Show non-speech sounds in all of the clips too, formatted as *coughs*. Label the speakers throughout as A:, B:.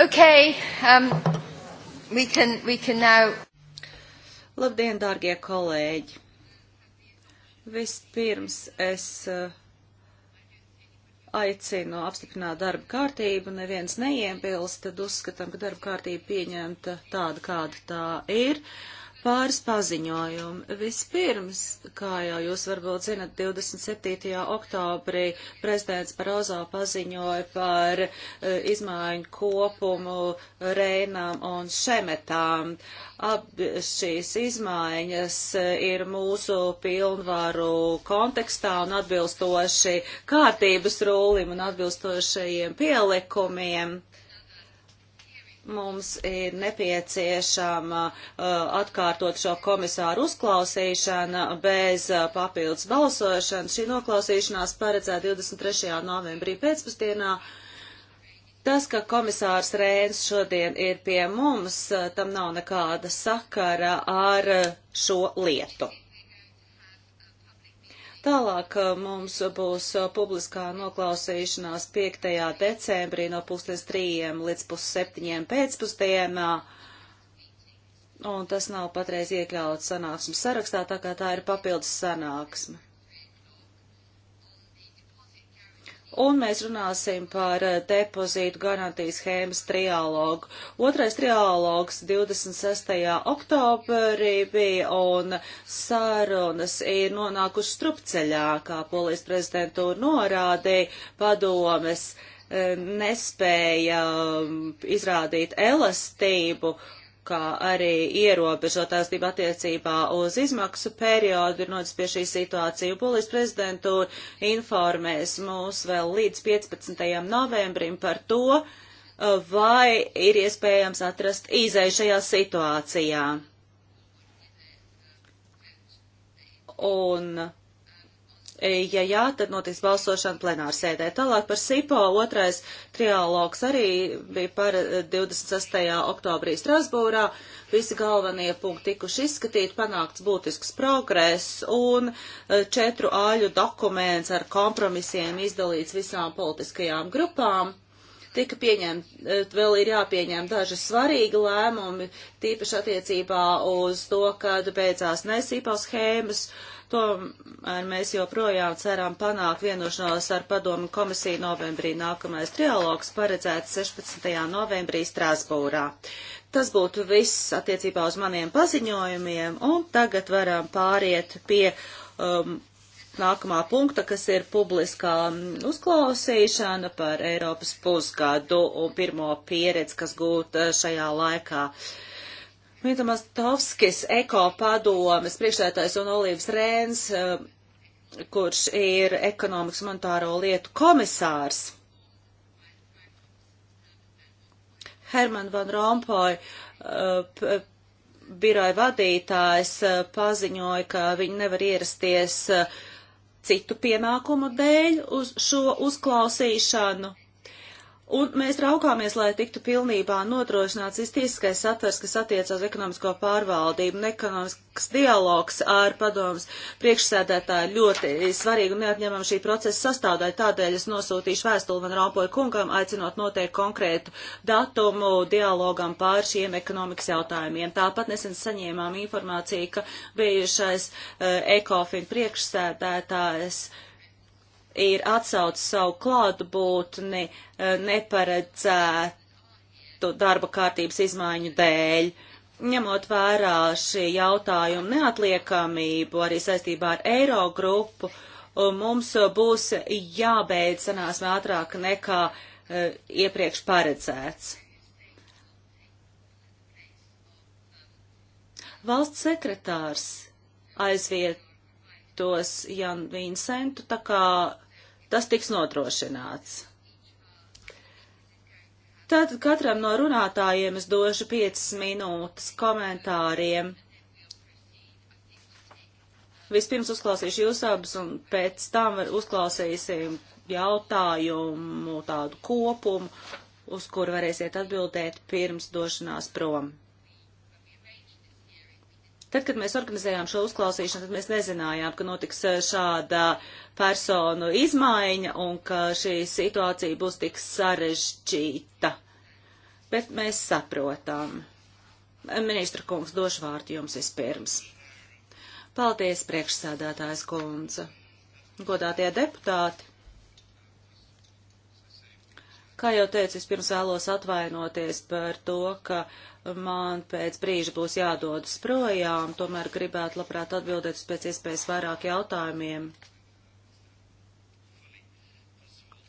A: Okay, um,
B: we can, we can now...
A: Labdien, dārgie kolēģi! Vispirms es uh, aicinu apstiprināt darba kārtību, neviens neiebilst, tad uzskatām, ka darba kārtība pieņemta tāda, kāda tā ir. Uh, Pāris paziņojumi. Vispirms, kā jau jūs varbūt zinat, 27. oktobrī prezidents Barozo paziņoja par uh, izmaiņu kopumu Reinām un Šemetām. Ab šīs izmaiņas eh, ir mūsu pilnvaru kontekstā un atbilstoši kārtības rūlim un atbilstošajiem pielikumiem. Mums ir nepieciešama uh, atkārtot šo komisāru uzklausīšana bez uh, papildus balsošanas. Šī noklausīšanās paredzēta 23. novembrī pēcpusdienā. Tas, ka komisārs Rēns šodien ir pie mums, uh, tam nav nekāda sakara ar uh, šo lietu. Tālāk uh, mums būs uh, publiskā noklausīšanās 5. decembrī no pusdienas trījiem līdz pusseptiņiem pēcpusdienā. Un tas nav patreiz iekļauts sanāksmes sarakstā, tā kā tā ir papildus sanāksme. un mēs runāsim par eh, depozītu garantijas schēmas trialogu. Otrais trialogs 26. oktobrī bija, un sarunas ir nonākušas strupceļā, kā polijas prezidentūra norādīja padomes eh, nespēja mm, izrādīt elastību kā arī ierobežotās divu attiecībā uz izmaksu periodu ir nodis pie šī situācija. Polijas prezidentūra informēs mūs vēl līdz 15. novembrim par to, vai ir iespējams atrast izēju šajā situācijā. Un E, ja jā, tad notiks balsošana plenārsēdē. Tālāk par SIPO otrais trialogs arī bija par 26. E, oktobrī Strasbūrā. Visi galvenie punkti tikuši izskatīti, panākts būtisks progress un e, četru āļu dokuments ar kompromisiem izdalīts visām politiskajām grupām tika pieņemta, vēl ir jāpieņem daži svarīgi lēmumi, tīpaši attiecībā uz to, kad beidzās nesīpās schēmas Tomēr mēs joprojām ceram panākt vienošanos ar padomu komisiju novembrī. Nākamais trialogs paredzēts 16. novembrī Strasbūrā. Tas būtu viss attiecībā uz maniem paziņojumiem, un tagad varam pāriet pie um, nākamā punkta, kas ir publiskā um, uzklausīšana par Eiropas pusgadu un pirmo pieredzi, kas gūta šajā laikā. Uh, Mītumās Tovskis, Eko padomes priekšsētājs un Olivs Rēns, eh, kurš ir ekonomikas monetāro lietu komisārs. Herman Van Rompuy, eh, biroja vadītājs, eh, paziņoja, ka viņi nevar ierasties citu pienākumu dēļ uz šo uzklausīšanu. Un mēs raukāmies, lai tiktu pilnībā nodrošināts tiesiskais satvers, kas attiecas uz ekonomisko pārvaldību un ekonomisks dialogs ar padomus priekšsēdētāju ļoti svarīgi un neatņemam šī procesa sastāvdaļa. Tādēļ es nosūtīšu vēstuli Van Rompoja kungam, aicinot noteikt konkrētu datumu dialogam pār šiem ekonomikas jautājumiem. Tāpat nesen saņēmām informāciju, ka bijušais uh, ECOFIN priekšsēdētājs uh, ir atsaucis savu klātbūtni eh, neparedzētu darba kārtības izmaiņu dēļ. Ņemot vērā šī jautājuma neatliekamību arī saistībā ar Eiro grupu, eh, mums būs jābeidz sanāsme ātrāk nekā eh, iepriekš paredzēts. Valsts sekretārs aizviet projektos Jan Vincentu, tā kā tas tiks nodrošināts. Tad katram no runātājiem es došu 5 minūtes komentāriem. Vispirms uzklausīšu jūs abus, un pēc tam uzklausīsim jautājumu tādu kopumu, uz kuru varēsiet atbildēt pirms došanās prom. Tad, kad mēs organizējām šo uzklausīšanu, tad mēs nezinājām, ka notiks e, šāda personu izmaiņa un ka šī situācija būs tik sarežģīta. Bet mēs saprotam. Ministra kungs, došu vārdu jums vispirms. Paldies, priekšsēdētājs kundze. Godātie deputāti. Kā jau teicu, es pirms vēlos atvainoties par to, ka man pēc brīža būs jādodas projām, tomēr gribētu labprāt atbildēt uz pēc iespējas vairāk jautājumiem.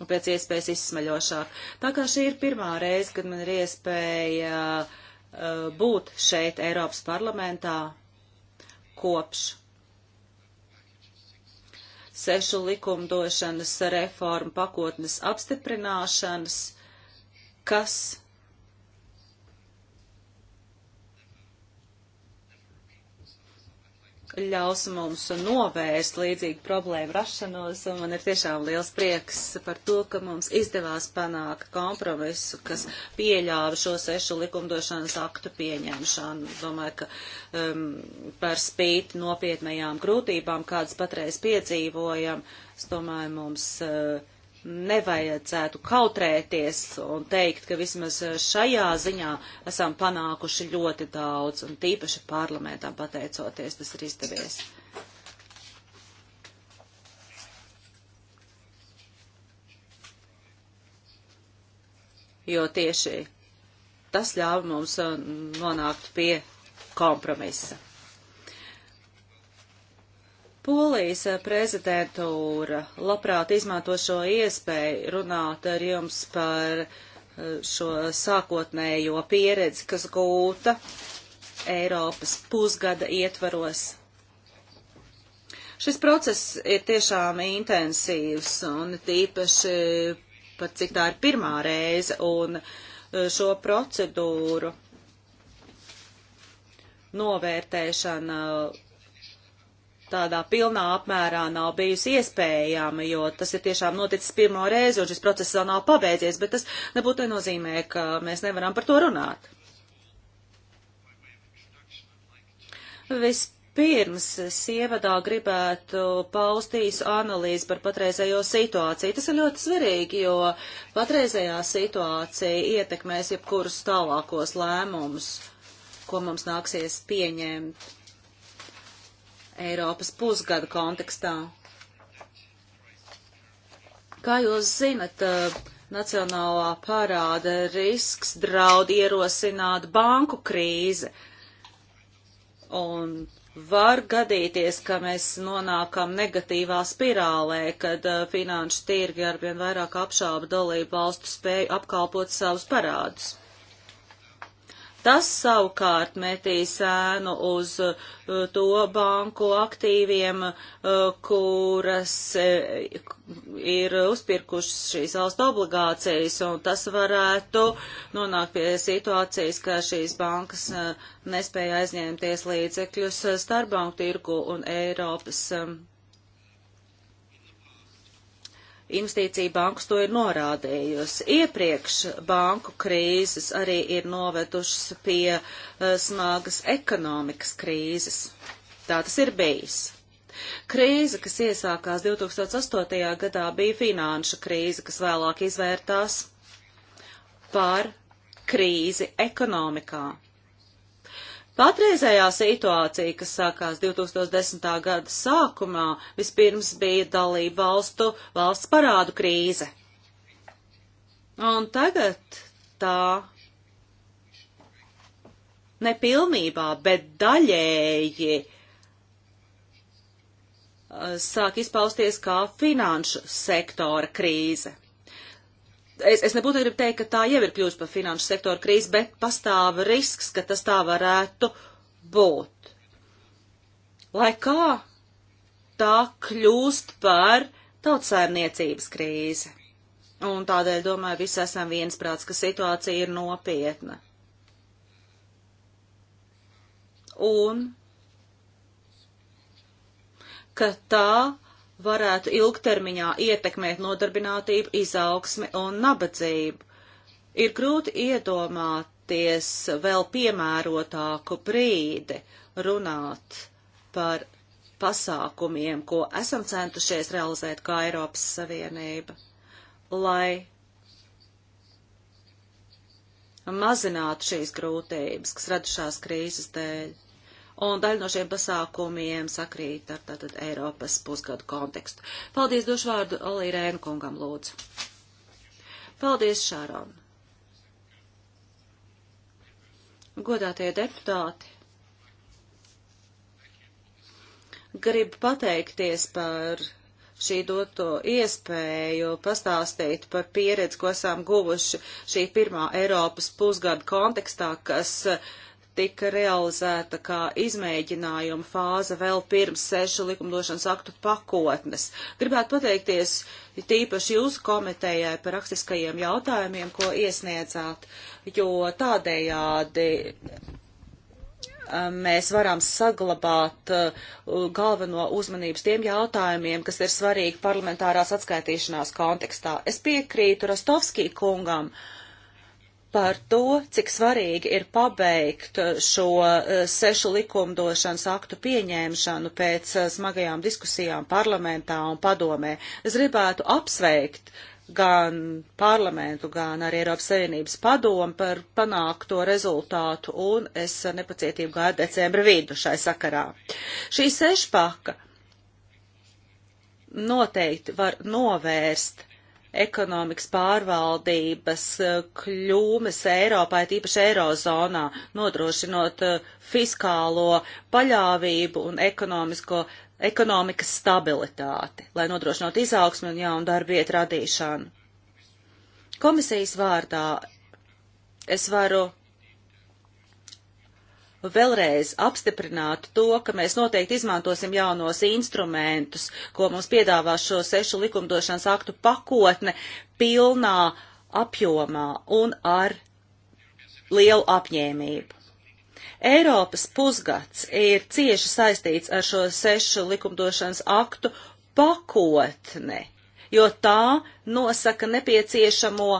A: Un pēc iespējas izsmeļošāk. Tā kā šī ir pirmā reize, kad man ir iespēja uh, būt šeit Eiropas parlamentā kopš sešu likumdošanas reformu pakotnes apstiprināšanas, kas ļaus mums novērst līdzīgu problēmu rašanos, un man ir tiešām liels prieks par to, ka mums izdevās panākt kompromisu, kas pieļāva šo sešu likumdošanas aktu pieņemšanu. Domāju, ka um, par spīti nopietnējām grūtībām, kādas patreiz piedzīvojam, es domāju, mums uh, nevajadzētu kautrēties un teikt, ka vismaz eh, šajā ziņā esam panākuši ļoti daudz, un tīpaši parlamentam pateicoties tas ir izdevies. Jo tieši tas ļāva mums eh, nonākt pie kompromisa. Polijas eh, prezidentūra labprāt izmanto šo iespēju runāt ar jums par eh, šo sākotnējo pieredzi, kas gūta Eiropas pusgada ietvaros. Šis process ir tiešām intensīvs un tīpaši pat cik tā ir pirmā reize un eh, šo procedūru novērtēšana tādā pilnā apmērā nav bijusi iespējama, jo tas ir tiešām noticis pirmo reizi, un šis process vēl nav pabeidzies, bet tas nebūtu nenozīmē, ka mēs nevaram par to runāt. Vispirms es ievadā gribētu paust īsu analīzi par patreizējo situāciju. Tas ir ļoti svarīgi, jo patreizējā situācija ietekmēs jebkurus tālākos lēmumus, ko mums nāksies pieņemt Eiropas pusgada kontekstā. Kā jūs zinat, eh, nacionālā parāda risks draud ierosināt banku krīzi. Un var gadīties, ka mēs nonākam negatīvā spirālē, kad eh, finanšu tirgi arvien vairāk apšāba dalību valstu spēju apkalpot savus parādus. Tas savukārt metīs ēnu uz uh, to banku aktīviem, uh, kuras uh, ir uzpirkušas šīs valsts obligācijas, un tas varētu nonākt pie situācijas, ka šīs bankas nespēja aizņemties līdzekļus starpbanku tirgu un Eiropas um, investīcija bankas to ir norādējusi. Iepriekš banku krīzes arī ir novedušas pie uh, smagas ekonomikas krīzes. Tā tas ir bijis. Krīze, kas iesākās 2008. gadā, bija finanšu krīze, kas vēlāk izvērtās par krīzi ekonomikā. Patreizējā situācija, kas sākās 2010. gada sākumā, vispirms bija dalība valstu valsts parādu krīze. Un tagad tā nepilnībā, bet daļēji eh, sāk izpausties kā finanšu sektora krīze es, es nebūtu gribu teikt, ka tā jau ir kļūst par finanšu sektoru krīzi, bet pastāv risks, ka tas tā varētu būt. Lai kā tā kļūst par tautsēmniecības krīzi. Un tādēļ, domāju, visi esam viensprāts, ka situācija ir nopietna. Un ka tā varētu ilgtermiņā ietekmēt nodarbinātību, izaugsmi un nabadzību. Ir grūti iedomāties vēl piemērotāku brīdi runāt par pasākumiem, ko esam centušies realizēt kā Eiropas Savienība, lai mazinātu šīs grūtības, kas radušās krīzes dēļ un daļa no šiem pasākumiem sakrīt ar tātad Eiropas pusgadu kontekstu. Paldies, došu vārdu Olī Rēnu kungam lūdzu. Paldies, Šāron. Godātie deputāti. Gribu pateikties par šī doto iespēju pastāstīt par pieredzi, ko esam guvuši šī pirmā Eiropas pusgada kontekstā, kas uh, tika realizēta kā izmēģinājuma fāze vēl pirms sešu likumdošanas aktu pakotnes. Gribētu pateikties tīpaši jūsu komitejai par rakstiskajiem jautājumiem, ko iesniedzāt, jo tādējādi um, mēs varam saglabāt uh, galveno uzmanības tiem jautājumiem, kas ir svarīgi parlamentārās atskaitīšanās kontekstā. Es piekrītu Rostovskī kungam. Uh, par to, cik svarīgi ir pabeigt šo eh, sešu likumdošanas aktu pieņemšanu pēc eh, smagajām diskusijām parlamentā un padomē. Es gribētu apsveikt gan parlamentu, gan arī Eiropas Savienības padomu par panākto rezultātu, un es ar nepacietību gāju decembra vidu šai sakarā. Šī sešpaka noteikti var novērst ekonomikas pārvaldības eh, kļūmes Eiropā, tīpaši Eirozonā, nodrošinot eh, fiskālo paļāvību un ekonomisko, ekonomikas stabilitāti, lai nodrošinātu izaugsmu un jaunu darbu vietu radīšanu. Komisijas vārdā es varu vēlreiz apstiprinātu to, ka mēs noteikti izmantosim jaunos instrumentus, ko mums piedāvās šo sešu likumdošanas aktu pakotne pilnā apjomā un ar lielu apņēmību. Eiropas pusgads ir cieši saistīts ar šo sešu likumdošanas aktu pakotni, jo tā nosaka nepieciešamo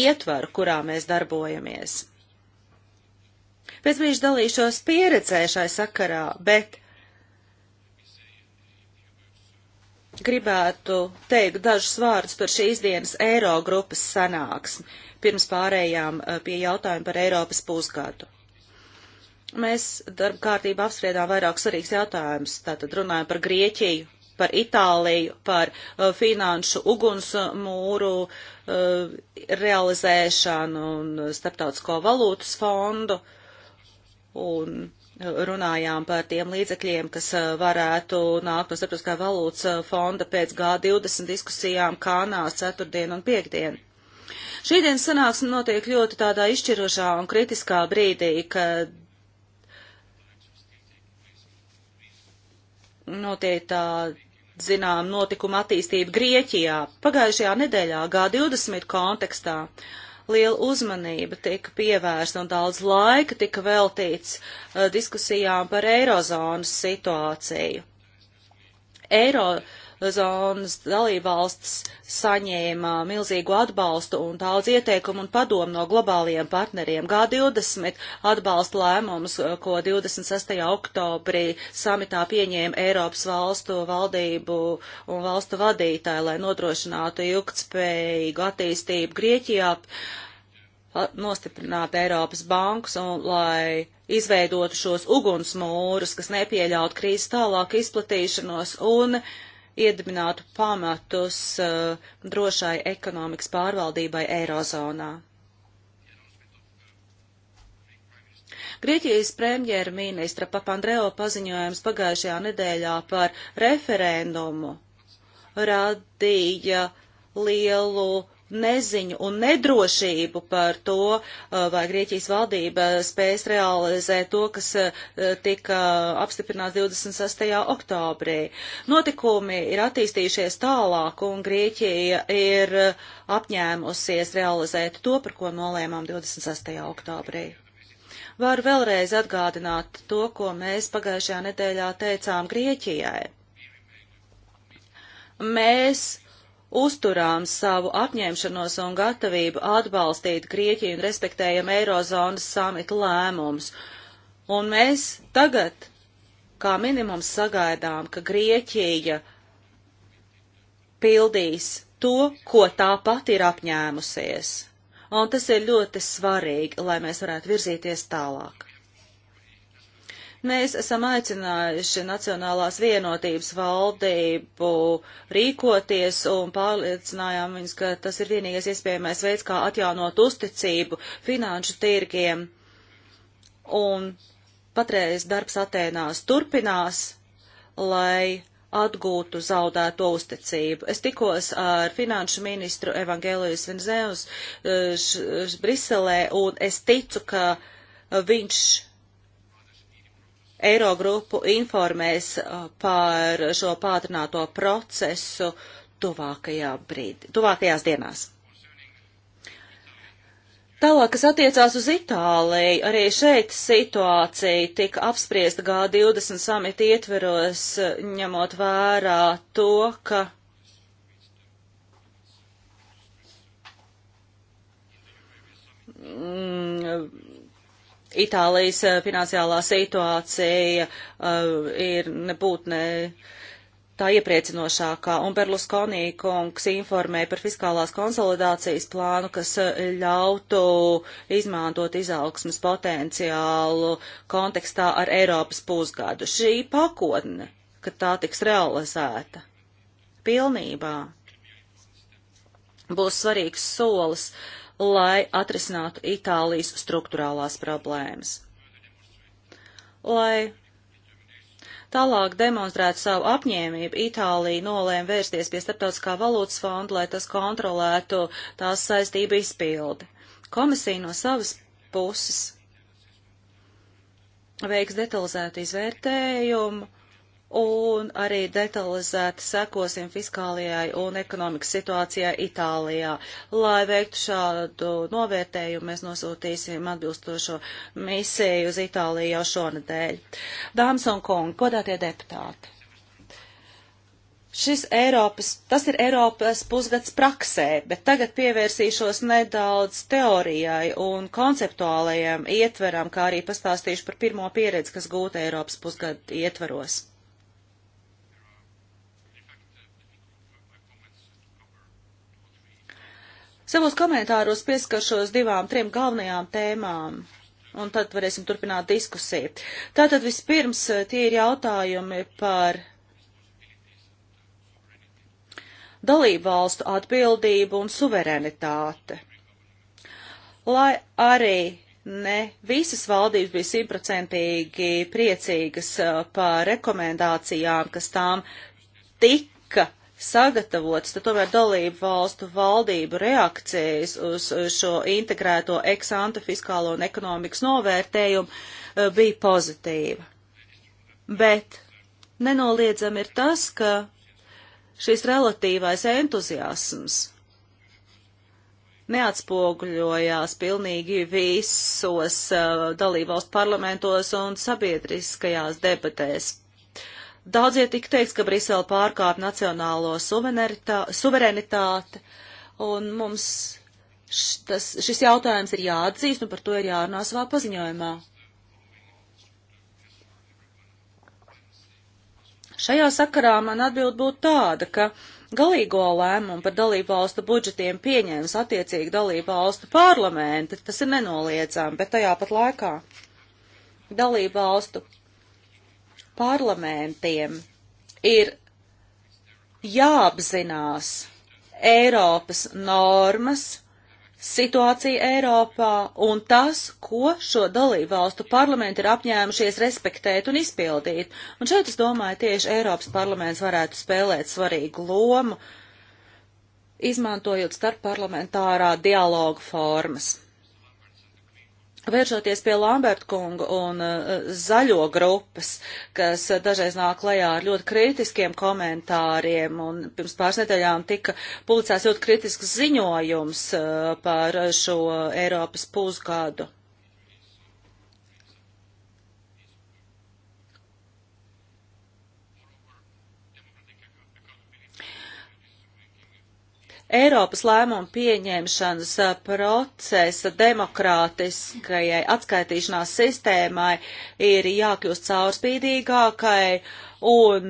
A: ietvaru, kurā mēs darbojamies. Pēc brīža dalīšos pieredzē šai sakarā, bet gribētu teikt dažus vārdus par šīs dienas Eiro grupas sanāksmi, pirms pārējām eh, pie jautājuma par Eiropas pusgadu. Mēs darba kārtībā apspriedām vairāk svarīgs jautājums, tātad runājam par Grieķiju, par Itāliju, par uh, finanšu ugunsmūru uh, eh, realizēšanu un starptautisko valūtas fondu. Uh, un runājām par tiem līdzekļiem, kas eh, varētu nākt no starptautiskā valūtas eh, fonda pēc G20 diskusijām Kānās ceturtdien un piekdien. Šī dienas sanāksme notiek ļoti tādā izšķirošā un kritiskā brīdī, kad notiek tā zinām notikuma attīstība Grieķijā pagājušajā nedēļā G20 kontekstā. Uh, liela uzmanība tika pievērsta un daudz laika tika veltīts uh, diskusijām par eirozonas situāciju. Eiro zonas dalībvalsts saņēma milzīgu atbalstu un daudz ieteikumu un padomu no globāliem partneriem. G20 atbalsta lēmumus, ko 26. oktobrī samitā pieņēma Eiropas valstu valdību un valstu vadītāji, lai nodrošinātu ilgtspējīgu attīstību Grieķijā nostiprināt Eiropas bankas un lai izveidotu šos ugunsmūrus, kas nepieļaut krīzes tālāk izplatīšanos un uh, iedibinātu pamatus uh, drošai ekonomikas pārvaldībai Eirozonā. Grieķijas premjerministra Papandreo paziņojums pagājušajā nedēļā par referendumu radīja lielu neziņu un nedrošību par to, uh, vai Grieķijas valdība spēs realizēt to, kas uh, tika apstiprināts 26. oktobrī. Notikumi ir attīstījušies tālāk, un Grieķija ir uh, apņēmusies realizēt to, par ko nolēmām 26. oktobrī. Varu vēlreiz atgādināt to, ko mēs pagājušajā nedēļā teicām Grieķijai. Mēs uzturām savu apņemšanos un gatavību atbalstīt Grieķiju un respektējam Eirozonas samita lēmumus. Un mēs tagad, kā minimums, sagaidām, ka Grieķija pildīs to, ko tā pati ir apņēmusies. Un tas ir ļoti svarīgi, lai mēs varētu virzīties tālāk. Mēs esam aicinājuši Nacionālās vienotības valdību rīkoties un pārliecinājām viņus, ka tas ir vienīgais iespējamais veids, kā atjaunot uzticību finanšu tirgiem. Un patreiz darbs Atēnās turpinās, lai atgūtu zaudēto uzticību. Es tikos ar finanšu ministru Evangelijus Vinzēvs eh, Briselē, un es ticu, ka viņš Eirogrupu informēs uh, par šo pātrināto procesu tuvākajā brīdī, tuvākajās dienās. Tālāk, kas attiecās uz Itāliju, arī šeit situācija tika apspriesta G20 samita ietveros, ņemot vērā to, ka mm, Itālijas eh, finansiālā situācija uh, ir nebūtnē tā iepriecinošākā, un Berluskonī kungs informē par fiskālās konsolidācijas plānu, kas eh, ļautu izmantot izaugsmas potenciālu kontekstā ar Eiropas pusgadu. Šī pakotne, kad tā tiks realizēta pilnībā, būs svarīgs solis uh, lai atrisinātu Itālijas struktūrālās problēmas. Lai tālāk demonstrētu savu apņēmību, Itālija nolēma vērsties pie Starptautiskā valūtas fonda, lai tas kontrolētu tās saistību izpildi. Komisija no savas puses veiks detalizētu izvērtējumu un arī detalizēti sekosim fiskālajai un ekonomikas situācijai Itālijā. Lai veiktu šādu novērtējumu, mēs nosūtīsim atbilstošo misiju uz Itāliju jau šonadēļ. Dāmas un kungi, godātie deputāti! Šis Eiropas, tas ir Eiropas pusgads praksē, bet tagad pievērsīšos nedaudz teorijai un konceptuālajiem ietveram, kā arī pastāstīšu par pirmo pieredzi, kas gūta Eiropas pusgada ietvaros. Savos komentāros pieskaršos divām, trim galvenajām tēmām, un tad varēsim turpināt diskusiju. Tātad vispirms eh, tie ir jautājumi par dalību valstu atbildību un suverenitāte. Lai arī ne visas valdības bija simtprocentīgi priecīgas eh, par rekomendācijām, kas tām tika sagatavotas, tad tomēr dalību valstu valdību reakcijas uz eh, šo integrēto eksantu fiskālo un ekonomikas novērtējumu eh, bija pozitīva. Bet nenoliedzami ir tas, ka šis relatīvais entuziasms neatspoguļojās pilnīgi visos uh, eh, dalībvalstu parlamentos un sabiedriskajās debatēs. Daudzie tik teiks, ka Brisele pārkāp nacionālo suverenitāti, un mums štas, šis jautājums ir jāatzīst, un par to ir jārunā savā paziņojumā. Šajā sakarā man atbild būtu tāda, ka galīgo lēmumu par dalību valstu budžetiem pieņems attiecīgi dalību valstu parlamenti, tas ir nenoliedzami, bet tajā pat laikā dalību valstu parlamentiem ir jāapzinās Eiropas normas, situācija Eiropā un tas, ko šo dalību valstu parlamenti ir apņēmušies respektēt un izpildīt. Un šeit es domāju, tieši Eiropas parlaments varētu spēlēt svarīgu lomu, izmantojot starpparlamentārā dialogu formas. Vēršoties pie Lamberta kunga un uh, zaļo grupas, kas dažreiz nāk lejā ar ļoti kritiskiem komentāriem, un pirms pāris nedēļām tika publicēts ļoti kritisks ziņojums uh, par šo Eiropas pusgadu. Eiropas lēmumu pieņemšanas uh, procesa demokrātiskajai atskaitīšanās sistēmai ir jākļūst caurspīdīgākai un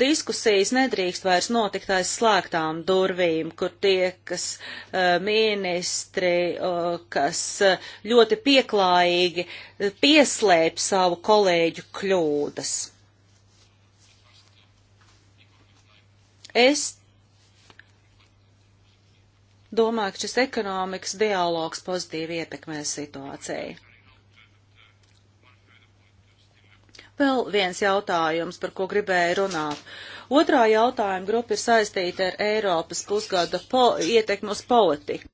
A: diskusijas nedrīkst vairs notikt aiz slēgtām durvīm, kur tie, kas uh, ministri, uh, kas ļoti pieklājīgi pieslēp savu kolēģu kļūdas. Es domāju, ka šis ekonomikas dialogs pozitīvi ietekmēs situāciju. Vēl viens jautājums, par ko gribēju runāt. Otrā jautājuma grupa ir saistīta ar Eiropas pusgada ietekmu uz politiku.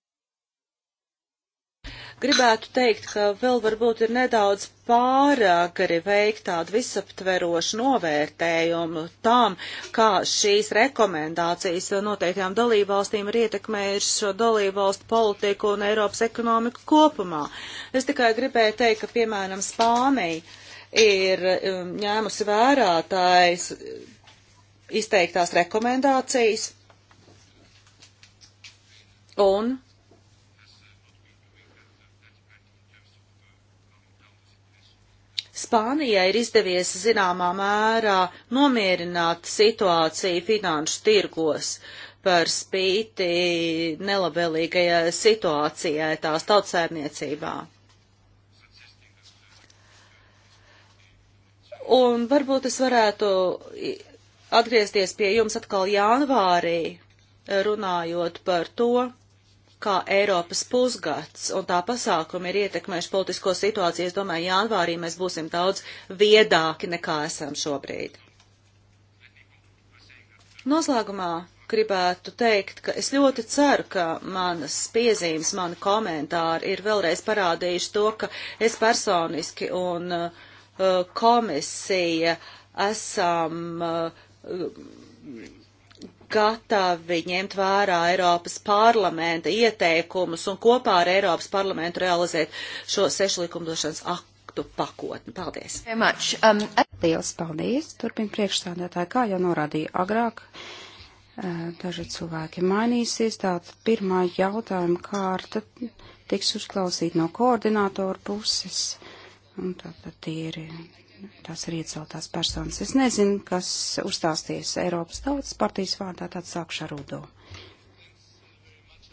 A: Gribētu teikt, ka vēl varbūt ir nedaudz pārāk arī veikt tādu visaptverošu novērtējumu tam, kā šīs rekomendācijas noteiktajām dalībvalstīm ir ietekmējušas šo dalībvalstu politiku un Eiropas ekonomiku kopumā. Es tikai gribēju teikt, ka, piemēram, Spānija ir um, ņēmusi vērā tās izteiktās rekomendācijas un Spānijai ir izdevies zināmā mērā nomierināt situāciju finanšu tirgos par spīti nelabvēlīgajai situācijai tās tautsēmniecībā. Un varbūt es varētu atgriezties pie jums atkal janvārī, runājot par to, kā Eiropas pusgads un tā pasākumi ir ietekmējuši politisko situāciju. Es domāju, janvārī mēs būsim daudz viedāki nekā esam šobrīd. Noslēgumā gribētu teikt, ka es ļoti ceru, ka manas piezīmes, mani komentāri ir vēlreiz parādījuši to, ka es personiski un uh, komisija esam uh, gatavi ņemt vērā Eiropas parlamenta ieteikumus un kopā ar Eiropas parlamentu realizēt šo sešu likumdošanas aktu pakotni. Paldies!
B: Um, Liels paldies! Turpin priekšstādātāji, kā jau norādīja agrāk, eh, daži cilvēki mainīsies. Tātad pirmā jautājuma kārta tiks uzklausīta no koordinātora puses. Un tātad tie ir tās ir ieceltās personas. Es nezinu, kas uzstāsties Eiropas tautas partijas vārdā, tad sākšu ar Udo.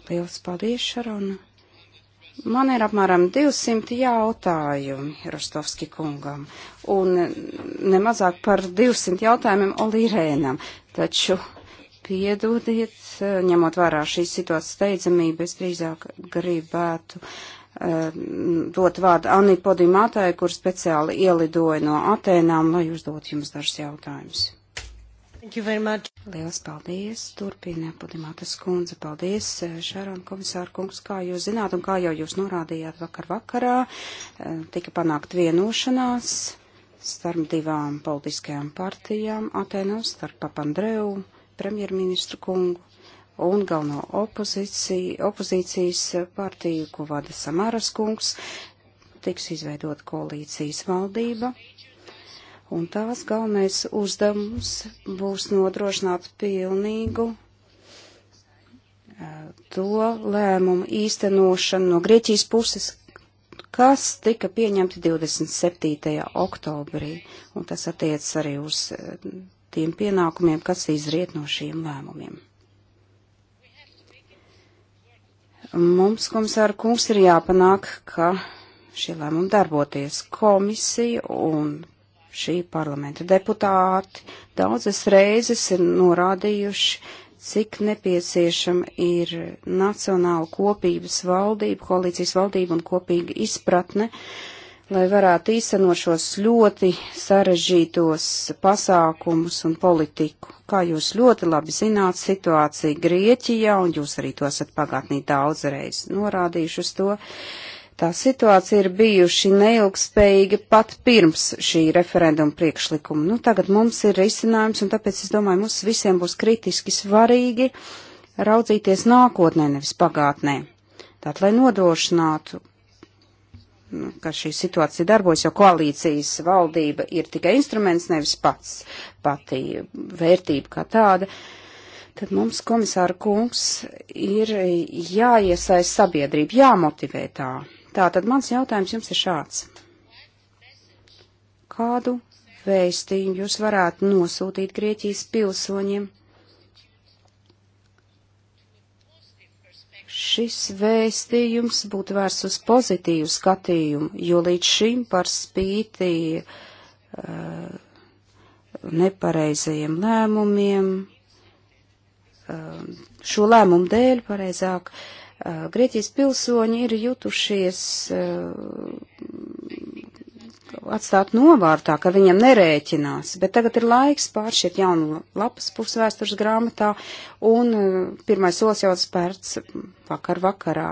B: Lielas paldies, Šarona. Man ir apmēram 200 jautājumi Rostovski kungam, un nemazāk par 200 jautājumiem Olīrēnam, taču piedodiet, ņemot vērā šīs situācijas steidzamību, es drīzāk gribētu uh, Ehm, dot vārdu Anni Podimātai, kur speciāli ielidoja no Atēnām, lai uzdot jums dažus jautājumus. Lielas paldies, turpina Podimātas kundze. Paldies, eh, Šaron komisāra kungs, kā jūs zināt un kā jau jūs norādījāt vakar vakarā, eh, tika panākt vienošanās starp divām politiskajām partijām Atēnos, starp Papandreu, premjerministru kungu un galveno opozīciju, opozīcijas partiju, ko vada Samaras kungs, tiks izveidot koalīcijas valdība, un tās galvenais uzdevums būs nodrošināt pilnīgu eh, to lēmumu īstenošanu no Grieķijas puses, kas tika pieņemti 27. oktobrī, un tas attiec arī uz eh, tiem pienākumiem, kas izriet no šiem lēmumiem. Mums, komisāra kungs, ir jāpanāk, ka šie lēmumi darboties komisija un šī parlamenta deputāti daudzas reizes ir norādījuši, cik nepieciešama ir nacionāla kopības valdība, koalīcijas valdība un kopīga izpratne, lai varētu īstenot šos ļoti sarežģītos pasākumus un politiku. Kā jūs ļoti labi zināt, situācija Grieķijā, un jūs arī to esat pagātnī daudzreiz norādījuši uz to, tā situācija ir bijuši neilgspējīga pat pirms šī referenduma priekšlikuma. Nu, tagad mums ir risinājums, un tāpēc es domāju, mums visiem būs kritiski svarīgi raudzīties nākotnē, nevis pagātnē. Tātad, lai nodrošinātu, Nu, ka šī situācija darbojas, jo koalīcijas valdība ir tikai instruments, nevis pats pati vērtība kā tāda. Tad mums, komisāra kungs, ir jāiesaist sabiedrība, jāmotivē tā. Tātad mans jautājums jums ir šāds. Kādu vēstījumu jūs varētu nosūtīt Grieķijas pilsoņiem? Šis vēstījums būtu vērsts uz pozitīvu skatījumu, jo līdz šim par spīti uh, nepareizajiem lēmumiem, uh, šo lēmumu dēļ pareizāk, uh, Grieķijas pilsoņi ir jutušies uh, atstāt novārtā, ka viņam nerēķinās, bet tagad ir laiks pāršķiet jaunu lapas pusvēstures grāmatā, un eh, pirmais solis jau spērts vakar vakarā.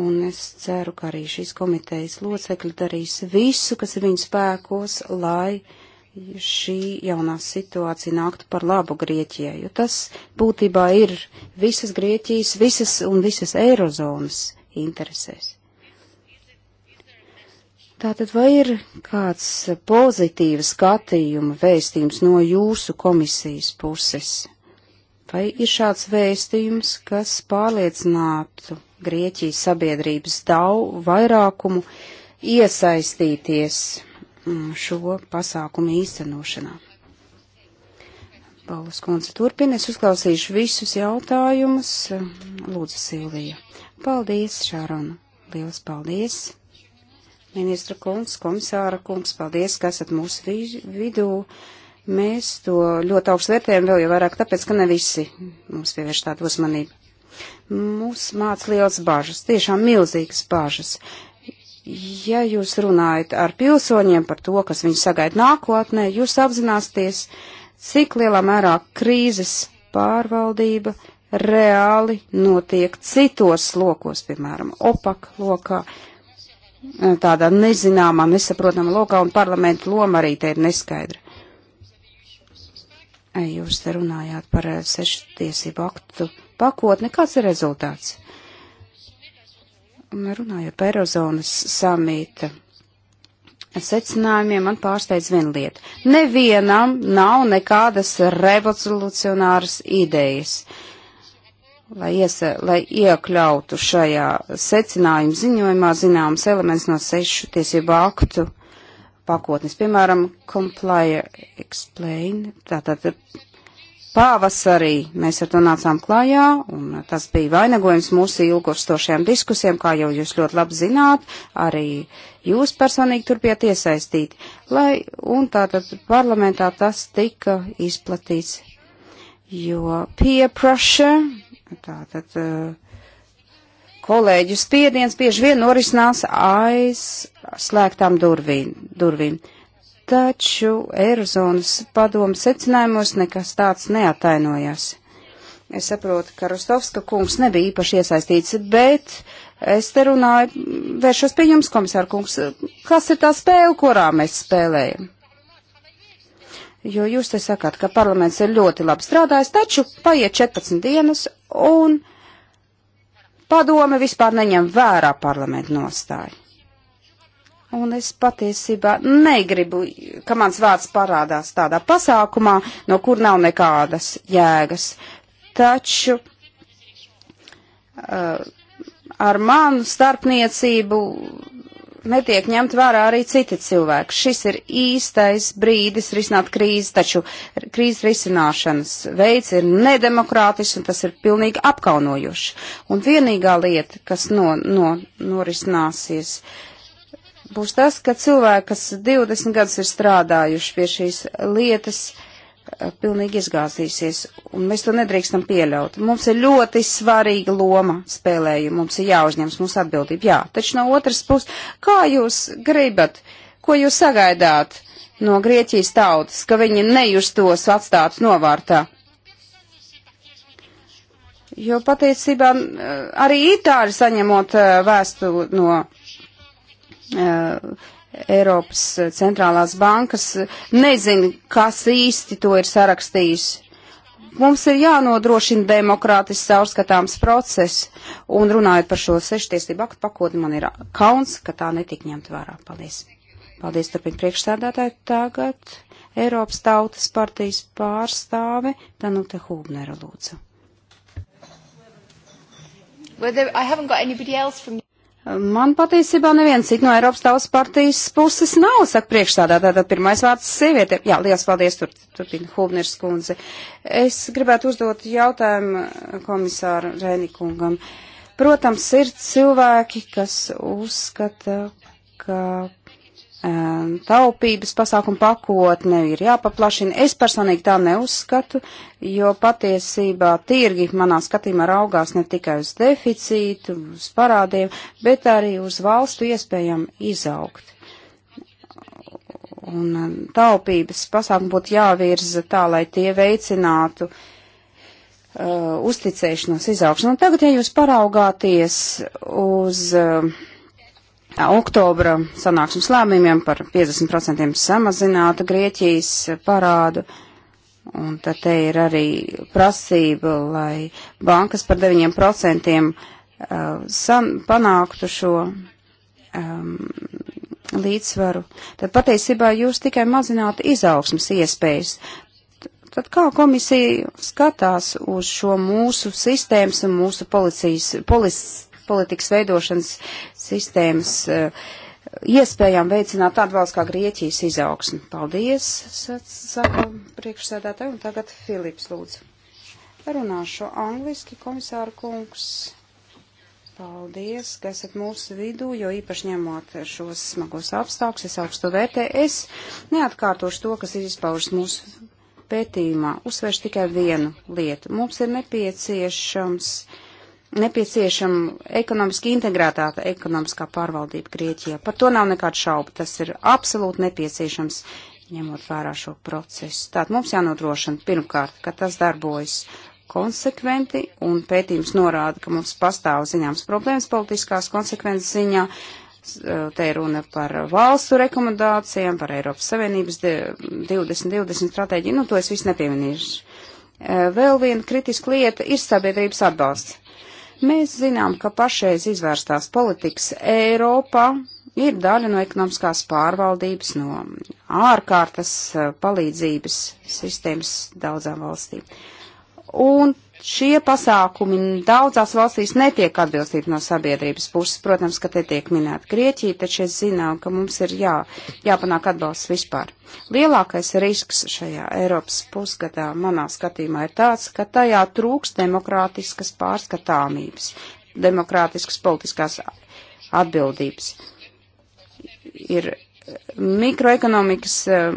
B: Un es ceru, ka arī šīs komitejas locekļi darīs visu, kas ir viņu spēkos, lai šī jaunā situācija nāktu par labu Grieķijai, jo tas būtībā ir visas Grieķijas, visas un visas Eirozonas interesēs. Tātad vai ir kāds pozitīvs skatījuma vēstījums no jūsu komisijas puses? Vai ir šāds vēstījums, kas pārliecinātu Grieķijas sabiedrības dau vairākumu iesaistīties mm, šo pasākumu īstenošanā? Paulas kundze turpina, es uzklausīšu visus jautājumus. Lūdzu, Silvija. Paldies, Šārona. Lielas paldies. Ministra kungs, komisāra kungs, paldies, ka esat mūsu vidū. Mēs to ļoti augstu vērtējam vēl jau vairāk, tāpēc, ka ne visi mums pievērš tādu uzmanību. Mūs māc liels bažas, tiešām milzīgas bažas. Ja jūs runājat ar pilsoņiem par to, kas viņus sagaida nākotnē, jūs apzināsieties, cik lielā mērā krīzes pārvaldība reāli notiek citos lokos, piemēram, opak lokā, tādā nezināmā, nesaprotamā lokā, un parlamenta loma arī te ir neskaidra. Jūs te runājāt par eh, sešu tiesību aktu pakotni. Kāds ir rezultāts? Un runājot par Eirozonas samīta secinājumiem, man pārsteidz viena lieta. Nevienam nav nekādas revolucionāras idejas. Uh, lai, iesa, lai iekļautu šajā secinājuma ziņojumā zināms elements no sešu tiesību aktu pakotnes. Piemēram, Comply Explain, tātad pavasarī mēs ar to nācām klājā, un tas bija vainagojums mūsu ilgostošajām diskusijām, kā jau jūs ļoti labi zināt, arī jūs personīgi tur bijat iesaistīti. Lai, un tātad parlamentā tas tika izplatīts, jo peer pressure Tātad eh, kolēģu spiediens bieži vien norisinās aiz slēgtām durvīm. durvīm. Taču Eirozonas padomu secinājumos nekas tāds neatainojās. Es saprotu, ka Rostovska kungs nebija īpaši iesaistīts, bet es te runāju, vēršos pie jums, komisāra kungs, kas ir tā spēle, kurā mēs spēlējam? Jo jūs te sakāt, ka parlaments ir ļoti labi strādājis, taču paiet 14 dienas un padome vispār neņem vērā parlamentu nostāju. Un es patiesībā negribu, ka mans vārds parādās tādā pasākumā, no kur nav nekādas jēgas. Taču uh, ar manu starpniecību netiek ņemt vērā arī citi cilvēki. Šis ir īstais brīdis risināt krīzi, taču krīzes risināšanas veids ir nedemokrātisks un tas ir pilnīgi apkaunojoši. Un vienīgā lieta, kas no, no, norisināsies, būs tas, ka cilvēki, kas 20 gadus ir strādājuši pie šīs lietas, uh, Eh, pilnīgi izgāzīsies, un mēs to nedrīkstam pieļaut. Mums ir ļoti svarīga loma spēlējuma, mums ir jāuzņems mūsu atbildība, jā, taču no otras puses, kā jūs gribat, ko jūs sagaidāt no Grieķijas tautas, ka viņi nejustos atstāt novārtā? Jo patiesībā eh, arī itāļi saņemot eh, vēstu no Eiropas centrālās bankas nezina, kas īsti to ir sarakstījis. Mums ir jānodrošina demokrātisks caurskatāms process, un runājot par šo seštiesību aktu pakotni, man ir kauns, ka tā netika ņemta vērā. Paldies. Paldies, turpin priekšstādātāji. Tagad Eiropas tautas partijas pārstāve Danute Hūbnera lūdzu. Well, there, Man patiesībā neviens cits no Eiropas tautas partijas puses nav, saka priekšstādā, tātad pirmais vārds sieviete. Jā, liels paldies, tur, turpina Hubners kundze. Es gribētu uzdot jautājumu komisāru Rēnikungam. Protams, ir cilvēki, kas uzskata, ka taupības pasākumu pakotne ir jāpaplašina. Es personīgi tā neuzskatu, jo patiesībā tirgi manā skatījumā raugās ne tikai uz deficītu, uz parādiem, bet arī uz valstu iespējam izaugt. Un taupības pasākumu būtu jāvirza tā, lai tie veicinātu uh, uzticēšanos izaugsmu. Un tagad, ja jūs paraugāties uz uh, oktobra sanāksmes lēmumiem par 50% samazinātu Grieķijas parādu. Un tad te ir arī prasība, lai bankas par 9% uh, san, panāktu šo um, līdzsvaru. Tad patiesībā jūs tikai mazinātu izaugsmas iespējas. Tad kā komisija skatās uz šo mūsu sistēmas un mūsu policijas, policijas politikas veidošanas sistēmas eh, iespējām veicināt tādu valsts kā Grieķijas izaugsmi. Paldies, saka priekšsēdētāji, un tagad Filips lūdzu. Runāšu angliski, komisāra kungs. Paldies, ka esat mūsu vidū, jo īpaši ņemot šos smagos apstākļus, es augstu vērtēju. Es neatkārtošu to, kas ir izpaužas mūsu pētījumā. Uzsvēršu tikai vienu lietu. Mums ir nepieciešams. Uh, nepieciešama ekonomiski integrētāta ekonomiskā pārvaldība Grieķijā. Par to nav nekāda šauba. Tas ir absolūti nepieciešams, ņemot vērā šo procesu. Tātad mums jānodrošina pirmkārt, ka tas darbojas konsekventi, un pētījums norāda, ka mums pastāv zināms problēmas politiskās konsekvences ziņā. E, te ir runa par valstu rekomendācijām, par Eiropas Savienības 2020 stratēģiju, nu to es visu nepieminīšu. E, vēl viena kritiska lieta ir sabiedrības atbalsts. Mēs zinām, ka pašreiz izvērstās politikas Eiropā ir daļa no ekonomiskās pārvaldības, no ārkārtas eh, palīdzības sistēmas daudzām valstīm. Un šie pasākumi daudzās valstīs netiek atbilstīti no sabiedrības puses. Protams, ka te tiek minēta Grieķija, taču es zinām, ka mums ir jā, jāpanāk atbalsts vispār. Lielākais risks šajā Eiropas pusgadā manā skatījumā ir tāds, ka tajā trūks demokrātiskas pārskatāmības, demokrātiskas politiskās atbildības. Ir mikroekonomikas eh,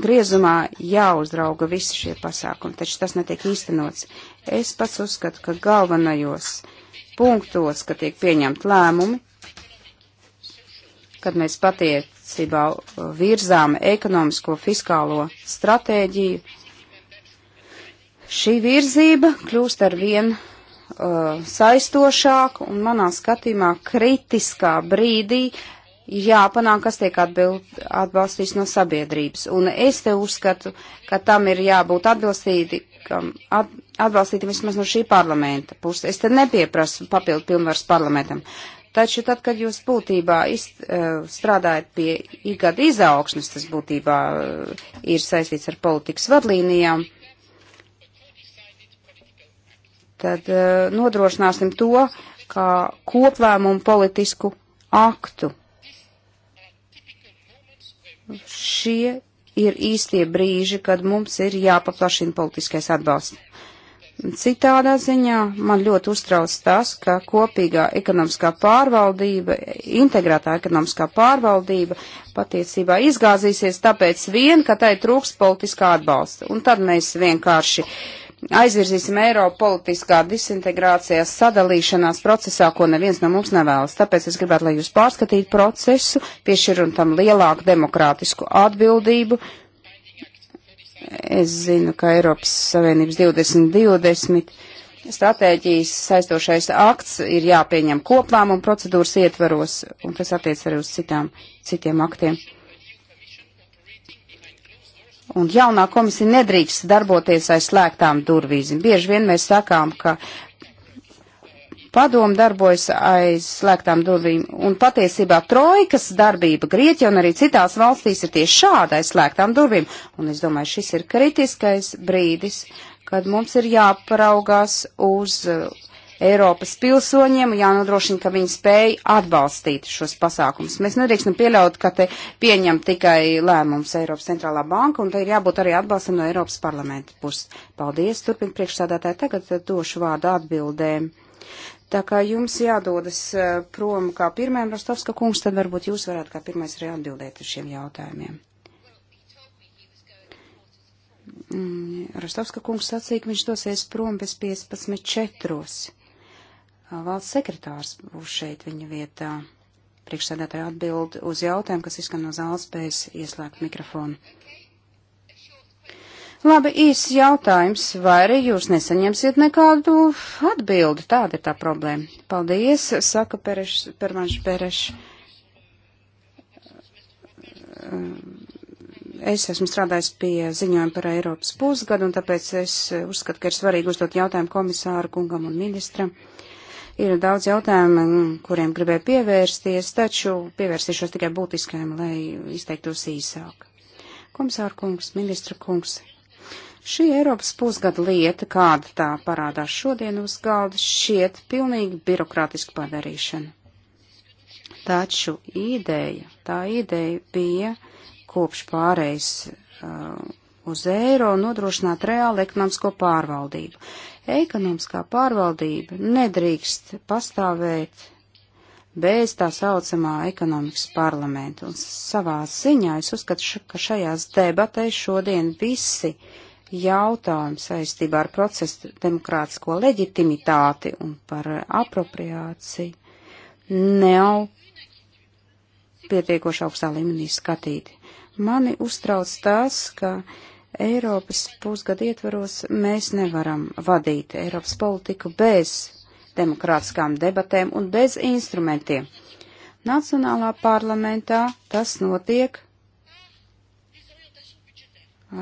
B: griezumā jāuzrauga visi šie pasākumi, taču tas netiek īstenots. Es pats uzskatu, ka galvenajos punktos, kad tiek pieņemt lēmumi, kad mēs patiecībā virzām ekonomisko fiskālo stratēģiju, šī virzība kļūst ar vien uh, saistošāku un manā skatījumā kritiskā brīdī jāpanāk, kas tiek atbild, atbalstīts no sabiedrības. Un es te uzskatu, ka tam ir jābūt atbilstīgi tiekam atbalstīti vismaz no šī parlamenta puses. Es te nepieprasu papildu pilnvaras parlamentam. Taču tad, kad jūs būtībā ist, eh, strādājat pie ikgada izaugsmes, tas būtībā eh, ir saistīts ar politikas vadlīnijām, tad eh, nodrošināsim to, kā koplēmumu politisku aktu. Šie ir īstie brīži, kad mums ir jāpaplašina politiskais atbalsts. Citādā ziņā man ļoti uztrauc tas, ka kopīgā ekonomiskā pārvaldība, integrētā ekonomiskā pārvaldība patiesībā izgāzīsies tāpēc vien, ka tai trūks politiskā atbalsta. Un tad mēs vienkārši uh, aizvirzīsim Eiropu politiskā disintegrācijā sadalīšanās procesā, ko neviens no mums nevēlas. Tāpēc es gribētu, lai jūs pārskatītu procesu, piešķirun tam lielāku demokrātisku atbildību. Es zinu, ka Eiropas Savienības 2020 stratēģijas saistošais akts ir jāpieņem koplāmuma procedūras ietvaros, un tas attiec arī uz citām, citiem aktiem. Un jaunā komisija nedrīkst darboties aiz slēgtām durvīm. Bieži vien mēs sakām, ka padomu darbojas aiz slēgtām durvīm, un patiesībā trojkas darbība Grieķija un arī citās valstīs ir tieši šāda aiz slēgtām durvīm. Un es domāju, šis ir kritiskais brīdis, kad mums ir jāparaugās uz uh, Eiropas pilsoņiem, jānodrošina, ka viņi spēj atbalstīt šos pasākumus. Mēs nedrīkstam pieļaut, ka te pieņem tikai lēmums Eiropas centrālā banka, un te ir jābūt arī atbalstam no Eiropas parlamenta puses. Paldies, turpin priekšsādātāji, tagad eh, došu vārdu atbildēm. Tā kā jums jādodas eh, prom kā pirmajam Rostovska kungs, tad varbūt jūs varētu kā pirmais arī atbildēt uz šiem jautājumiem. Mm, Rostovska kungs sacīja, ka viņš dosies prom bez 15.4 valsts sekretārs būs šeit viņa vietā. Priekšsēdētāja atbild uz jautājumu, kas izskan no zāles pēc ieslēgt mikrofonu. Labi, īsts jautājums, vai arī jūs nesaņemsiet nekādu atbildi, tāda ir tā problēma. Paldies, saka Pereš, Permanš Pereš. Es esmu strādājis pie ziņojuma par Eiropas pusgadu, un tāpēc es uzskatu, ka ir svarīgi uzdot jautājumu komisāru kungam un ministram. Uh, Ir daudz jautājumu, kuriem gribēju pievērsties, taču pievērsīšos tikai būtiskajiem, lai izteiktos īsāk. Komisāra kungs, ministra kungs, šī Eiropas pusgada lieta, kāda tā parādās šodien uz galda, šiet pilnīgi birokrātiski padarīšana. Taču ideja, tā ideja bija kopš pārējais uh, uz eiro nodrošināt reālu ekonomisko pārvaldību. Ekonomiskā pārvaldība nedrīkst pastāvēt bez tā saucamā ekonomikas parlamenta. Un savā ziņā es uzskatu, ka šajās debatēs šodien visi jautājumi saistībā ar procesu demokrātisko leģitimitāti un par apropriāciju nav pietiekoši augstā līmenī skatīti. Mani uztrauc tas, ka Eiropas pusgada ietvaros mēs nevaram vadīt Eiropas politiku bez demokrātiskām debatēm un bez instrumentiem. Nacionālā parlamentā tas notiek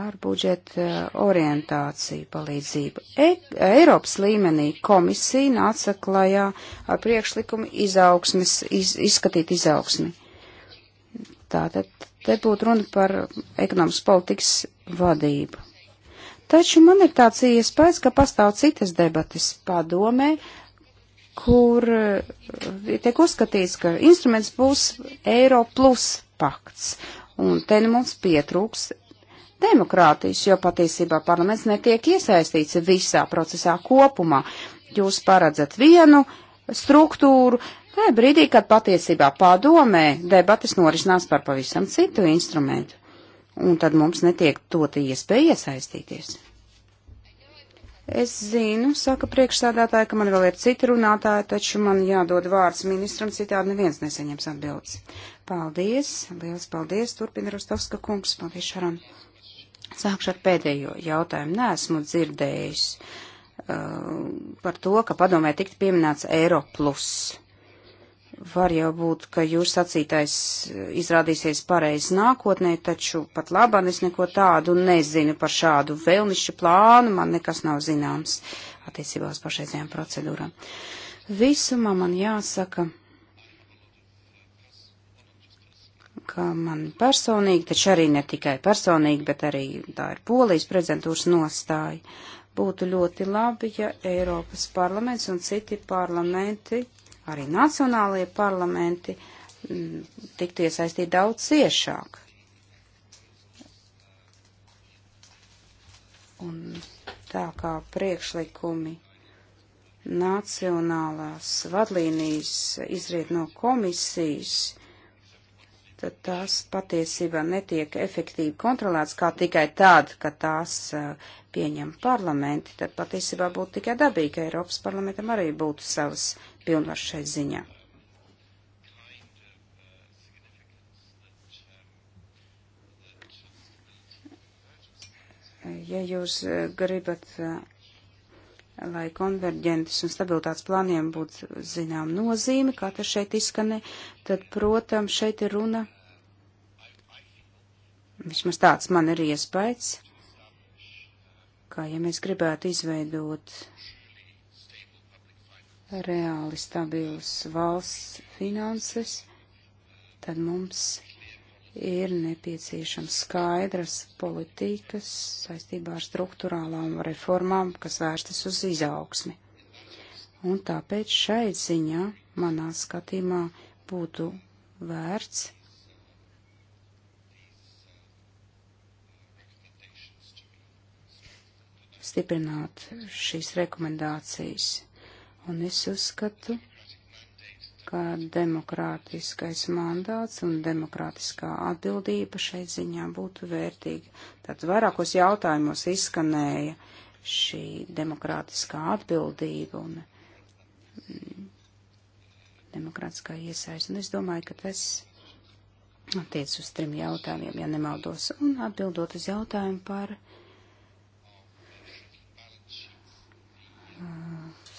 B: ar budžeta orientāciju palīdzību. E Eiropas līmenī komisija nāca klajā ar priekšlikumu izaugsmes, iz izskatīt izaugsmi. Tātad Te būtu runa par ekonomiskas politikas vadību. Taču man ir tāds iespējas, ka pastāv citas debatas padomē, kur eh, tiek uzskatīts, ka instruments būs Eiro plus pakts. Un te nu mums pietrūks demokrātijas, jo patiesībā parlaments netiek iesaistīts visā procesā kopumā. Jūs paredzat vienu struktūru, Tā ir brīdī, kad patiesībā padomē debatas norisinās par pavisam citu instrumentu, un tad mums netiek dota iespēja iesaistīties. Es zinu, saka priekšsādātāja, ka man vēl ir citi runātāji, taču man jādod vārds ministram, citādi neviens neseņems atbildes. Paldies, liels paldies, turpina Rostovska kungs, paldies Šaran. Sākšu ar pēdējo jautājumu. Nesmu dzirdējis uh, par to, ka padomē tikt pieminēts Eiro plus var jau būt, ka jūs sacītais eh, izrādīsies pareizi nākotnē, taču pat labāk es neko tādu nezinu par šādu vēlnišu plānu, man nekas nav zināms attiecībā uz pašreizējām procedūrām. Visumā man jāsaka, ka man personīgi, taču arī ne tikai personīgi, bet arī tā ir polijas prezentūras nostāja, būtu ļoti labi, ja Eiropas parlaments un citi parlamenti arī nacionālajie parlamenti mm, tiktu iesaistīti daudz ciešāk. Un tā kā priekšlikumi nacionālās vadlīnijas izriet no komisijas, tad tās patiesībā netiek efektīvi kontrolētas kā tikai tad, kad tās pieņem parlamenti, tad patiesībā būtu tikai dabīgi, ka Eiropas parlamentam arī būtu savas pilnvaras šai ziņā. Ja jūs gribat lai konverģentas un stabilitātes plāniem būtu zinām nozīme, kā tas šeit izskanē, tad, protams, šeit ir runa, vismaz tāds man ir iespējas, kā ja mēs gribētu izveidot reāli stabilas valsts finanses, tad mums ir nepieciešams skaidras politikas saistībā ar struktūrālām reformām, kas vērstas uz izaugsmi. Un tāpēc šai ziņā manā skatījumā būtu vērts stiprināt šīs rekomendācijas. Un es uzskatu, ka demokrātiskais mandāts un demokrātiskā atbildība šai ziņā būtu vērtīga. Tad vairākos jautājumos izskanēja šī demokrātiskā atbildība un mm, demokrātiskā iesaist. Un es domāju, ka tas attiec uz trim jautājumiem, ja nemaldos. Un atbildot uz jautājumu par.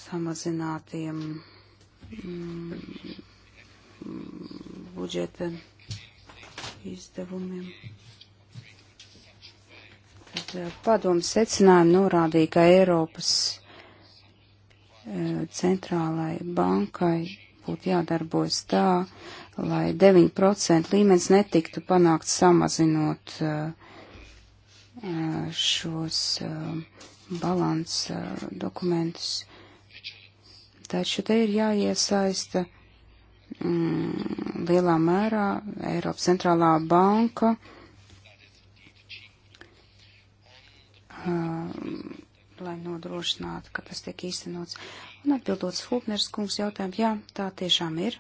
B: samazinātiem budžeta izdevumiem. Tad eh, padomu secinājumi norādīja, ka Eiropas eh, centrālai bankai būtu jādarbojas tā, lai 9% līmenis netiktu panākt samazinot eh, šos balans dokumentus. Taču te ir jāiesaista mm, lielā mērā Eiropas centrālā banka. Um, lai nodrošinātu, ka tas tiek īstenots. Un atbildot Fūpners kungs jautājumu, jā, tā tiešām ir.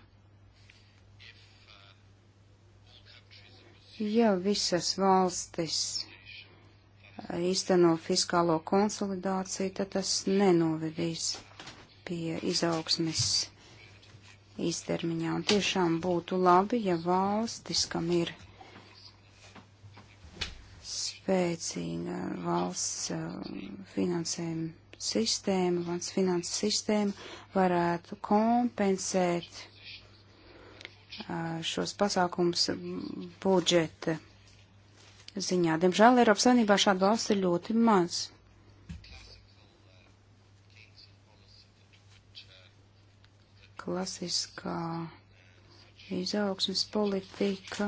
B: Ja visas valstis īsteno fiskālo konsolidāciju, tad tas nenovedīs pie izaugsmes īstermiņā. Un tiešām būtu labi, ja valstis, kam ir spēcīga valsts uh, finansējuma sistēma, valsts finanses sistēma, varētu kompensēt uh, šos pasākums budžeta ziņā. Diemžēl Eiropas Savienībā šāda valsts ir ļoti maz. klasiskā izaugsmes politika,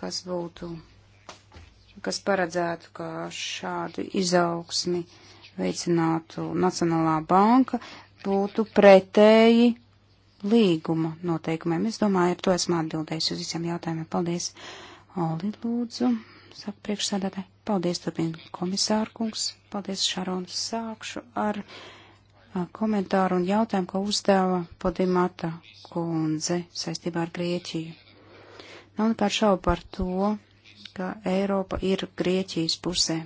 B: kas būtu, kas paredzētu, ka šādu izaugsmi veicinātu Nacionālā banka, būtu pretēji līguma noteikumiem. Es domāju, ar to esmu atbildējis uz visiem jautājumiem. Paldies, Oli, lūdzu, saka priekšsēdētāji. Paldies, turpina komisārkungs. Paldies, Šarons. Sākšu ar komentāru un jautājumu, ko uzdeva Podimata kundze saistībā ar Grieķiju. Nav nekā šaubu par to, ka Eiropa ir Grieķijas pusē.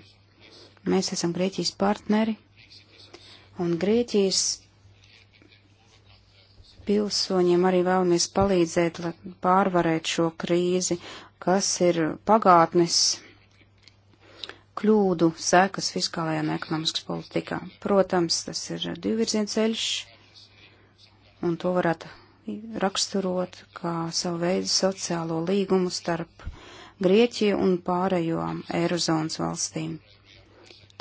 B: Mēs esam Grieķijas partneri, un Grieķijas pilsoņiem arī vēlamies palīdzēt, lai pārvarētu šo krīzi, kas ir pagātnes kļūdu sekas fiskālajā un ekonomiskas politikā. Protams, tas ir divvirzien ceļš, un to varētu raksturot kā savu veidu sociālo līgumu starp Grieķiju un pārējām Eirozonas valstīm.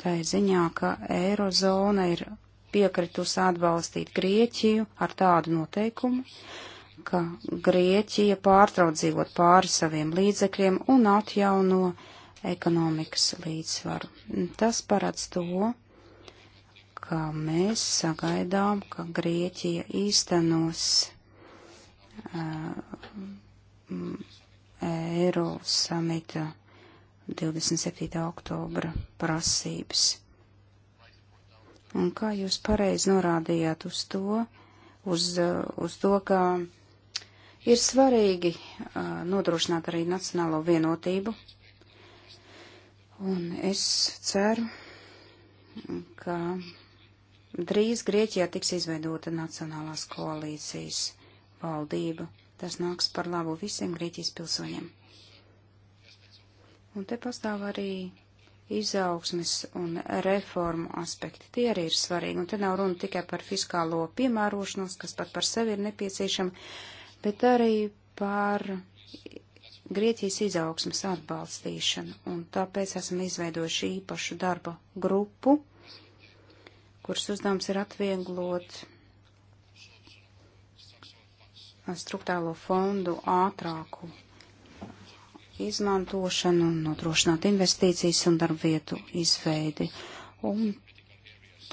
B: Tā ir ziņā, ka Eirozona ir piekritusi atbalstīt Grieķiju ar tādu noteikumu, ka Grieķija pārtrauc dzīvot pāri saviem līdzekļiem un atjauno ekonomikas līdzsvaru. Tas parāds to, ka mēs sagaidām, ka Grieķija īstenos uh, Eiro samita 27. oktobra prasības. Un kā jūs pareizi norādījāt uz to, uz, uh, uz to, ka ir svarīgi uh, nodrošināt arī nacionālo vienotību Un es ceru, ka drīz Grieķijā tiks izveidota Nacionālās koalīcijas valdība. Tas nāks par labu visiem Grieķijas pilsoņiem. Un te pastāv arī izaugsmes un reformu aspekti. Tie arī ir svarīgi. Un te nav runa tikai par fiskālo piemērošanos, kas pat par sevi ir nepieciešama, bet arī par Grieķijas izaugsmas atbalstīšanu, un tāpēc esam izveidojuši īpašu darba grupu, kuras uzdevums ir atvieglot uh, struktūrālo fondu ātrāku izmantošanu, nodrošināt investīcijas un darbvietu izveidi. Un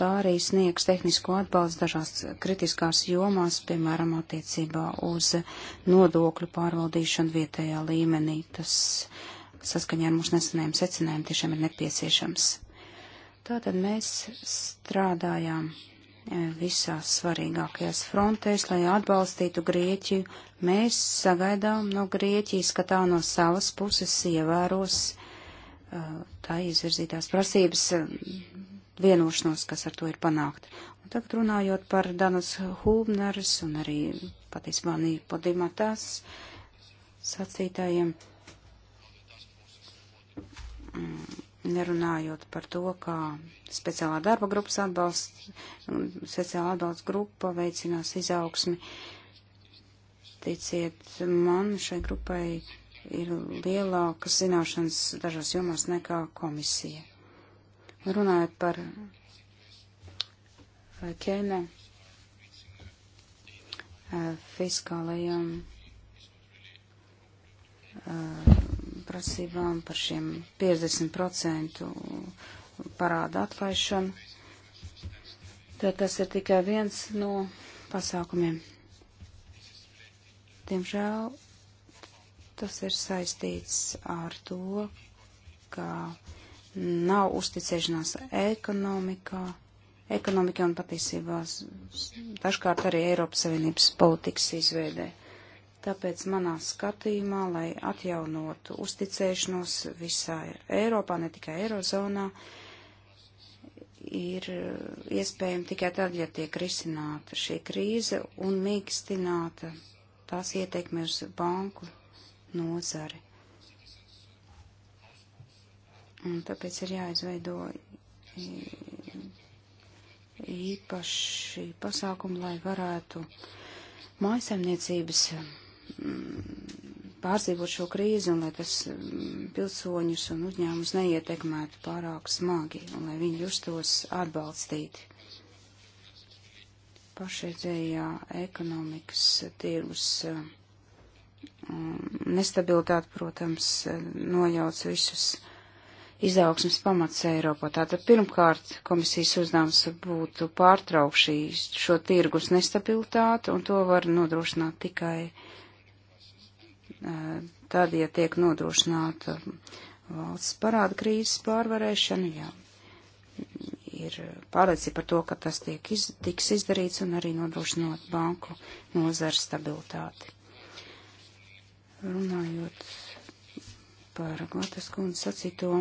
B: tā arī sniegs tehnisko atbalstu dažās kritiskās jomās, piemēram, attiecībā uz nodokļu pārvaldīšanu vietējā līmenī. Tas saskaņā ar mūsu nesenajiem secinājumiem tiešām ir nepieciešams. Tātad mēs strādājām e, visās svarīgākajās frontēs, lai atbalstītu Grieķiju. Mēs sagaidām no Grieķijas, ka tā no savas puses ievēros e, tā izvirzītās prasības vienošanos, kas ar to ir panākta. Un tagad runājot par Danas Hūbneres un arī patiesībā Nīpodimā tās sacītājiem, mm, nerunājot par to, kā speciālā darba grupas atbalsts, speciālā atbalsts grupa veicinās izaugsmi. Ticiet, man šai grupai ir lielākas zināšanas dažās jomās nekā komisija. Runājot par ķēne eh, eh, fiskālajām eh, prasībām par šiem 50% parāda atlaišanu, tad tas ir tikai viens no pasākumiem. Diemžēl tas ir saistīts ar to, ka uh, nav uzticēšanās ekonomikā, ekonomikā un patiesībā dažkārt arī Eiropas Savienības politikas izveidē. Tāpēc manā skatījumā, lai atjaunotu uzticēšanos visā Eiropā, ne tikai Eirozonā, ir iespējama tikai tad, ja tiek risināta šī krīze un mīkstināta tās ietekme uz banku nozari. Un tāpēc ir jāizveido īpaši pasākumi, lai varētu mājasemniecības mm, pārdzīvot šo krīzi un lai tas mm, pilsoņus un uzņēmumus neietekmētu pārāk smagi un lai viņi justos atbalstīti. Pašreizējā ekonomikas tirgus mm, nestabilitāte, protams, nojauc visus izaugsmas pamats Eiropā. Tātad pirmkārt komisijas uzdevums būtu pārtraukt šīs, šo tirgus nestabilitāti, un to var nodrošināt tikai eh, tad, ja tiek nodrošināta valsts parāda krīzes pārvarēšana, jā, ir pārliecība par to, ka tas tiek iz, tiks izdarīts un arī nodrošinot banku nozaru stabilitāti. Runājot par Glatas kundzes sacīto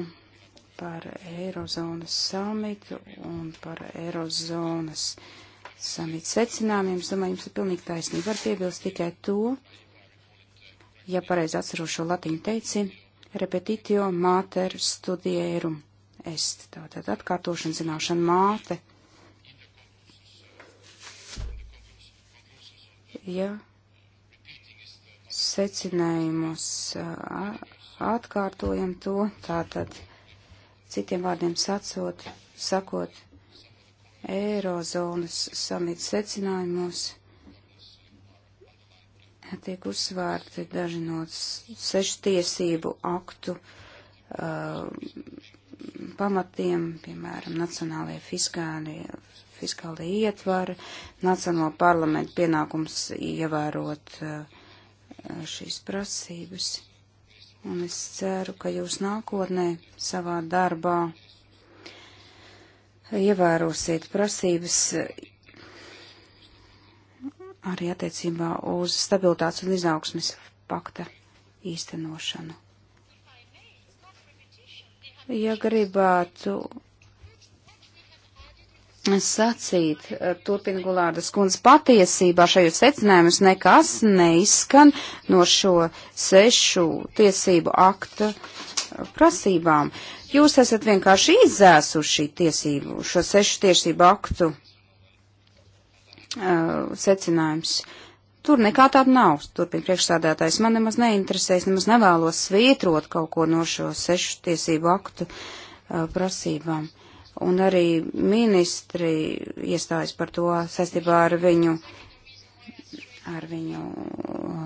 B: par Eirozonas samitu un par Eirozonas samita secinājumiem. Es domāju, jums ir pilnīgi taisnība. Var piebilst tikai to, ja pareizi atceros šo latiņu teici, repetitio mater studierum est. Tātad atkārtošana zināšana māte. Ja secinājumus atkārtojam to, tātad Citiem vārdiem sacot, sakot, Eirozonas samita secinājumos tiek uzsvērti daži no sešatiesību aktu uh, pamatiem, piemēram, nacionālajie fiskāli, fiskāli ietvari, nacionālo parlamentu pienākums ievērot uh, šīs prasības. Un es ceru, ka jūs nākotnē savā darbā ievērosiet prasības arī attiecībā uz stabilitātes un izaugsmes pakta īstenošanu. Ja gribētu sacīt, eh, turpina Gulārdas kundze, patiesībā šajos secinājumus nekas neizskan no šo sešu tiesību akta eh, prasībām. Jūs esat vienkārši izzēsuši tiesību, šo sešu tiesību aktu uh, secinājums. Tur nekā tāda nav, turpina priekšsādātājs. Man nemaz neinteresēs, nemaz nevēlos svītrot kaut ko no šo sešu tiesību aktu uh, prasībām un arī ministri iestājas par to saistībā ar viņu, ar viņu uh,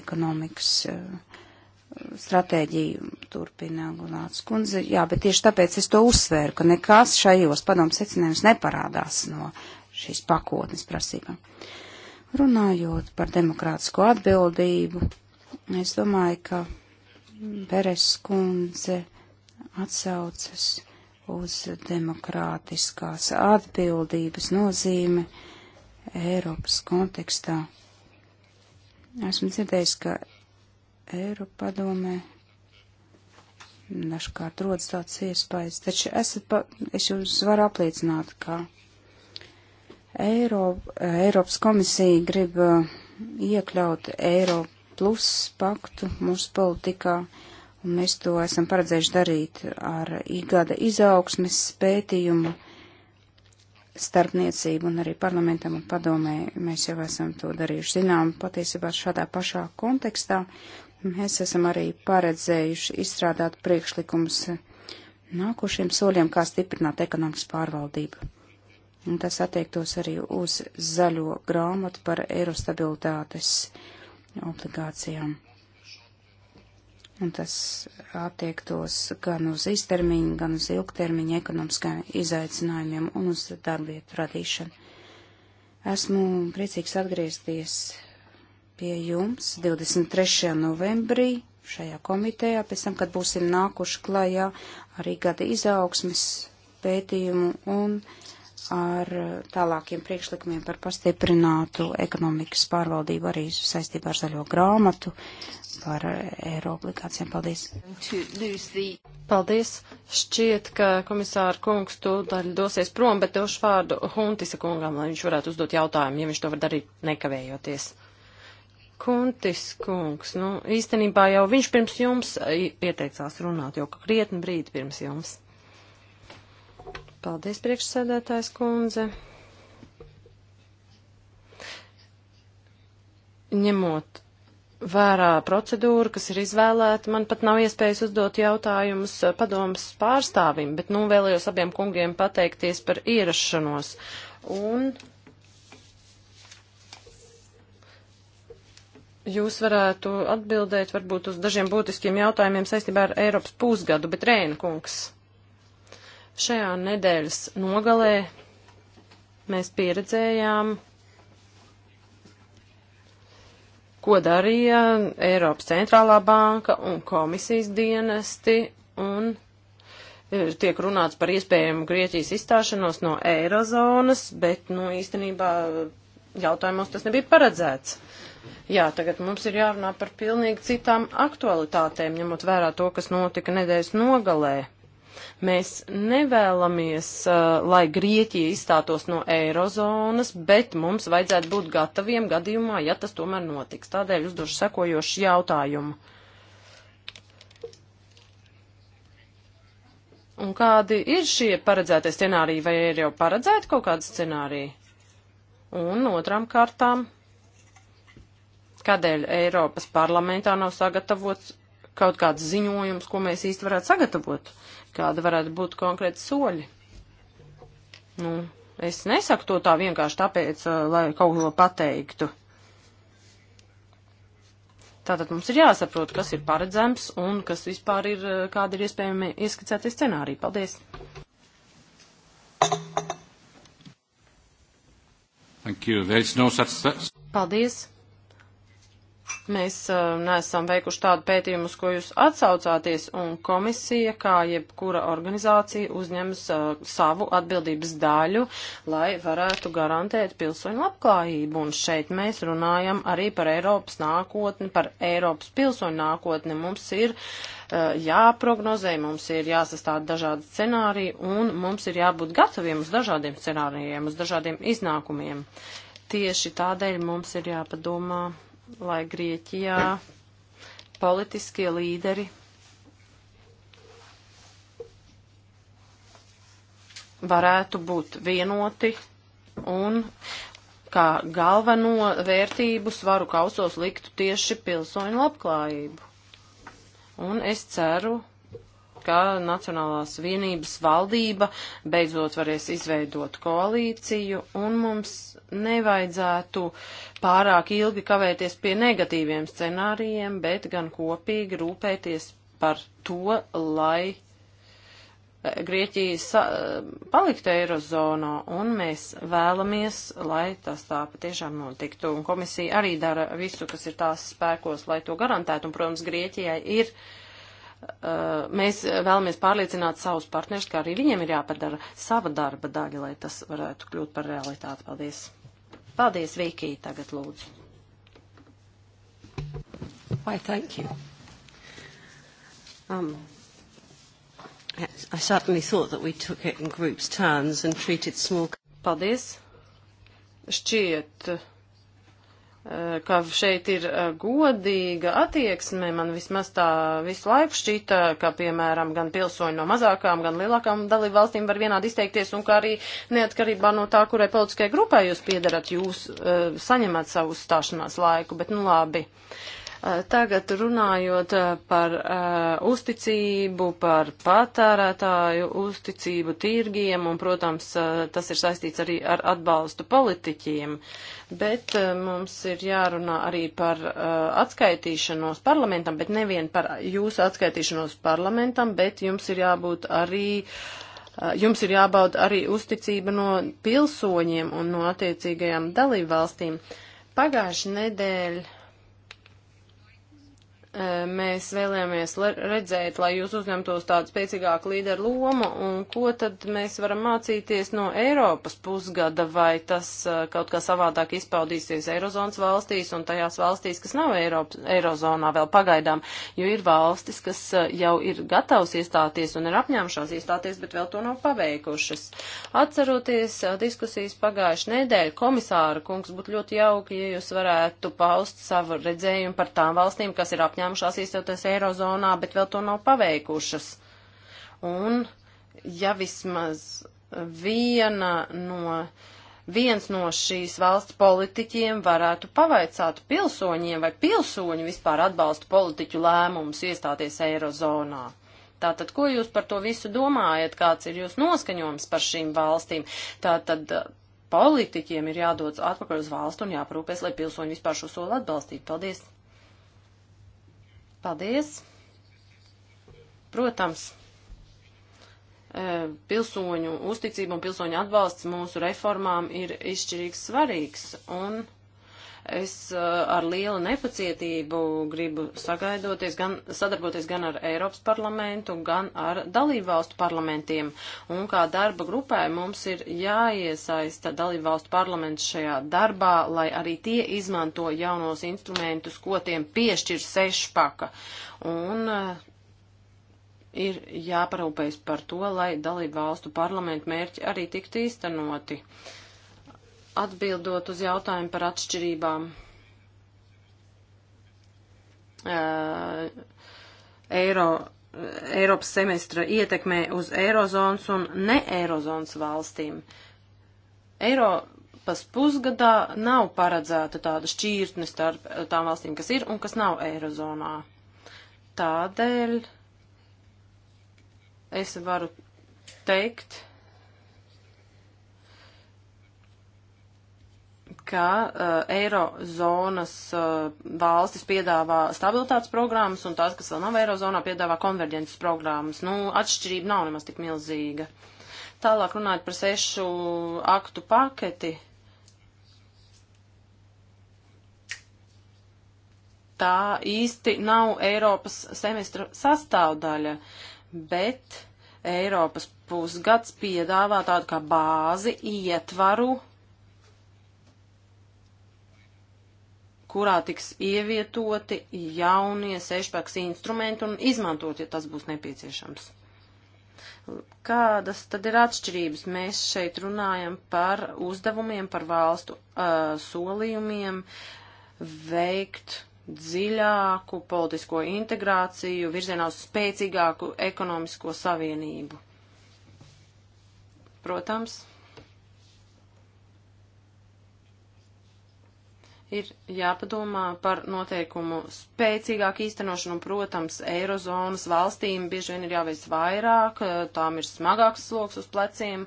B: ekonomikas uh, stratēģiju turpina Gulāts kundze. Jā, bet tieši tāpēc es to uzsvēru, ka nekas šajos padomu secinājums neparādās no šīs pakotnes prasībām. Runājot par demokrātisko atbildību, es domāju, ka Beres kundze atsaucas uz demokrātiskās atbildības nozīmi Eiropas kontekstā. Esmu dzirdējis, ka Eiropa padomē dažkārt rodas tāds iespējas, taču esat pa, es jūs varu apliecināt, ka Eiro, Eiropas komisija grib uh, iekļaut Eiropu plus paktu mūsu politikā. Uh, un mēs to esam paredzējuši darīt ar īgada izaugsmes pētījumu starpniecību un arī parlamentam un padomē. Mēs jau esam to darījuši zinām. Patiesībā šādā pašā kontekstā mēs esam arī paredzējuši izstrādāt priekšlikumus nākošiem soļiem, kā stiprināt ekonomikas pārvaldību. Un tas attiektos arī uz zaļo grāmatu par eirostabilitātes obligācijām un tas attiektos gan uz īstermiņu, gan uz ilgtermiņu ekonomiskajiem izaicinājumiem un uz darbietu radīšanu. Esmu priecīgs atgriezties pie jums 23. novembrī šajā komitejā, pēc tam, kad būsim nākuši klajā arī gada izaugsmes pētījumu un ar tālākiem priekšlikumiem par pastiprinātu ekonomikas pārvaldību arī saistībā ar zaļo grāmatu par eh, eiro obligācijām. Paldies. Paldies.
C: Šķiet, ka komisāra kungs tūdaļ dosies prom, bet došu vārdu Huntisa kungam, lai viņš varētu uzdot jautājumu, ja viņš to var darīt nekavējoties. Kuntis kungs, nu īstenībā jau viņš pirms jums pieteicās runāt, jau krietni brīdi pirms jums. Paldies, priekšsēdētājs kundze. Ņemot vērā procedūru, kas ir izvēlēta. Man pat nav iespējas uzdot jautājumus eh, padomas pārstāvim, bet nu vēlējos abiem kungiem pateikties par ierašanos. Un jūs varētu atbildēt varbūt uz dažiem būtiskiem jautājumiem saistībā ar Eiropas pusgadu, bet Rēna kungs, šajā nedēļas nogalē mēs pieredzējām ko darīja Eiropas centrālā banka un komisijas dienesti un e, tiek runāts par iespējamu Grieķijas izstāšanos no eirozonas, bet, nu, īstenībā jautājumos tas nebija paredzēts. Jā, tagad mums ir jārunā par pilnīgi citām aktualitātēm, ņemot vērā to, kas notika nedēļas nogalē. Mēs nevēlamies, uh, lai Grieķija izstātos no eirozonas, bet mums vajadzētu būt gataviem gadījumā, ja tas tomēr notiks. Tādēļ uzdošu sekojošu jautājumu. Un kādi ir šie paredzētie scenāriji, vai ir jau paredzēti kaut kādi scenāriji? Un otrām kārtām, kādēļ Eiropas parlamentā nav sagatavots kaut kāds ziņojums, ko mēs īsti varētu sagatavot, kāda varētu būt konkrēta soļi. Nu, es nesaku to tā vienkārši tāpēc, uh, lai kaut ko pateiktu. Tātad mums ir jāsaprot, kas ir paredzams un kas vispār ir, uh, kāda ir iespējami ieskicēti scenāriji. Paldies! Thank you. There is no such... Paldies! Mēs uh, neesam veikuši tādu pētījumu, uz ko jūs atsaucāties, un komisija, kā jebkura organizācija, uzņems uh, savu atbildības daļu, lai varētu garantēt pilsoņu labklājību. Un šeit mēs runājam arī par Eiropas nākotni, par Eiropas pilsoņu nākotni. Mums ir uh, jāprognozē, mums ir jāsastāda dažādi scenāriji, un mums ir jābūt gataviem uz dažādiem scenārijiem, uz dažādiem iznākumiem. Tieši tādēļ mums ir jāpadomā lai Grieķijā politiskie līderi varētu būt vienoti un kā galveno vērtību svaru kausos liktu tieši pilsoņu labklājību. Un es ceru, ka Nacionālās vienības valdība beidzot varēs izveidot koalīciju un mums nevajadzētu pārāk ilgi kavēties pie negatīviem scenārijiem, bet gan kopīgi rūpēties par to, lai eh, Grieķija eh, paliktu Eirozonā, un mēs vēlamies, lai tas tā patiešām notiktu. Un komisija arī dara visu, kas ir tās spēkos, lai to garantētu. Un, protams, Grieķijai ir uh, Eh, mēs vēlamies pārliecināt savus partnerus, ka arī viņiem ir jāpadara sava darba daļa, lai tas varētu kļūt par realitāti. Paldies! Paldies, Vīkī, tagad lūdzu. Why, thank you. Um, yes, I certainly thought that we took it in groups turns and treated small... Paldies. Šķiet, uh, Eh, ka šeit ir eh, godīga attieksme. Man vismaz tā visu laiku šķita, ka, piemēram, gan pilsoņi no mazākām, gan lielākām dalību valstīm var vienādi izteikties, un ka arī neatkarībā no tā, kurai politiskajai grupai jūs piedarat, jūs uh, saņemat savu uzstāšanās laiku. Bet, nu labi, Eh, tagad runājot eh, par uh, uzticību, par patērētāju uzticību tirgiem, un, protams, uh, tas ir saistīts arī ar atbalstu politiķiem, bet uh, mums ir jārunā arī par uh, atskaitīšanos parlamentam, bet nevien par jūsu atskaitīšanos parlamentam, bet jums ir jābūt arī. Uh, jums ir jābauda arī uzticība no pilsoņiem un no attiecīgajām dalībvalstīm. Pagājuši nedēļa mēs vēlējāmies redzēt, lai jūs uzņemtos tādu spēcīgāku līderu lomu, un ko tad mēs varam mācīties no Eiropas pusgada, vai tas kaut kā savādāk izpaudīsies Eirozonas valstīs un tajās valstīs, kas nav Eiropas, Eirozonā vēl pagaidām, jo ir valstis, kas jau ir gatavs iestāties un ir apņēmušās iestāties, bet vēl to nav paveikušas. Atceroties diskusijas pagājuši nedēļu, komisāra kungs būtu ļoti jauki, ja jūs varētu paust savu redzējumu par tām valstīm, kas ir apņēmušās uzņēmušās īstoties Eirozonā, bet vēl to nav paveikušas. Un ja vismaz viena no viens no šīs valsts politiķiem varētu pavaicāt pilsoņiem, vai pilsoņi vispār atbalsta politiķu lēmumus iestāties Eirozonā. Tātad, ko jūs par to visu domājat, kāds ir jūs noskaņojums par šīm valstīm? Tātad, politiķiem ir jādodas atpakaļ uz valstu un jāprūpēs, lai pilsoņi vispār šo soli atbalstītu. Paldies! Paldies! Protams, e, pilsoņu uzticība un pilsoņu atbalsts mūsu reformām ir izšķirīgs svarīgs, un Es eh, ar lielu nepacietību gribu sagaidoties, gan sadarboties gan ar Eiropas parlamentu, gan ar dalībvalstu parlamentiem. Un kā darba grupai mums ir jāiesaista dalībvalstu parlaments šajā darbā, lai arī tie izmanto jaunos instrumentus, ko tiem piešķir sešpaka. Un eh, ir jāparūpējas par to, lai dalībvalstu parlamentu mērķi arī tiktu īstenoti. Uh, Atbildot uz jautājumu par atšķirībām. Eh, Eiro, Eiropas semestra ietekmē uz eirozonas un ne eirozonas valstīm. Eiropas pusgadā nav paredzēta tāda šķirtne starp tām valstīm, kas ir un kas nav eirozonā. Tādēļ es varu teikt, ka uh, eirozonas uh, valstis piedāvā stabilitātes programmas un tās, kas vēl nav eirozonā, piedāvā konverģences programmas. Nu, atšķirība nav nemaz tik milzīga. Tālāk runājot par sešu aktu paketi. Tā īsti nav Eiropas semestra sastāvdaļa, bet Eiropas pusgads piedāvā tādu kā bāzi, ietvaru, uh, kurā tiks ievietoti jaunie sešpaks instrumenti un izmantot, ja tas būs nepieciešams. Kādas tad ir atšķirības? Mēs šeit runājam par uzdevumiem, par valstu uh, solījumiem veikt dziļāku politisko integrāciju, virzienā uz spēcīgāku ekonomisko savienību. Protams, ir jāpadomā par noteikumu spēcīgāku īstenošanu, un, protams, Eirozonas valstīm bieži vien ir jāveic vairāk, eh, tām ir smagāks sloks uz pleciem,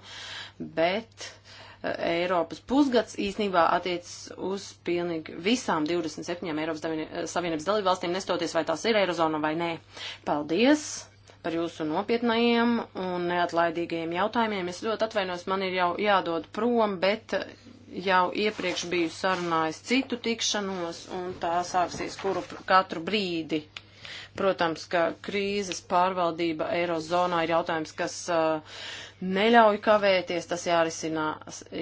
C: bet eh, Eiropas pusgads īsnībā attiecas uz pilnīgi visām 27 Eiropas eh, Savienības dalībvalstīm, nestoties vai tās ir Eirozona vai nē. Paldies! par jūsu nopietnajiem un neatlaidīgajiem jautājumiem. Es ļoti atvainos, man ir jau jādod prom, bet jau iepriekš biju sarunājis citu tikšanos, un tā sāksies kuru katru brīdi. Protams, ka krīzes pārvaldība Eirozonā ir jautājums, kas uh, neļauj kavēties, tas jārisina,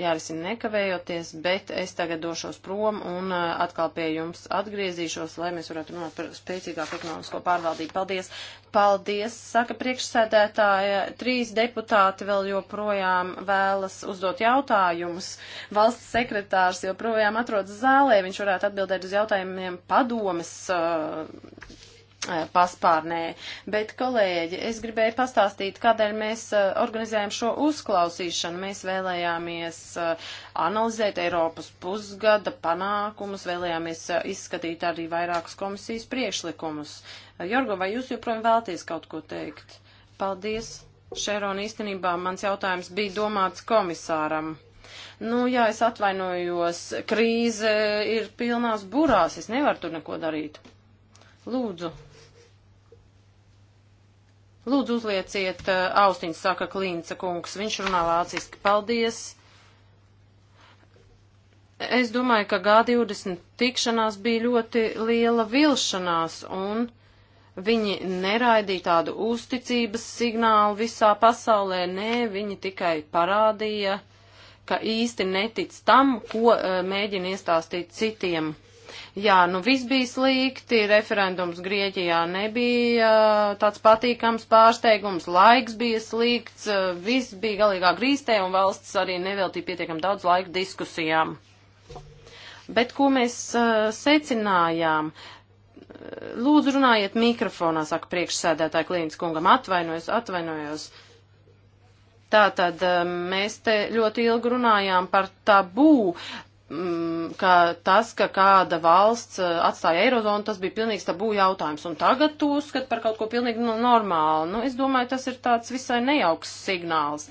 C: jārisina nekavējoties, bet es tagad došos prom un uh, atkal pie jums atgriezīšos, lai mēs varētu runāt par spēcīgāku ekonomisko pārvaldību. Paldies! Paldies, saka priekšsēdētāja. Trīs deputāti vēl joprojām vēlas uzdot jautājumus. Valsts sekretārs joprojām atrodas zālē, viņš varētu atbildēt uz jautājumiem padomes. Uh, E, paspārnē. Bet, kolēģi, es gribēju pastāstīt, kādēļ mēs e, organizējam šo uzklausīšanu. Mēs vēlējāmies e, analizēt Eiropas pusgada panākumus, vēlējāmies izskatīt arī vairākus komisijas priekšlikumus. Jorgo, vai jūs joprojām vēlties kaut ko teikt? Paldies. Šērona, īstenībā mans jautājums bija domāts komisāram. Nu, jā, es atvainojos, krīze ir pilnās burās, es nevaru tur neko darīt. Lūdzu. Lūdzu, uzlieciet uh, austiņas, saka Klīnca kungs. Viņš runā vāciski. Paldies! Es domāju, ka G20 tikšanās bija ļoti liela vilšanās, un viņi neraidīja tādu uzticības signālu visā pasaulē. Nē, viņi tikai parādīja, ka īsti netic tam, ko uh, mēģina iestāstīt citiem. Jā, nu viss bija slikti, referendums Grieķijā nebija tāds patīkams pārsteigums, laiks bija slikts, viss bija galīgā grīstē un valsts arī neveltīja pietiekam daudz laika diskusijām. Bet ko mēs uh, secinājām? Lūdzu, runājiet mikrofonā, saka priekšsēdētāja klīnas kungam, atvainojos, atvainojos. Tātad mēs te ļoti ilgi runājām par tabū, Mm, ka tas, ka kāda valsts eh, atstāja eirozonu, tas bija pilnīgs tabū jautājums, un tagad tu uzskat par kaut ko pilnīgi nu, normālu. Nu, es domāju, tas ir tāds visai nejauks signāls.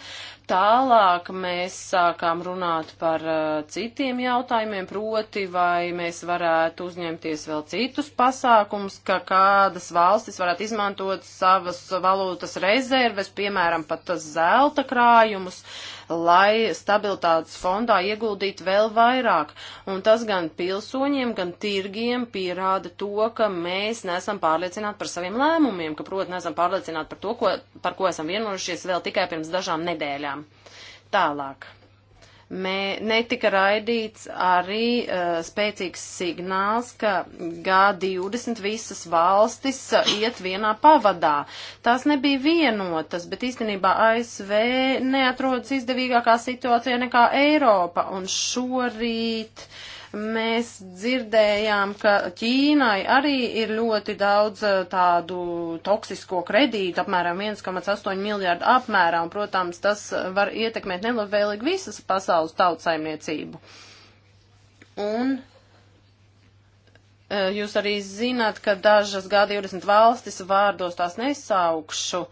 C: Tālāk mēs sākām runāt par uh, citiem jautājumiem, proti, vai mēs varētu uzņemties vēl citus pasākumus, ka kādas valstis varētu izmantot savas valūtas rezerves, piemēram, pat zelta krājumus. Uh, lai stabilitātes fondā ieguldītu vēl vairāk. Un tas gan pilsoņiem, gan tirgiem pierāda to, ka mēs nesam pārliecināti par saviem lēmumiem, ka, protams, nesam pārliecināti par to, ko, par ko esam vienojušies vēl tikai pirms dažām nedēļām. Tālāk mē, netika raidīts arī uh, spēcīgs signāls, ka G20 visas valstis uh, iet vienā pavadā. Tās nebija vienotas, bet īstenībā ASV neatrodas izdevīgākā situācijā nekā Eiropa. Un šorīt uh, Mēs dzirdējām, ka Ķīnai arī ir ļoti daudz eh, tādu toksisko kredītu, apmēram 1,8 miljārdu apmērā, un, protams, tas var ietekmēt nelabvēlīgi visas pasaules tautsaimniecību. Un eh, jūs arī zināt, ka dažas G20 valstis vārdos tās nesaukšu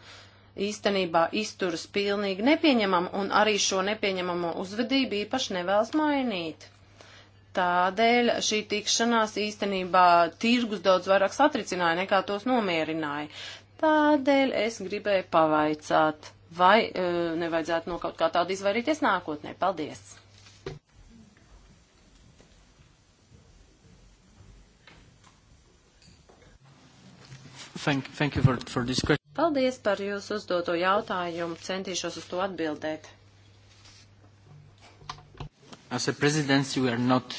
C: īstenībā izturas pilnīgi nepieņemam un arī šo nepieņemamo uzvedību īpaši nevēlas mainīt. Tādēļ šī tikšanās īstenībā tirgus daudz vairāk satricināja nekā tos nomierināja. Tādēļ es gribēju pavaicāt, vai e, nevajadzētu no kaut kā tāda izvairīties nākotnē. Paldies!
A: Thank, thank you for, for this question.
C: Paldies par jūsu uzdoto jautājumu. Centīšos uz to atbildēt
A: as a presidency we are not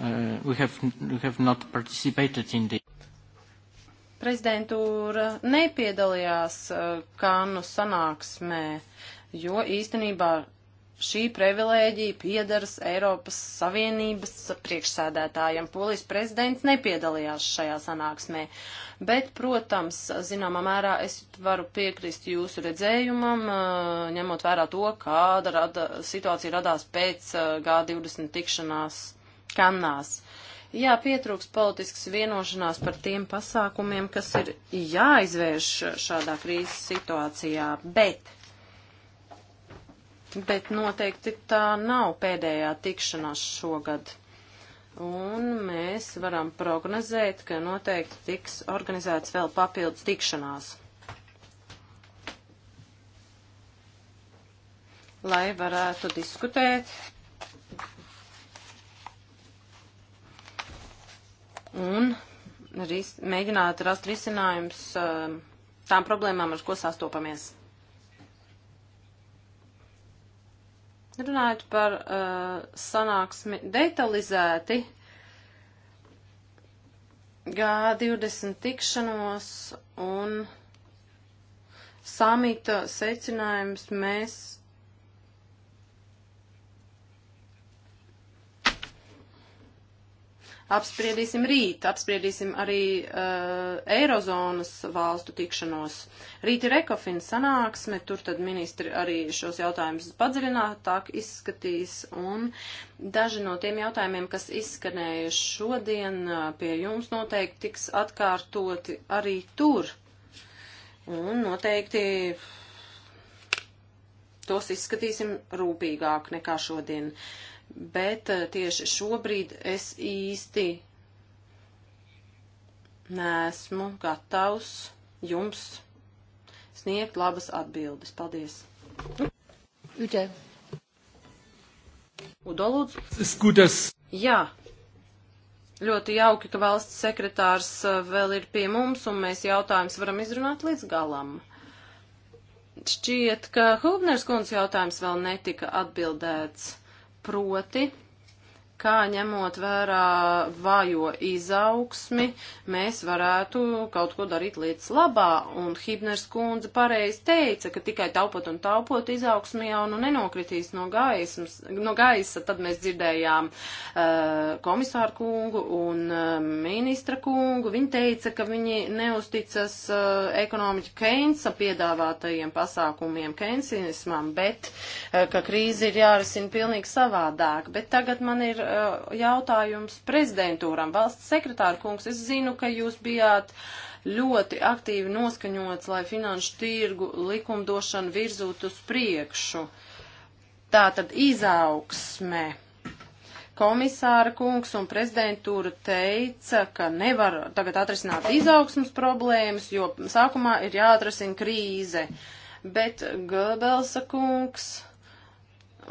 A: uh, we have we have not participated in the
C: Prezidentūra nepiedalījās uh, Kānu sanāksmē, jo īstenībā šī privilēģija piedaras Eiropas Savienības priekšsēdētājam. Polijas prezidents nepiedalījās šajā sanāksmē, bet, protams, zināmā mērā es varu piekrist jūsu redzējumam, ņemot vērā to, kāda rada, situācija radās pēc G20 tikšanās Kannās. Jā, pietrūks politisks vienošanās par tiem pasākumiem, kas ir jāizvērš šādā krīzes situācijā, bet bet noteikti tā nav pēdējā tikšanās šogad. Un mēs varam prognozēt, ka noteikti tiks organizēts vēl papildus tikšanās. lai varētu diskutēt. Un ris, mēģināt rast risinājums eh, tām problēmām, ar ko sastopamies. Runājot par uh, sanāksmi detalizēti, G20 tikšanos un samita secinājums mēs apspriedīsim rīt, apspriedīsim arī uh, Eirozonas valstu tikšanos. Rīt ir ekofin sanāksme, tur tad ministri arī šos jautājumus padziļinātāk izskatīs, un daži no tiem jautājumiem, kas izskanēja šodien uh, pie jums, noteikti tiks atkārtoti arī tur. Un noteikti tos izskatīsim rūpīgāk nekā šodien. Uh, bet eh, tieši šobrīd es īsti nesmu gatavs jums sniegt labas atbildes. Paldies! Ute. Udo lūdzu. Skutas. Jā. Ļoti jauki, ka valsts sekretārs eh, vēl ir pie mums un mēs jautājums varam izrunāt līdz galam. Šķiet, ka Hubners kundze jautājums vēl netika atbildēts proti kā ņemot vērā vājo izaugsmi, mēs varētu kaut ko darīt lietas labā. Un Hibners kundze pareizi teica, ka tikai taupot un taupot izaugsmi jau nu nenokritīs no, gaismas, no gaisa. Tad mēs dzirdējām uh, komisāru kungu un uh, ministra kungu. Viņi teica, ka viņi neusticas uh, ekonomiķa Keinsa piedāvātajiem pasākumiem, Keinsinismam, bet uh, ka krīze ir jārisina pilnīgi savādāk. Bet tagad man ir Eh, jautājums prezidentūram. Valsts sekretāra kungs, es zinu, ka jūs bijāt ļoti aktīvi noskaņots, lai finanšu tirgu likumdošanu virzītu uz priekšu. Tā tad izaugsme komisāra kungs un prezidentūra teica, ka nevar tagad atrisināt izaugsmas problēmas, jo sākumā ir jāatrisina krīze. Bet Goebelsa kungs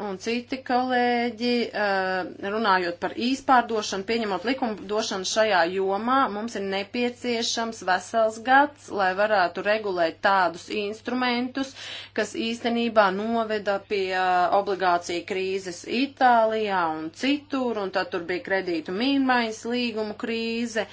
C: un citi kolēģi, eh, runājot par īspārdošanu, pieņemot likumdošanu šajā jomā, mums ir nepieciešams vesels gads, lai varētu regulēt tādus instrumentus, kas īstenībā noveda pie eh, obligācija krīzes Itālijā un citur, un tad tur bija kredītu mīnmaiņas līgumu krīze,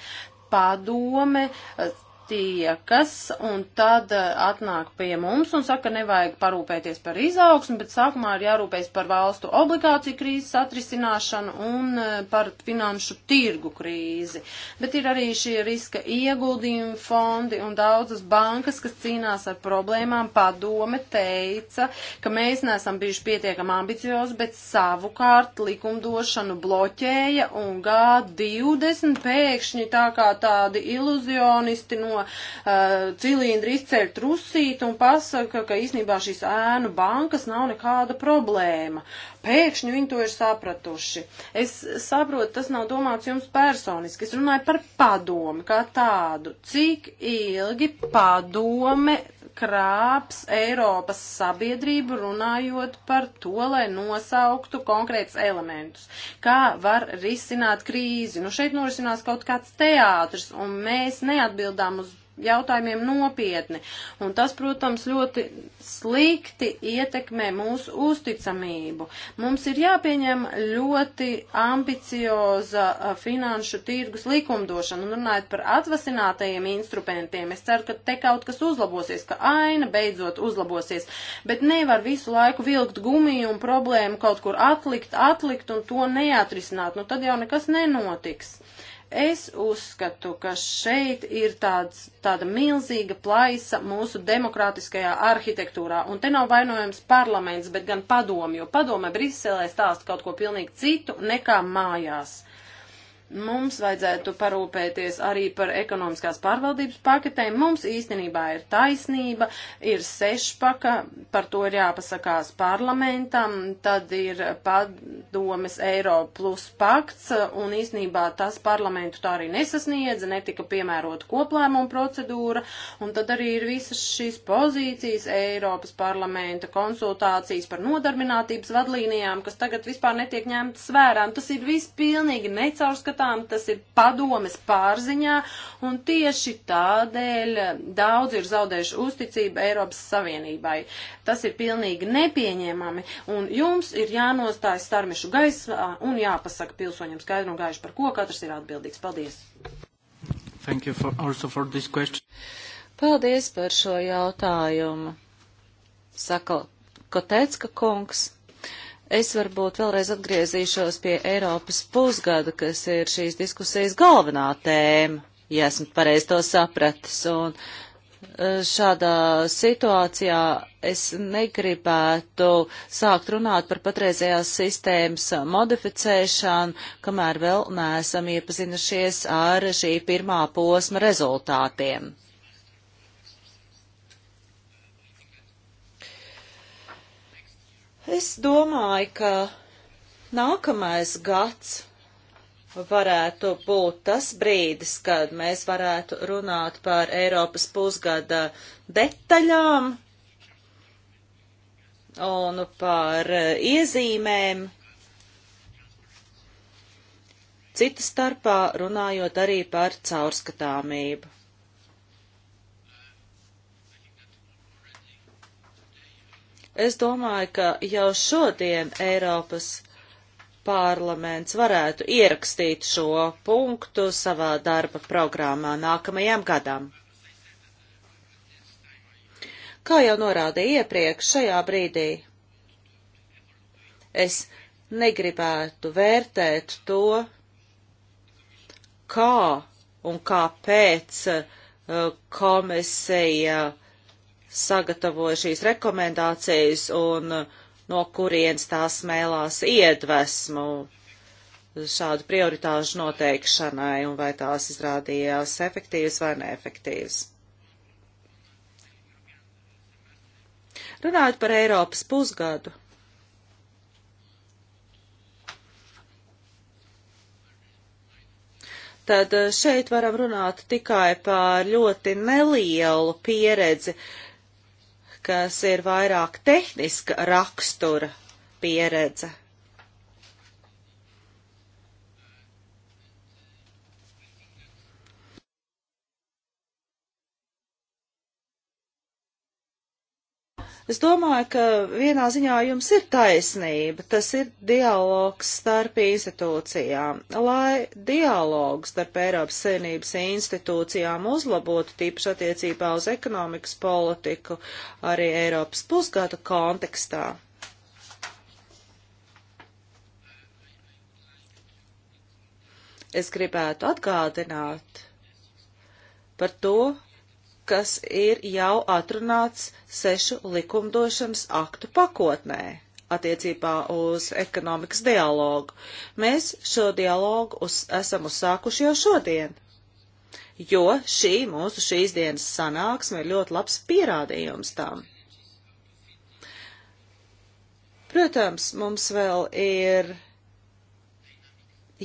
C: padome eh, satiekas un tad eh, atnāk pie mums un saka, nevajag parūpēties par izaugsmu, bet sākumā ir jārūpējas par valstu obligāciju krīzes atrisināšanu un eh, par finanšu tirgu krīzi. Bet ir arī šie riska ieguldījumi fondi un daudzas bankas, kas cīnās ar problēmām. Padome teica, ka mēs neesam bijuši pietiekami ambiciozi, bet savukārt likumdošanu bloķēja un G20 pēkšņi tā kā tādi iluzionisti no no uh, cilindra izceļ trusīt un pasaka, ka īsnībā šīs ēnu bankas nav nekāda problēma. Pēkšņi viņi to ir sapratuši. Es saprotu, tas nav domāts jums personiski. Es runāju par padomi kā tādu. Cik ilgi padome krāps Eiropas sabiedrību runājot par to, lai nosauktu konkrētus elementus. Kā var risināt krīzi? Nu, šeit norisinās kaut kāds teātris, un mēs neatbildām uz jautājumiem nopietni. Un tas, protams, ļoti slikti ietekmē mūsu uzticamību. Mums ir jāpieņem ļoti ambicioza finanšu tirgus likumdošana. Un runājot par atvasinātajiem instrumentiem, es ceru, ka te kaut kas uzlabosies, ka aina beidzot uzlabosies. Bet nevar visu laiku vilkt gumiju un problēmu kaut kur atlikt, atlikt un to neatrisināt. Nu, tad jau nekas nenotiks. Es uzskatu, ka šeit ir tāds, tāda milzīga plaisa mūsu demokrātiskajā arhitektūrā, un te nav vainojams parlaments, bet gan padomi, jo padome Briselē stāsta kaut ko pilnīgi citu nekā mājās. Mums vajadzētu parūpēties arī par ekonomiskās pārvaldības paketēm. Mums īstenībā ir taisnība, ir sešpaka, par to ir jāpasakās parlamentam, tad ir padomes eiro plus pakts, un īstenībā tas parlamentu tā arī nesasniedza, netika piemērota koplēmuma procedūra, un tad arī ir visas šīs pozīcijas Eiropas parlamenta konsultācijas par nodarbinātības vadlīnijām, kas tagad vispār netiek ņemtas vērā. Tas ir viss pilnīgi necaurskatām uzskatām, tas ir padomes pārziņā, un tieši tādēļ daudz ir zaudējuši uzticību Eiropas Savienībai. Tas ir pilnīgi nepieņēmami, un jums ir jānostājas starmišu gaisā un jāpasaka pilsoņiem skaidru un gaišu, par ko katrs ir atbildīgs. Paldies!
A: Thank you for, also for this question. Paldies par šo jautājumu. Saka Kotecka kungs. Es varbūt vēlreiz atgriezīšos pie Eiropas pusgada, kas ir šīs diskusijas galvenā tēma, ja esmu pareizi to sapratis. Un e, šādā situācijā es negribētu sākt runāt par patreizējās sistēmas modificēšanu, kamēr vēl neesam iepazinušies ar šī pirmā posma rezultātiem. Es domāju, ka nākamais gads varētu būt tas brīdis, kad mēs varētu runāt par Eiropas pusgada detaļām un par iezīmēm, cita starpā runājot arī par caurskatāmību. Es domāju, ka jau šodien Eiropas parlaments varētu ierakstīt šo punktu savā darba programmā nākamajam gadam. Kā jau norādīja iepriekš, šajā brīdī es negribētu vērtēt to, kā un kāpēc uh, komisija uh, sagatavoja šīs rekomendācijas un uh, no kurienes tās mēlās iedvesmu šādu prioritāžu noteikšanai un vai tās izrādījās efektīvas vai neefektīvas. Runājot par Eiropas pusgadu. Tad uh, šeit varam runāt tikai par ļoti nelielu pieredzi uh, kas ir vairāk tehniska rakstura pieredze. Es domāju, ka vienā ziņā jums ir taisnība. Tas ir dialogs starp institūcijām. Lai dialogs starp Eiropas Savienības institūcijām uzlabotu tīpaši attiecībā uz ekonomikas politiku arī Eiropas pusgadu kontekstā. Es gribētu atgādināt par to, kas ir jau atrunāts sešu likumdošanas aktu pakotnē attiecībā uz ekonomikas dialogu. Mēs šo dialogu uz, esam uzsākuši jau šodien, jo šī mūsu šīs dienas sanāksme ir ļoti labs pierādījums tam. Protams, mums vēl ir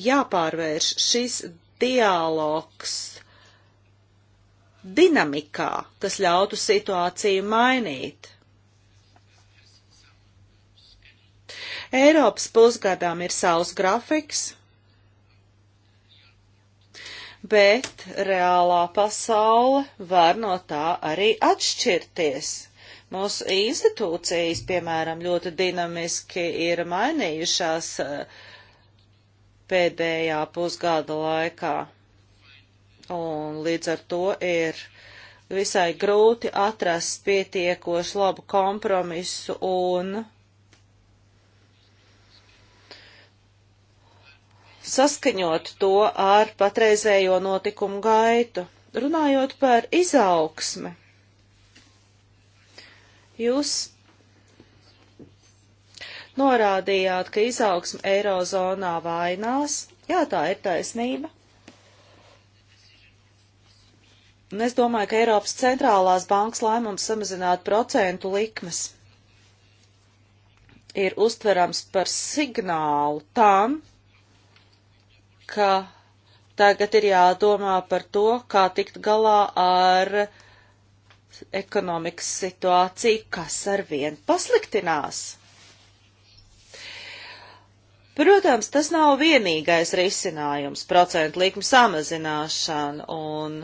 A: jāpārvērš šis dialogs dinamikā, kas ļautu situāciju mainīt. Eiropas pusgadām ir savs grafiks, bet reālā pasaule var no tā arī atšķirties. Mūsu institūcijas, piemēram, ļoti dinamiski ir mainījušās eh, pēdējā pusgada laikā un līdz ar to ir visai grūti atrast pietiekoši labu kompromisu un saskaņot to ar patreizējo notikumu gaitu. Runājot par izaugsmi, jūs norādījāt, ka izaugsme Eirozonā vainās. Jā, tā ir taisnība. Un es domāju, ka Eiropas centrālās bankas lēmums samazināt procentu likmes ir uztverams par signālu tam, ka tagad ir jādomā par to, kā tikt galā ar ekonomikas situāciju, kas arvien pasliktinās. Protams, tas nav vienīgais risinājums procentu likmu samazināšana, un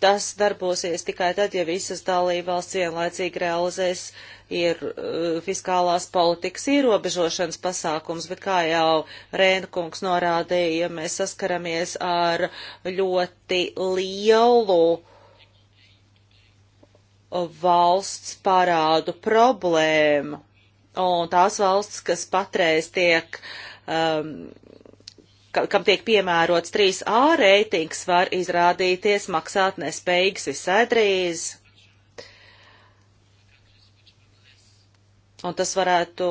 A: tas darbosies tikai tad, ja visas dalībvalsts vienlaicīgi realizēs ir uh, fiskālās politikas ierobežošanas pasākums, bet kā jau Rēnkungs norādīja, mēs saskaramies ar ļoti lielu valsts parādu problēmu. Un tās valsts, kas patreiz tiek um, kam tiek piemērots 3A reitings, var izrādīties maksāt nespējīgs visādrīz. Un tas varētu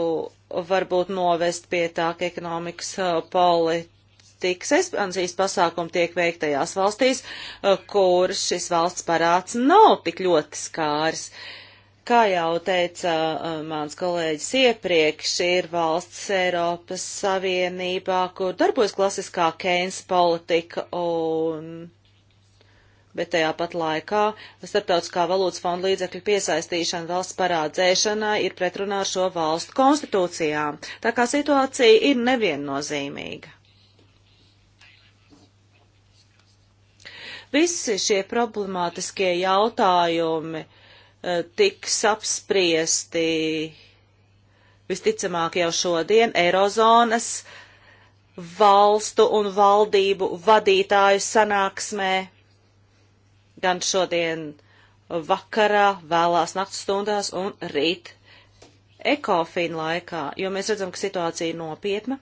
A: varbūt novest pie tā, ka ekonomikas uh, politikas ekspansijas pasākumi tiek veiktajās valstīs, uh, kur šis valsts parāds nav tik ļoti skārs. Uh, Kā jau teica uh, mans kolēģis iepriekš, ir valsts Eiropas Savienībā, kur darbojas klasiskā Keins politika, un, bet tajā pat laikā starptautiskā valūtas fonda līdzekļu piesaistīšana valsts parādzēšanai ir pretrunā ar šo valstu konstitūcijām. Tā kā situācija ir neviennozīmīga. Visi šie problemātiskie jautājumi Eh, tiks apspriesti visticamāk jau šodien Eirozonas valstu un valdību vadītāju sanāksmē gan šodien vakarā, vēlās naktas stundās un rīt ekofīna laikā, jo mēs redzam, ka situācija ir nopietna.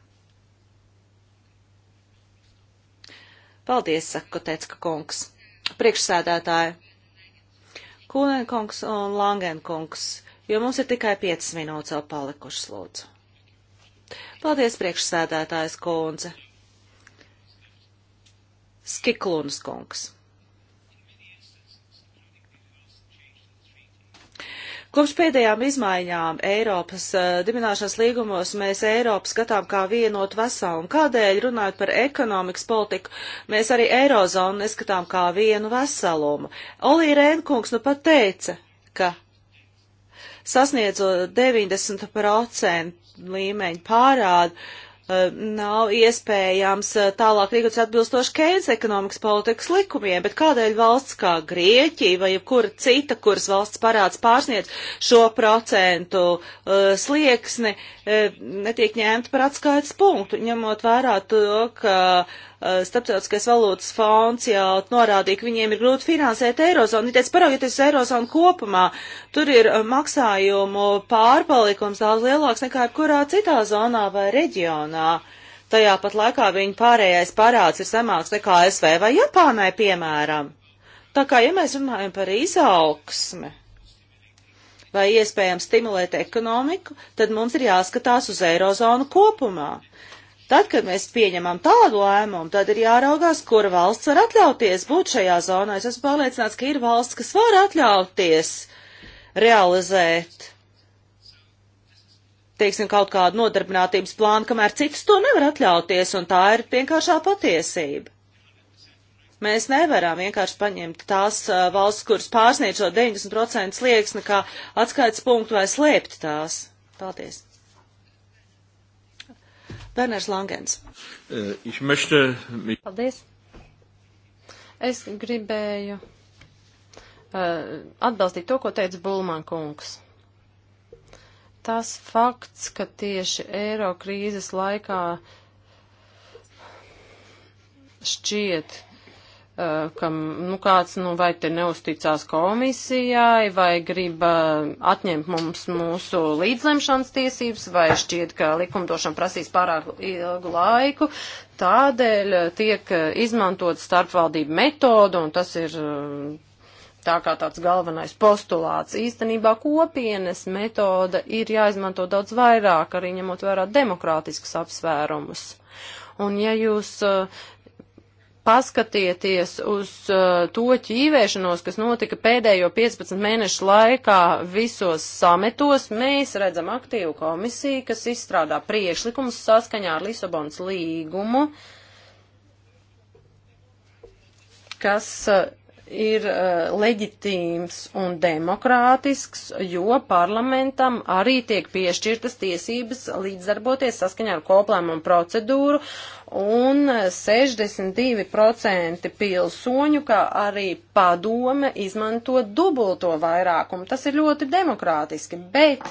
A: Paldies, saka Kotecka kungs. Priekšsēdētāji, Kūnenkungs un Langenkungs, jo mums ir tikai 5 minūtes vēl palikušas lūdzu. Paldies, priekšsēdētājs kundze. Skiklunas kungs. Kopš pēdējām izmaiņām Eiropas eh, dibināšanas līgumos mēs Eiropu skatām kā vienotu veselu, un kādēļ runājot par ekonomikas politiku, mēs arī Eirozonu neskatām kā vienu veselumu. Olī Rēnkungs nu pat teica, ka sasniedzot 90% līmeņu pārādu, Eh, nav iespējams eh, tālāk rīkoties atbilstoši Keynes ekonomikas politikas likumiem, bet kādēļ valsts kā Grieķija vai jebkura cita, kuras valsts parāds pārsniedz šo procentu uh, slieksni, uh, netiek ņemta par atskaites punktu, ņemot vērā to, ka uh, Eh, starptautiskais valūtas fonds jau norādīja, ka viņiem ir grūti finansēt eirozonu. Viņi teica, paraugieties uz eirozonu kopumā, tur ir eh, maksājumu pārpalikums daudz lielāks nekā jebkurā citā zonā vai reģionā. Tajā pat laikā viņa pārējais parāds ir zemāks nekā SV vai Japānai, piemēram. Tā kā, ja mēs runājam par izaugsmi, vai iespējams stimulēt ekonomiku, tad mums ir jāskatās uz eirozonu kopumā. Tad, kad mēs pieņemam tādu lēmumu, tad ir jāraugās, kur valsts var atļauties būt šajā zonā. Es esmu pārliecināts, ka ir valsts, kas var atļauties realizēt, teiksim, kaut kādu nodarbinātības plānu, kamēr citas to nevar atļauties, un tā ir vienkāršā patiesība. Mēs nevaram vienkārši paņemt tās uh, valsts, kuras pārsniedz šo 90% slieksni, kā atskaits punktu vai slēpt tās. Paldies! Werners Langens.
C: Eh, Paldies. Es gribēju eh, atbalstīt to, ko teica Bulman kungs. Tas fakts, ka tieši eiro krīzes laikā šķiet, Eh, kam nu, kāds nu, vai te neusticās komisijai, vai grib eh, atņemt mums mūsu līdzlemšanas tiesības, vai šķiet, ka likumdošana prasīs pārāk ilgu laiku. Tādēļ eh, tiek izmantot starpvaldību metodu, un tas ir tā kā tāds galvenais postulāts. Īstenībā kopienas metoda ir jāizmanto daudz vairāk, arī ņemot vērā demokrātiskus apsvērumus. Un ja jūs uh, paskatieties uz uh, to ķīvēšanos, kas notika pēdējo 15 mēnešu laikā visos sametos. Mēs redzam aktīvu komisiju, kas izstrādā priekšlikumus saskaņā ar Lisabonas līgumu, kas uh, ir uh, leģitīms un demokrātisks, jo parlamentam arī tiek piešķirtas tiesības līdzdarboties saskaņā ar koplēmumu procedūru, un 62% pilsoņu, kā arī padome, izmanto dubulto vairākumu. Tas ir ļoti demokrātiski, bet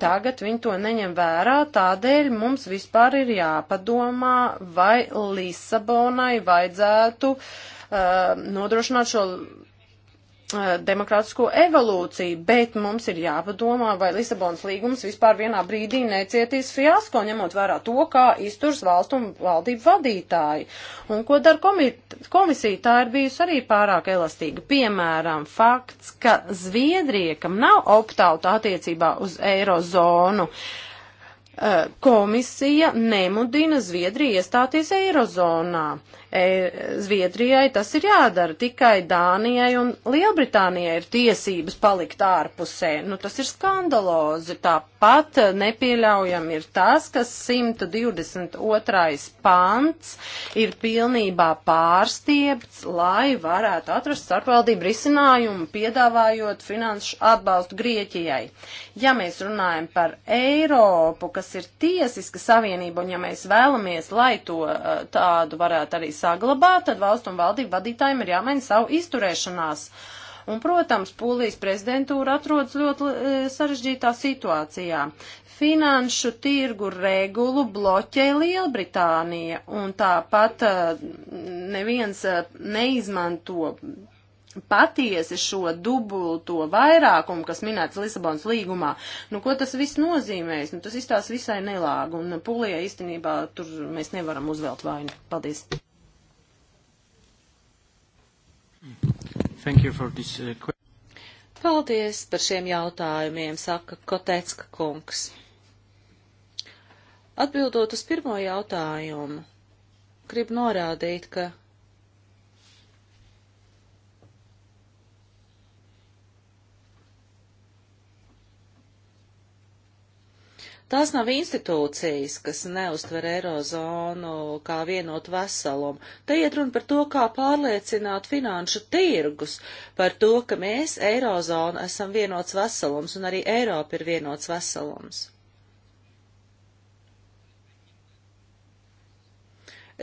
C: tagad viņi to neņem vērā, tādēļ mums vispār ir jāpadomā, vai Lisabonai vajadzētu uh, Uh, nodrošināt šo uh, demokrātisko evolūciju, bet mums ir jāpadomā, vai Lisabonas līgums vispār vienā brīdī necietīs fiasko, ņemot vērā to, kā izturs valstu un valdību vadītāji. Un ko dara komisija, tā ir bijusi arī pārāk elastīga. Piemēram, fakts, ka Zviedrija, kam nav optauta attiecībā uz eirozonu, uh, komisija nemudina Zviedriju iestāties eirozonā. E, Zviedrijai tas ir jādara, tikai Dānijai un Lielbritānijai ir tiesības palikt ārpusē. Nu, tas ir skandalozi. Tāpat nepieļaujam ir tas, ka 122. pants ir pilnībā pārstiepts, lai varētu atrast starpvaldību risinājumu, piedāvājot finanšu atbalstu Grieķijai. Ja mēs runājam par Eiropu, kas ir tiesiska savienība, un ja mēs vēlamies, lai to e, tādu varētu arī saglabāt, tad valstu un valdību vadītājiem ir jāmaina savu izturēšanās. Un, protams, Polijas prezidentūra atrodas ļoti e, sarežģītā situācijā. Finanšu tirgu regulu bloķē Lielbritānija, un tāpat e, neviens e, neizmanto patiesi šo dubulto vairākumu, kas minēts Lisabonas līgumā. Nu, ko tas viss nozīmēs? Nu, tas izstās visai nelāgu, un Polijā īstenībā tur mēs nevaram uzvelt vainu. Paldies!
A: Thank you for this uh, question. Paldies par šiem jautājumiem, saka Kotecka kungs. Atbildot uz pirmo jautājumu, gribu norādīt, ka Tās nav institūcijas, kas neuztver eirozonu kā vienotu veselumu. Te iet runa par to, kā pārliecināt finanšu tirgus, par to, ka mēs eirozonu esam vienots veselums un arī Eiropa ir vienots veselums.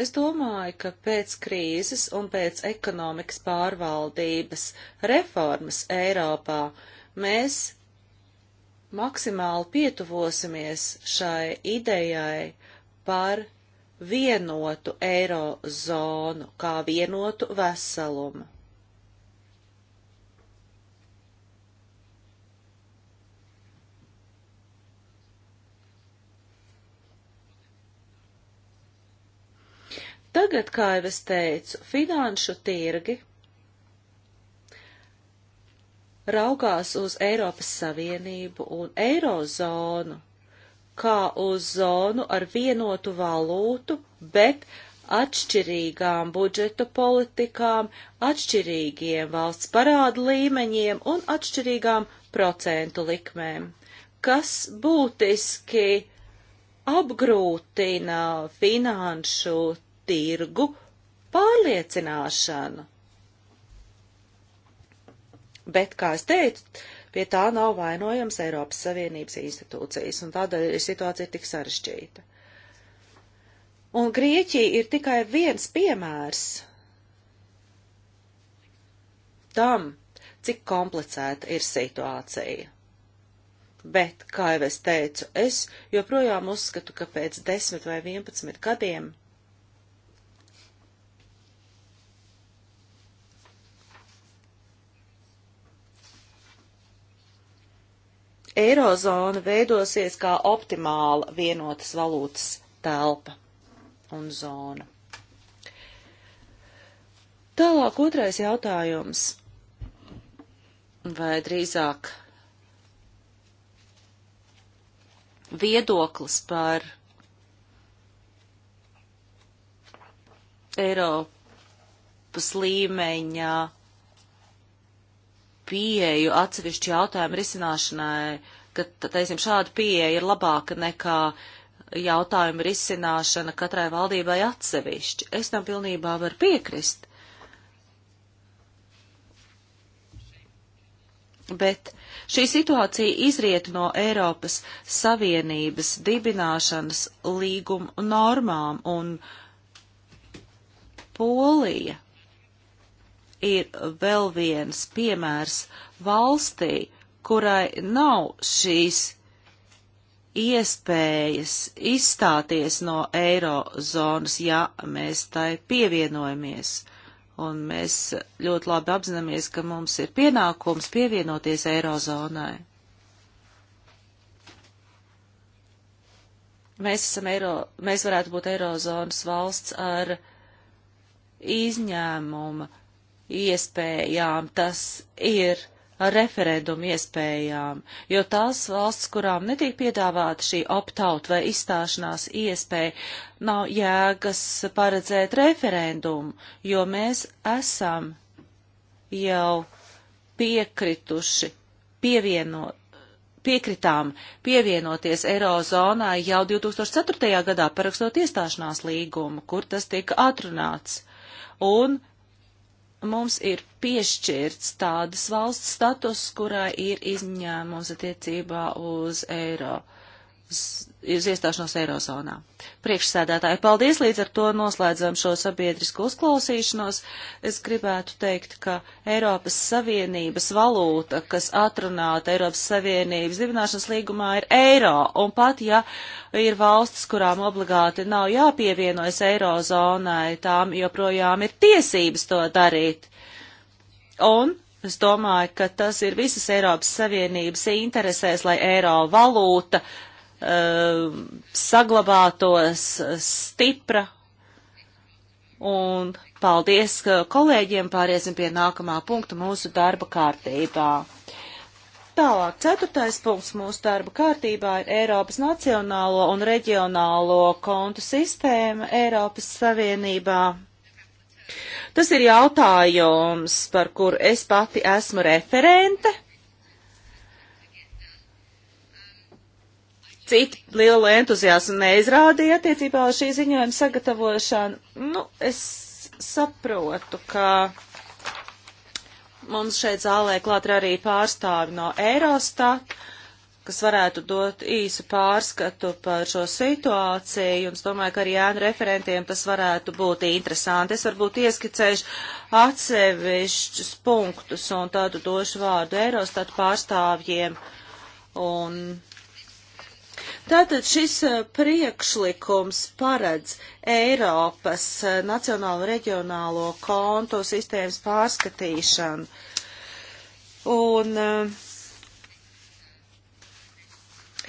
A: Es domāju, ka pēc krīzes un pēc ekonomikas pārvaldības reformas Eiropā mēs maksimāli pietuvosimies šai idejai par vienotu eirozonu kā vienotu veselumu. Tagad, kā jau es teicu, finanšu tirgi raugās uz Eiropas Savienību un Eirozonu kā uz zonu ar vienotu valūtu, bet atšķirīgām budžeta politikām, atšķirīgiem valsts parāda līmeņiem un atšķirīgām procentu likmēm, kas būtiski apgrūtina finanšu tirgu pārliecināšanu bet, kā es teicu, pie tā nav vainojams Eiropas Savienības institūcijas, un tādēļ situācija ir tik sarežģīta. Un Grieķija ir tikai viens piemērs tam, cik komplicēta ir situācija. Bet, kā jau es teicu, es joprojām uzskatu, ka pēc 10 vai 11 gadiem Eirozona veidosies kā optimāla vienotas valūtas telpa un zona. Tālāk otrais jautājums, vai drīzāk viedoklis par Eiropas līmeņa pieeju atsevišķu jautājumu risināšanai, ka, teiksim, šāda pieeja ir labāka nekā jautājuma risināšana katrai valdībai atsevišķi. Es tam pilnībā varu piekrist. Bet šī situācija izriet no Eiropas Savienības dibināšanas līguma normām un Polija ir vēl viens piemērs valstī, kurai nav šīs iespējas izstāties no eirozonas, ja mēs tai pievienojamies. Un mēs ļoti labi apzināmies, ka mums ir pienākums pievienoties eirozonai. Mēs, esam eiro, mēs varētu būt eirozonas valsts ar izņēmuma iespējām, tas ir referendumu iespējām, jo tās valsts, kurām netiek piedāvāta šī opt-out vai izstāšanās iespēja, nav jēgas paredzēt referendumu, jo mēs esam jau piekrituši pievienot piekritām pievienoties Eirozonai jau 2004. gadā parakstot iestāšanās līgumu, kur tas tika atrunāts. Un mums ir piešķirts tādas valsts status, kurai ir izņēmums attiecībā uz Eiropu uz iestāšanos Eirozonā. Priekšsēdētāji, paldies, līdz ar to noslēdzam šo sabiedrisku uzklausīšanos. Es gribētu teikt, ka Eiropas Savienības valūta, kas atrunāta Eiropas Savienības dibināšanas līgumā, ir eiro, un pat ja ir valstis, kurām obligāti nav jāpievienojas Eirozonai, tām joprojām ir tiesības to darīt. Un Es domāju, ka tas ir visas Eiropas Savienības interesēs, lai eiro valūta uh, Uh, saglabātos stipra. Un paldies kolēģiem, pāriesim pie nākamā punkta mūsu darba kārtībā. Tālāk, ceturtais punkts mūsu darba kārtībā ir Eiropas nacionālo un reģionālo kontu sistēma Eiropas Savienībā. Tas ir jautājums, par kur es pati esmu referente. citi lielu entuziasmu neizrādīja attiecībā uz šī ziņojuma sagatavošanu. Nu, es saprotu, ka mums šeit zālē klāt ir arī pārstāvi no Eurostat, kas varētu dot īsu pārskatu par šo situāciju, un es domāju, ka arī ēnu referentiem tas varētu būt interesanti. Es varbūt ieskicēšu atsevišķus punktus, un tādu došu vārdu Eurostat pārstāvjiem. Un Tātad šis eh, priekšlikums paredz Eiropas eh, nacionālo reģionālo kontu sistēmas pārskatīšanu. Un uh,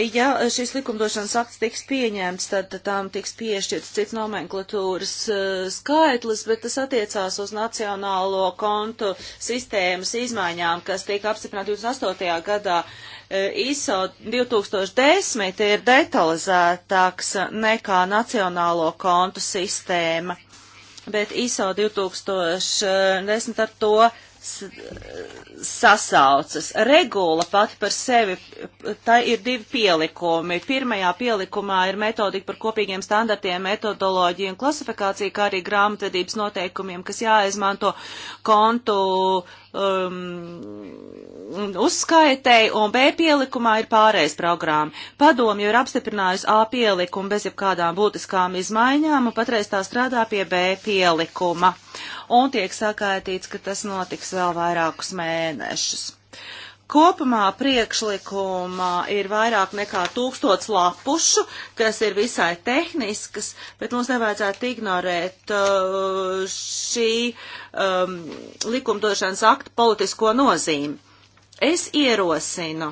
A: Ja šis likumdošanas akts tiks pieņemts, tad tam tiks piešķirts cits nomenklatūras eh, skaitlis, bet tas attiecās uz nacionālo kontu sistēmas izmaiņām, kas tika apstiprināta 28. gadā. Eh, ISO 2010 ir detalizētāks nekā nacionālo kontu sistēma, bet ISO 2010 ar to sasaucas. Regula pati par sevi, tā ir divi pielikumi. Pirmajā pielikumā ir metodika par kopīgiem standartiem, metodoloģiju un klasifikāciju, kā arī grāmatvedības noteikumiem, kas jāizmanto kontu um, uzskaitēji, un B pielikumā ir pārējais programma. Padomju ir apstiprinājusi A pielikumu bez jebkādām būtiskām izmaiņām, un patreiz tā strādā pie B pielikuma. Un tiek sakaitīts, ka tas notiks vēl vairākus mēnešus. Kopumā priekšlikumā ir vairāk nekā tūkstots lapušu, kas ir visai tehniskas, bet mums nevajadzētu ignorēt uh, šī um, likumdošanas akta politisko nozīmi. Es ierosinu.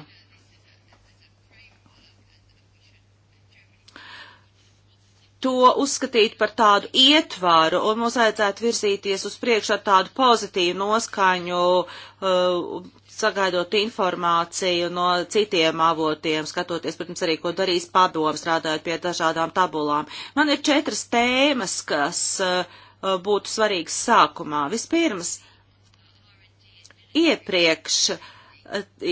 A: to uzskatīt par tādu ietvaru, un mums vajadzētu virzīties uz priekšu ar tādu pozitīvu noskaņu uh, sagaidot informāciju no citiem avotiem, skatoties, protams, arī, ko darīs padomu, strādājot pie dažādām tabulām. Man ir četras tēmas, kas uh, būtu svarīgas sākumā. Vispirms, iepriekš uh,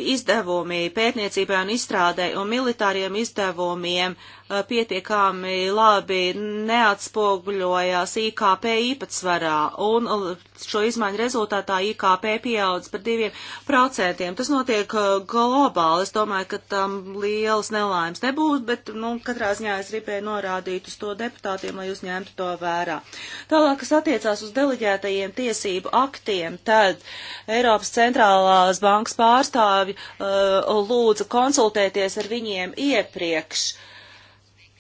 A: izdevumi pētniecībai un izstrādē un militāriem izdevumiem uh, pietiekami labi neatspoguļojās IKP īpatsvarā, un šo izmaiņu rezultātā IKP pieaudz par diviem procentiem. Tas notiek globāli, es domāju, ka tam lielas nelaimes nebūs, bet, nu, katrā ziņā es gribēju norādīt uz to deputātiem, lai uzņemtu to vērā. Tālāk, kas attiecās uz deleģētajiem tiesību aktiem, tad Eiropas centrālās bankas pārstāvi uh, lūdza konsultēties ar viņiem iepriekš. Uh,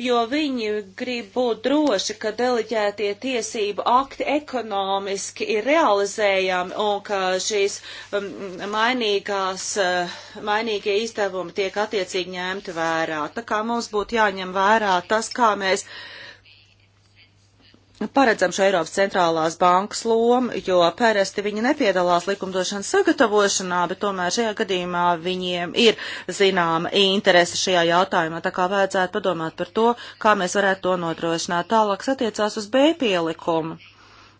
A: jo viņi grib būt droši, ka deleģētie tiesību akti ekonomiski ir realizējami un ka šīs um, mainīgās, uh, mainīgie izdevumi tiek attiecīgi ņemti vērā. Tā kā mums būtu jāņem vērā tas, kā mēs uh, paredzam šo Eiropas centrālās bankas lomu, jo parasti viņi nepiedalās likumdošanas sagatavošanā, bet tomēr šajā gadījumā viņiem ir zināma interese šajā jautājumā, tā kā vajadzētu padomāt par to, kā mēs varētu to nodrošināt. Tālāk attiecās uz B pielikumu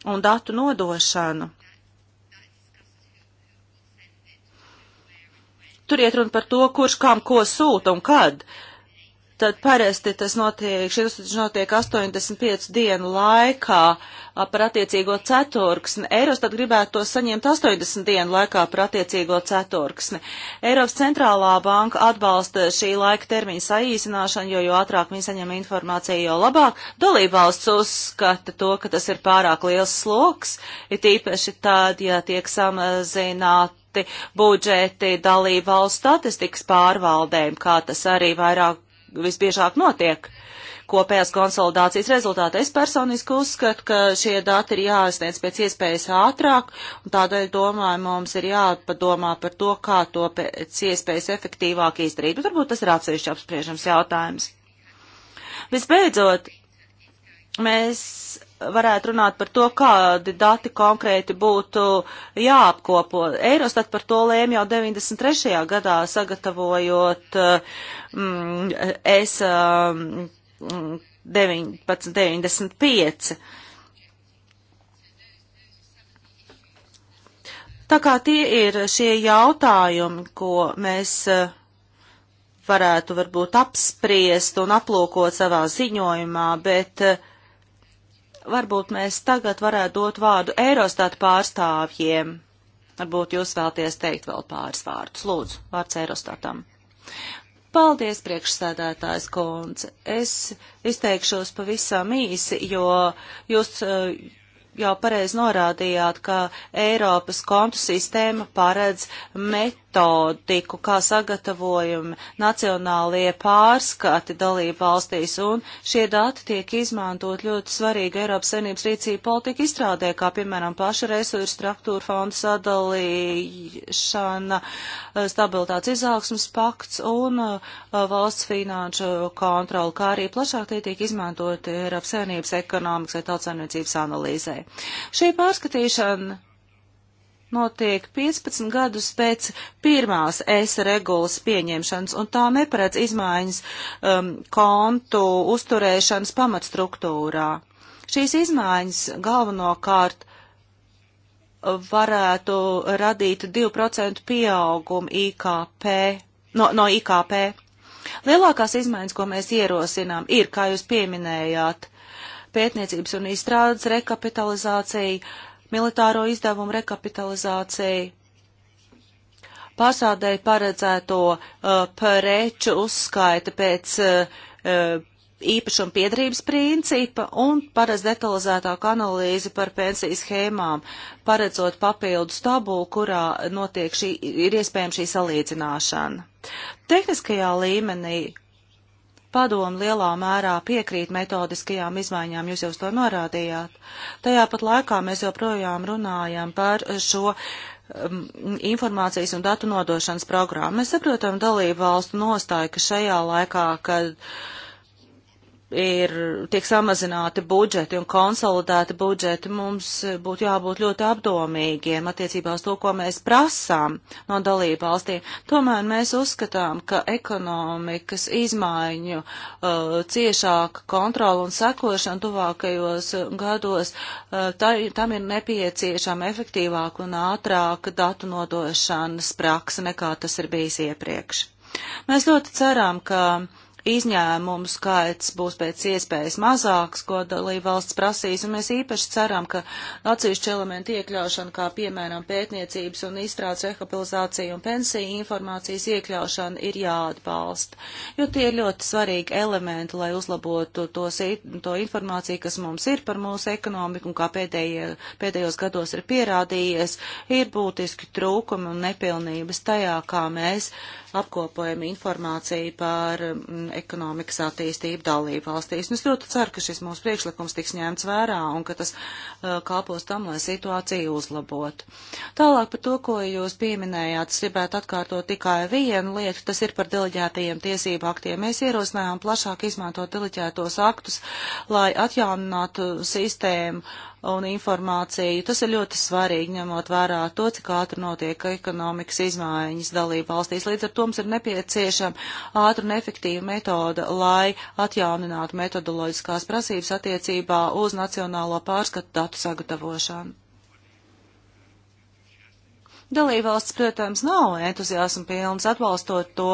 A: un datu nodošanu. Tur iet runa par to, kurš kam ko sūta un kad. Uh, tad parasti tas notiek, šis notiek 85 dienu laikā par attiecīgo ceturksni. Eiros tad gribētu to saņemt 80 dienu laikā par attiecīgo ceturksni. Eiropas centrālā banka atbalsta šī laika termiņa saīsināšanu, jo jo ātrāk viņi saņem informāciju, jo labāk. Dalībvalsts uzskata to, ka tas ir pārāk liels sloks, ir tīpaši tad, ja tiek samazināti budžeti dalībvalsts statistikas pārvaldēm, kā tas arī vairāk visbiežāk notiek kopējās konsolidācijas rezultātā. Es personiski uzskatu, ka šie dati ir jāsniedz pēc iespējas ātrāk, un tādēļ domāju, mums ir jāpadomā par to, kā to pēc iespējas efektīvāk izdarīt, bet varbūt tas ir atsevišķi apspriežams jautājums. Visbeidzot, mēs varētu runāt par to, kādi dati konkrēti būtu jāapkopo. Eirostat par to lēma jau 93. gadā sagatavojot mm, es mm, 1995. Tā kā tie ir šie jautājumi, ko mēs eh, varētu varbūt apspriest un aplūkot savā ziņojumā, bet uh, varbūt mēs tagad varētu dot vārdu Eirostat pārstāvjiem. Varbūt jūs vēlties teikt vēl pāris vārdus. Lūdzu, vārds Eirostatam. Paldies, priekšsēdētājs kundze. Es izteikšos pavisam īsi, jo jūs eh, jau pareizi norādījāt, ka Eiropas kontu sistēma paredz met metodiku, kā sagatavojumi nacionālie pārskati dalību valstīs, un šie dati tiek izmantot ļoti svarīgi Eiropas Savienības rīcība politika izstrādē, kā piemēram paša resursu struktūra fonda sadalīšana, eh, stabilitātes izaugsmas pakts un eh, valsts finanšu kontroli, kā arī plašāk tie tiek izmantoti Eiropas Savienības ekonomikas vai tautsēmniecības analīzē. Šī pārskatīšana notiek 15 gadus pēc pirmās ESA regulas pieņemšanas, un tā neparedz izmaiņas um, kontu uzturēšanas pamatstruktūrā. Šīs izmaiņas galvenokārt varētu radīt 2% pieaugumu IKP, no, no IKP. Lielākās izmaiņas, ko mēs ierosinām, ir, kā jūs pieminējāt, pētniecības un izstrādes rekapitalizācija, militāro izdevumu rekapitalizāciju, pārsādēji paredzēto uh, preču uzskaita pēc uh, uh, īpašuma piedarības principa un paredz detalizētāku analīzi par pensiju schēmām, paredzot papildus tabulu, kurā notiek šī, ir iespējama šī salīdzināšana. Tehniskajā līmenī padomu lielā mērā piekrīt metodiskajām izmaiņām, jūs jau to norādījāt. Tajā pat laikā mēs joprojām runājam par šo um, informācijas un datu nodošanas programmu. Mēs saprotam dalību valstu nostāju, ka šajā laikā, kad uh, ir, tiek samazināti budžeti un konsolidēti budžeti, mums būtu jābūt ļoti apdomīgiem attiecībā uz to, ko mēs prasām no dalību valstīm. Tomēr mēs uzskatām, ka ekonomikas izmaiņu uh, ciešāka kontrola un sekošana tuvākajos gados, uh, tā, tam ir nepieciešama efektīvāka un ātrāka datu nodošanas praksa nekā tas ir bijis iepriekš. Mēs ļoti ceram, ka uh, izņēmumu skaits būs pēc iespējas mazāks, ko dalībvalsts prasīs, un mēs īpaši ceram, ka atsevišķi elementi iekļaušana, kā piemēram pētniecības un izstrādes rehabilitācija un pensija informācijas iekļaušana, ir jāatbalsta, jo tie ir ļoti svarīgi elementi, lai uzlabotu to, to informāciju, kas mums ir par mūsu ekonomiku un kā pēdējie, pēdējos gados ir pierādījies, ir būtiski trūkumi un nepilnības tajā, kā mēs apkopojam informāciju par mm, ekonomikas attīstību dalību valstīs. Un es ļoti ceru, ka šis mūsu priekšlikums tiks ņemts vērā un ka tas uh, kalpos tam, lai situāciju uzlabotu. Tālāk par to, ko jūs pieminējāt, es gribētu atkārtot tikai vienu lietu, tas ir par deleģētajiem tiesību aktiem. Mēs ierosinājām plašāk izmantot deleģētos aktus, lai atjauninātu sistēmu un informāciju. Tas ir ļoti svarīgi, ņemot vērā to, cik ātri notiek ekonomikas izmaiņas dalību valstīs. Līdz ar to mums ir nepieciešama ātra un efektīva metoda, lai atjauninātu metodoloģiskās prasības attiecībā uz nacionālo pārskatu datu sagatavošanu. Dalībvalsts, protams, nav entuziasma pilns atbalstot to,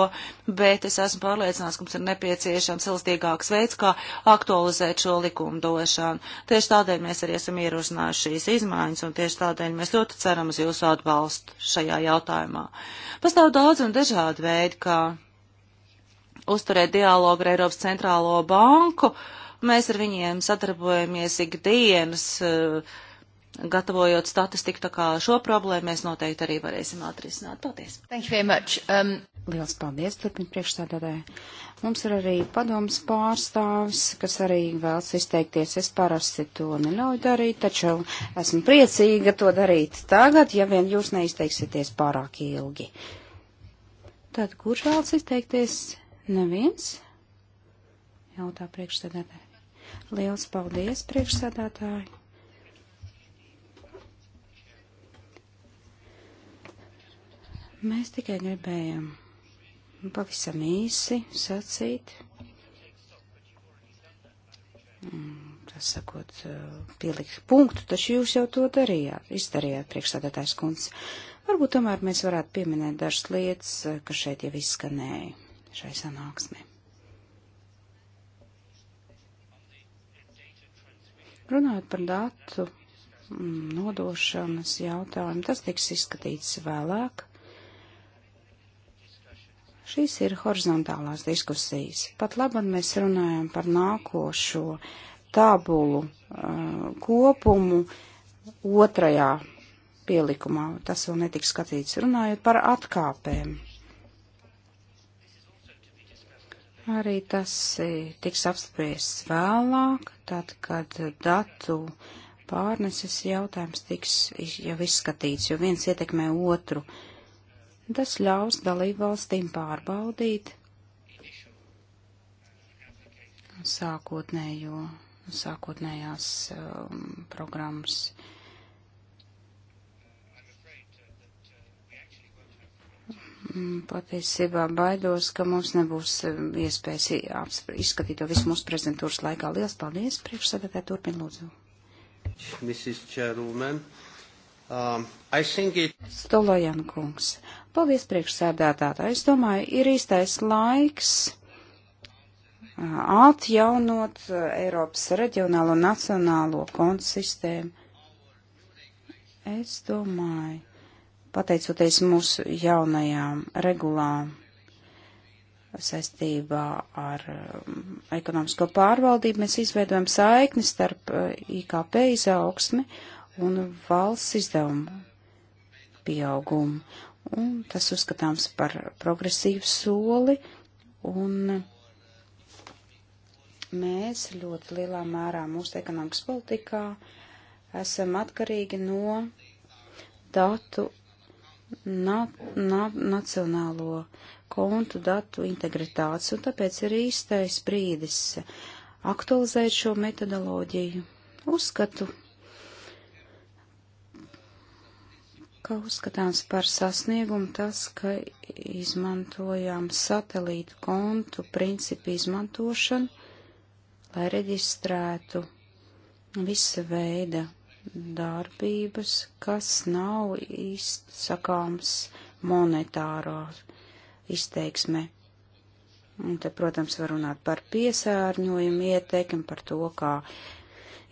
A: bet es esmu pārliecināts, ka mums ir nepieciešams elastīgāks veids, kā aktualizēt šo likumdošanu. Tieši tādēļ mēs arī esam ierosinājuši šīs izmaiņas, un tieši tādēļ mēs ļoti ceram uz jūsu atbalstu šajā jautājumā. Pastāv daudz un dažādi veidi, kā uzturēt dialogu ar Eiropas centrālo banku. Mēs ar viņiem sadarbojamies ikdienas. Uh, gatavojot statistiku, tā kā šo problēmu mēs noteikti arī varēsim atrisināt. Paldies!
B: Thank you very much! Um... Liels paldies, turpin priekšstādātāji. Mums ir arī padomas pārstāvis, kas arī vēlas izteikties. Es parasti to neļauju darīt, taču esmu priecīga to darīt tagad, ja vien jūs neizteiksieties pārāk ilgi. Tad kurš vēlas izteikties? Neviens? Jautā priekšstādātāji. Liels paldies, priekšstādātāji! Mēs tikai gribējām pavisam īsi sacīt, mm, tas sakot, eh, pielikt punktu, taču jūs jau to darījāt, izdarījāt priekšsādātājs kundz. Varbūt tomēr mēs varētu pieminēt dažas lietas, eh, kas šeit jau izskanēja šai sanāksmē. Runājot par datu mm, nodošanas jautājumu, tas tiks izskatīts vēlāk. Šīs ir horizontālās diskusijas. Pat labam mēs runājam par nākošo tabulu uh, kopumu otrajā pielikumā. Tas vēl netiks skatīts. Runājot par atkāpēm. Arī tas e, tiks apspriests vēlāk, tad, kad datu pārneses jautājums tiks jau izskatīts, jo viens ietekmē otru. Uh, Tas ļaus dalībvalstīm pārbaudīt sākotnējo, sākotnējās um, programmas. Mm, patiesībā baidos, ka mums nebūs um, iespējas izskatīt to visu mūsu prezentūras laikā. Lielas paldies, priekšsēdētāji, turpin lūdzu.
C: Mrs. Chairwoman, um, I think it...
B: Stolojan kungs. Uh, Paldies, priekšsēdētātāji. Es domāju, ir īstais laiks atjaunot Eiropas reģionālo nacionālo kontu sistēmu. Es domāju, pateicoties mūsu jaunajām regulām saistībā ar ekonomisko pārvaldību, mēs izveidojam saikni starp IKP izaugsmi un valsts izdevumu pieaugumu. Un tas uzskatāms par progresīvu soli, un mēs ļoti lielā mērā mūsu ekonomikas politikā esam atkarīgi no datu na, na, nacionālo kontu datu integritātes, un tāpēc ir īstais brīdis aktualizēt šo metodoloģiju. Uzskatu, kā uzskatāms par sasniegumu tas, ka izmantojām satelītu kontu principu izmantošanu, lai reģistrētu visa veida darbības, kas nav izsakāms monetārā izteiksmē. Un te, protams, var runāt par piesārņojumu ietekmi, par to, kā uh,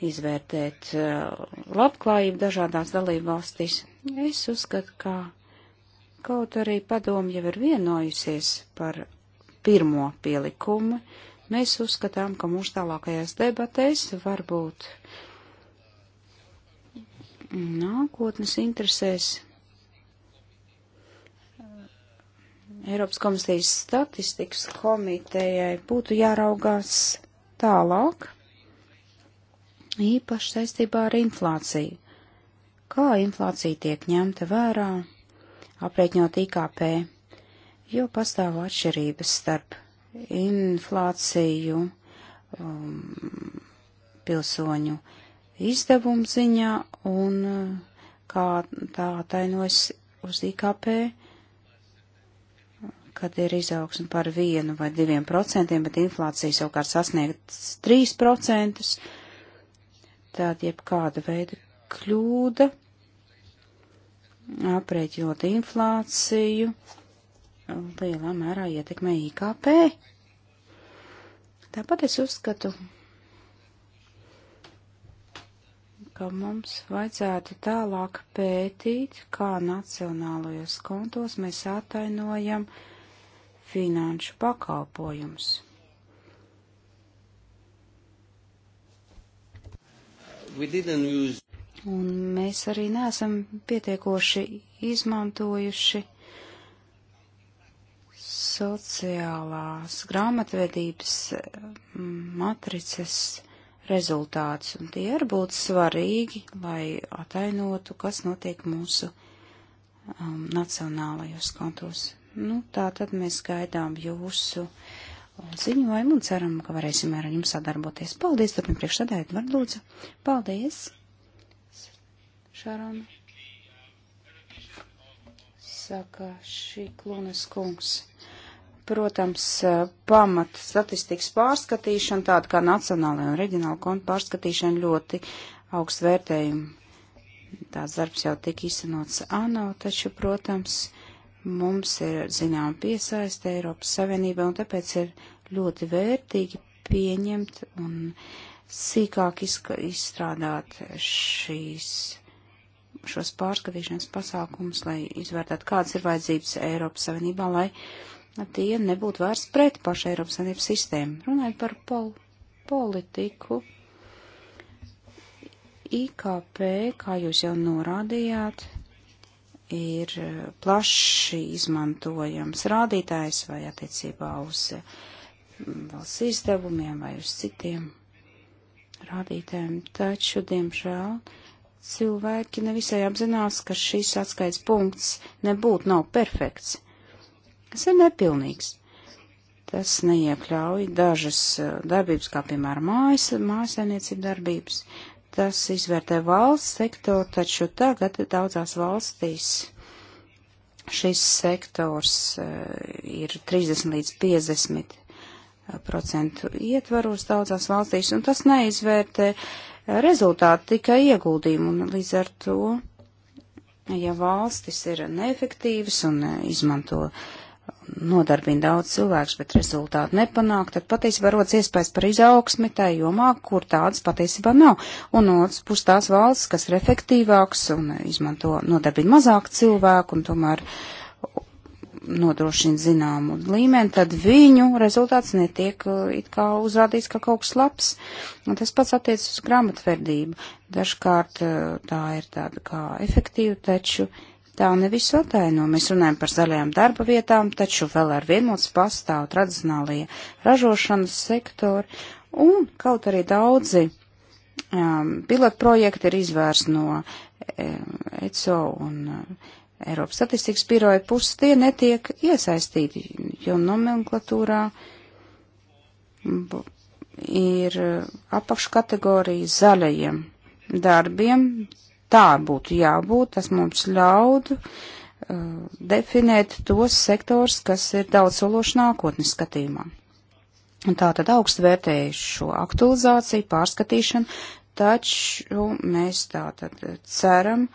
B: izvērtēt uh, labklājību dažādās dalībvalstīs. Es uzskatu, ka kaut arī padomu jau ir vienojusies par pirmo pielikumu, mēs uzskatām, ka mūsu tālākajās debatēs varbūt nākotnes interesēs uh, Eiropas komisijas statistikas komitejai būtu jāraugās tālāk īpaši saistībā ar inflāciju. Kā inflācija tiek ņemta vērā, aprēķinot IKP, jo pastāv atšķirības starp inflāciju um, pilsoņu izdevumu ziņā un uh, kā tā tainojas uz IKP kad ir izaugsme par vienu vai diviem procentiem, bet inflācija savukārt sasniegt trīs procentus, Tāda jebkāda veida kļūda, aprēķinot inflāciju, lielā mērā ietekmē IKP. Tāpat es uzskatu, ka mums vajadzētu tālāk pētīt, kā nacionālajos kontos mēs atainojam finanšu pakalpojumus.
C: use...
B: Un mēs arī neesam pietiekoši izmantojuši sociālās grāmatvedības mm, matrices rezultāts, un tie ir būtu svarīgi, lai atainotu, kas notiek mūsu um, nacionālajos kontos. Nu, tā tad mēs gaidām jūsu uh, ziņojumu un ceram, ka varēsim ar jums sadarboties. Paldies, turpin priekšsēdājot, var lūdzu. Paldies, Šarona. Saka šī klūnas kungs. Protams, pamat statistikas pārskatīšana, tāda kā nacionāla un reģionāla konta pārskatīšana ļoti augsts vērtējumu. Tās darbs jau tika izsanots ANO, taču, protams, Mums ir zinām piesaiste Eiropas Savienībai, un tāpēc ir ļoti vērtīgi pieņemt un sīkāk izstrādāt šīs, šos pārskatīšanas pasākumus, lai izvērtētu, kādas ir vajadzības Eiropas Savienībā, lai tie nebūtu vairs pret pašu Eiropas Savienības sistēmu. Runājot par pol politiku, IKP, kā jūs jau norādījāt, ir eh, plaši izmantojams rādītājs vai attiecībā uz eh, valsts izdevumiem vai uz citiem rādītājiem. Taču, diemžēl, cilvēki nevisai apzinās, ka šis atskaits punkts nebūtu nav perfekts. Tas ir nepilnīgs. Tas neiekļauj dažas eh, darbības, kā piemēram mājas, mājasainiecība darbības, Tas izvērtē valsts sektoru, taču tagad daudzās valstīs šis sektors eh, ir 30 līdz 50 procentu ietvaros daudzās valstīs, un tas neizvērtē rezultātu tikai ieguldījumu, un līdz ar to, ja valstis ir neefektīvas un eh, izmanto nodarbina daudz cilvēks, bet rezultāti nepanāk, tad patiesībā rodas iespējas par izaugsmi tā jomā, kur tādas patiesībā nav. Un no otras puses tās valsts, kas ir efektīvāks un izmanto nodarbina mazāk cilvēku un tomēr nodrošina zināmu līmeni, tad viņu rezultāts netiek uh, it kā uzrādīts kā kaut kas labs. Un tas pats attiec uz grāmatverdību. Dažkārt uh, tā ir tāda kā efektīva, taču. Uh, tā nevis ataino. Mēs runājam par zaļajām darba vietām, taču vēl ar vienu mums pastāv tradicionālie ražošanas sektori, un kaut arī daudzi um, pilotprojekti ir izvērs no um, ECO un um, Eiropas statistikas biroja puses, tie netiek iesaistīti, jo nomenklatūrā ir eh, apakškategorija zaļajiem darbiem, tā būtu jābūt, tas mums ļaudu uh, definēt tos sektors, kas ir daudz sološi nākotnes skatījumā. Un tā tad augstu vērtēju šo aktualizāciju, pārskatīšanu, taču mēs tā tad ceram,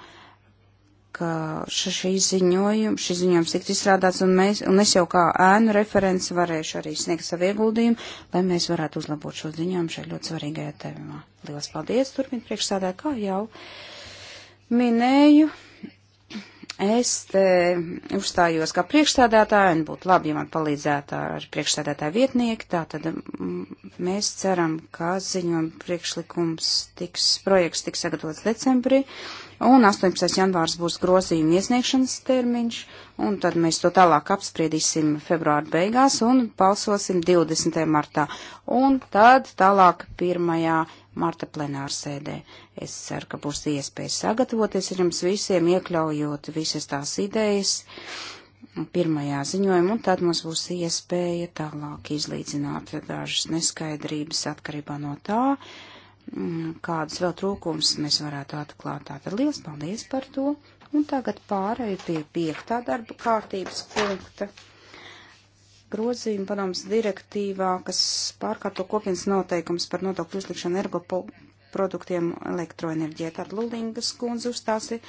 B: ka šī ziņojuma, šī ziņojums tiks izstrādāts, un, mēs, un es jau kā ēnu referents varēšu arī sniegt savu ieguldījumu, lai mēs varētu uzlabot šo ziņojumu šai ļoti svarīgajā tēmā. Lielas paldies, turpin priekšsādē, kā jau. Uh, minēju, es te uzstājos kā priekšstādātāja, un būtu labi, ja man palīdzētu ar priekšstādātāju vietnieku, tā tad mm, mēs ceram, ka ziņojuma priekšlikums tiks, projekts tiks sagatavots decembrī, un 18. janvārs būs grozījuma iesniegšanas termiņš. Uh, un tad mēs to tālāk apspriedīsim februāra beigās un balsosim 20. martā, un tad tālāk 1. marta plenārsēdē. Es ceru, ka būs iespēja sagatavoties ar jums visiem, iekļaujot visas tās idejas pirmajā ziņojumā, un tad mums būs iespēja tālāk izlīdzināt dažas neskaidrības atkarībā no tā, mm, kādas vēl trūkums mēs varētu atklāt. Tātad liels paldies par to! Un tagad pārēju pie piektā darba kārtības punkta grozījuma padoms direktīvā, kas pārkārto kopienas noteikums par nodokļu uzlikšanu ergo produktiem elektroenerģijai. Tad Lulingas kundze uzstāsi,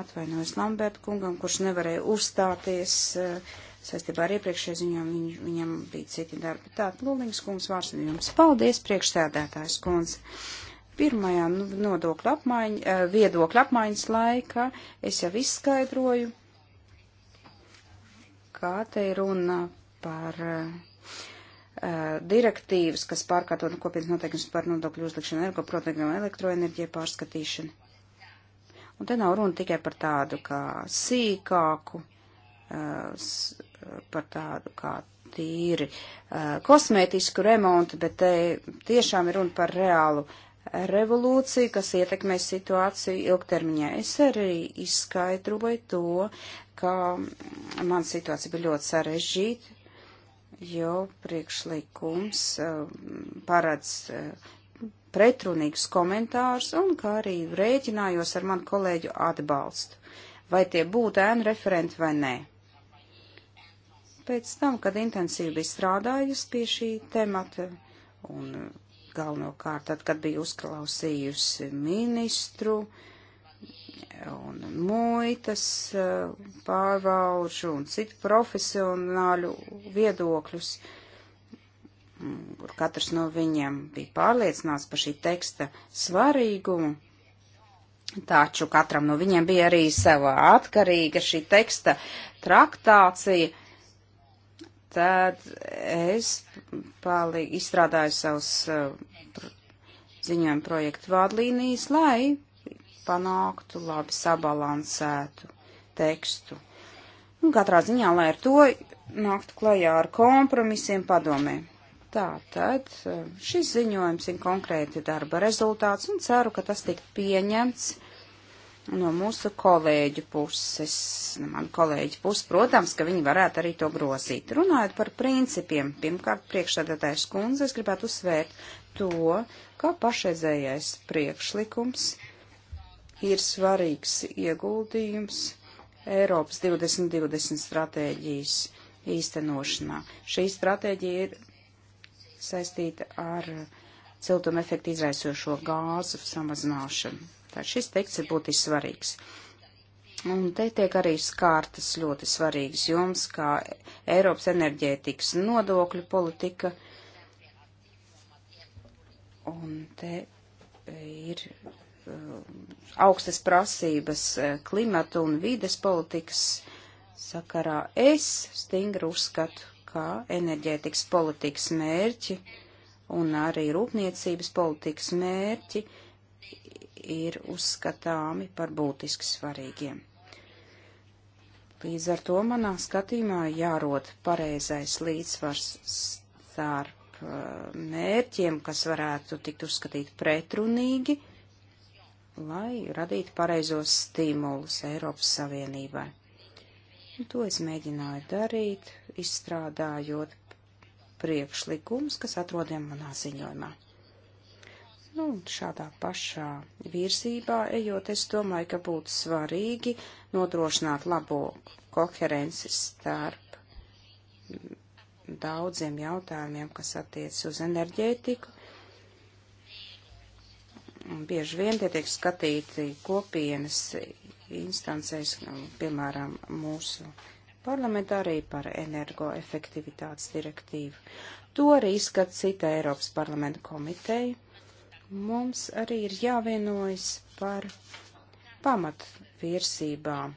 B: atvainojas Lamberta kungam, kurš nevarēja uzstāties eh, saistībā ar iepriekšējā ziņām, viņ, viņam bija citi darbi. Tātad Lulingas kungs vārds jums. Paldies, priekšsēdētājs kundze pirmajā nu, nodokļa apmaiņa, eh, viedokļa apmaiņas laikā es jau izskaidroju, kā te ir runa par uh, direktīvas, kas pārkārtot kopienas noteikums par nodokļu uzlikšanu energoprotektiem elektroenerģiju pārskatīšanu. Un te nav runa tikai par tādu kā sīkāku, uh, par tādu kā tīri uh, kosmētisku remontu, bet te tiešām ir runa par reālu uh, revolūcija, kas ietekmē situāciju ilgtermiņā. Es arī izskaidroju to, ka man situācija bija ļoti sarežģīta, jo priekšlikums eh, paredz eh, pretrunīgus komentārus un kā arī rēķinājos ar manu kolēģu atbalstu, vai tie būtu ēnu referenti vai nē. Pēc tam, kad intensīvi strādājus pie šī temata un galvenokārt tad, kad biju uzklausījusi ministru un muitas eh, pārvalžu un citu profesionāļu viedokļus, kur katrs no viņiem bija pārliecināts par šī teksta svarīgumu. Taču katram no viņiem bija arī sava atkarīga šī teksta traktācija, tad es palīgi izstrādāju savus uh, ziņojumu projektu vādlīnijas, lai panāktu labi sabalansētu tekstu. Un nu, katrā ziņā, lai ar to nāktu klajā ar kompromisiem padomē. Tātad uh, šis ziņojums ir konkrēti darba rezultāts un ceru, ka tas tikt pieņemts no mūsu kolēģu puses, no manu kolēģu puses, protams, ka viņi varētu arī to grozīt. Runājot par principiem, pirmkārt, priekšsēdētājs kundze, es gribētu uzsvērt to, ka pašreizējais priekšlikums ir svarīgs ieguldījums Eiropas 2020 stratēģijas īstenošanā. Šī stratēģija ir saistīta ar ciltuma efektu izraisošo gāzu samazināšanu Tā šis teksts ir būtiski svarīgs. Un te tiek arī skārtas ļoti svarīgas jums, kā Eiropas enerģētikas nodokļu politika. Un te e, ir e, augstas prasības e, klimata un vides politikas sakarā. Es stingri uzskatu, kā enerģētikas politikas mērķi un arī rūpniecības politikas mērķi ir uzskatāmi par būtiski svarīgiem. Līdz ar to manā skatījumā jārod pareizais līdzsvars starp eh, mērķiem, kas varētu tikt uzskatīt pretrunīgi, lai radītu pareizos stimulus Eiropas Savienībai. Un to es mēģināju darīt, izstrādājot priekšlikums, kas atrodam manā ziņojumā. Nu, šādā pašā virzībā ejot, es domāju, ka būtu svarīgi nodrošināt labo koherenci starp daudziem jautājumiem, kas attiecas uz enerģētiku. Un bieži vien tie tiek skatīti kopienas instancēs, nu, piemēram, mūsu parlamentā arī par energoefektivitātes direktīvu. To arī izskat cita Eiropas parlamenta komiteja mums arī ir jāvienojas par pamatvirsībām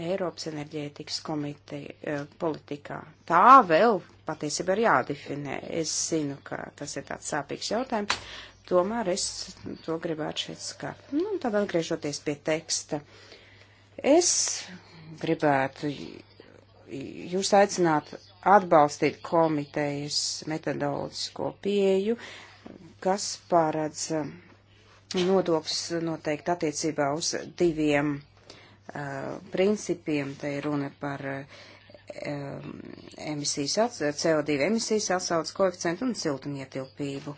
B: Eiropas enerģētikas komiteja eh, politikā. Tā vēl patiesībā ir jādefinē. Es zinu, ka tas ir tāds sāpīgs jautājums, tomēr es to gribētu šeit skart. Nu, tad atgriežoties pie teksta. Es gribētu jūs aicināt atbalstīt komitejas metodoloģisko pieju, uh, kas pārādz um, nodokļus noteikti attiecībā uz diviem uh, principiem. Te ir runa par uh, emisijas ats, CO2 emisijas atsaucas koeficientu un siltumietilpību.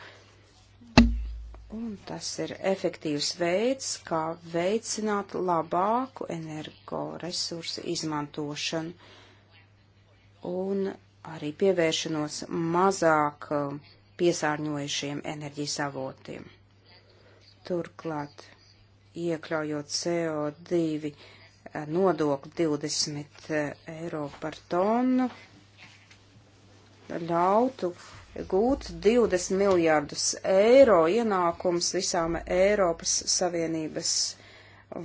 B: Un tas ir efektīvs veids, kā veicināt labāku energoresursu izmantošanu un arī pievēršanos mazāk uh, piesārņojušiem enerģijas avotiem. Turklāt, iekļaujot CO2 nodokli 20 eh, eiro par tonu, ļautu gūt 20 miljārdus eiro ienākums visām Eiropas Savienības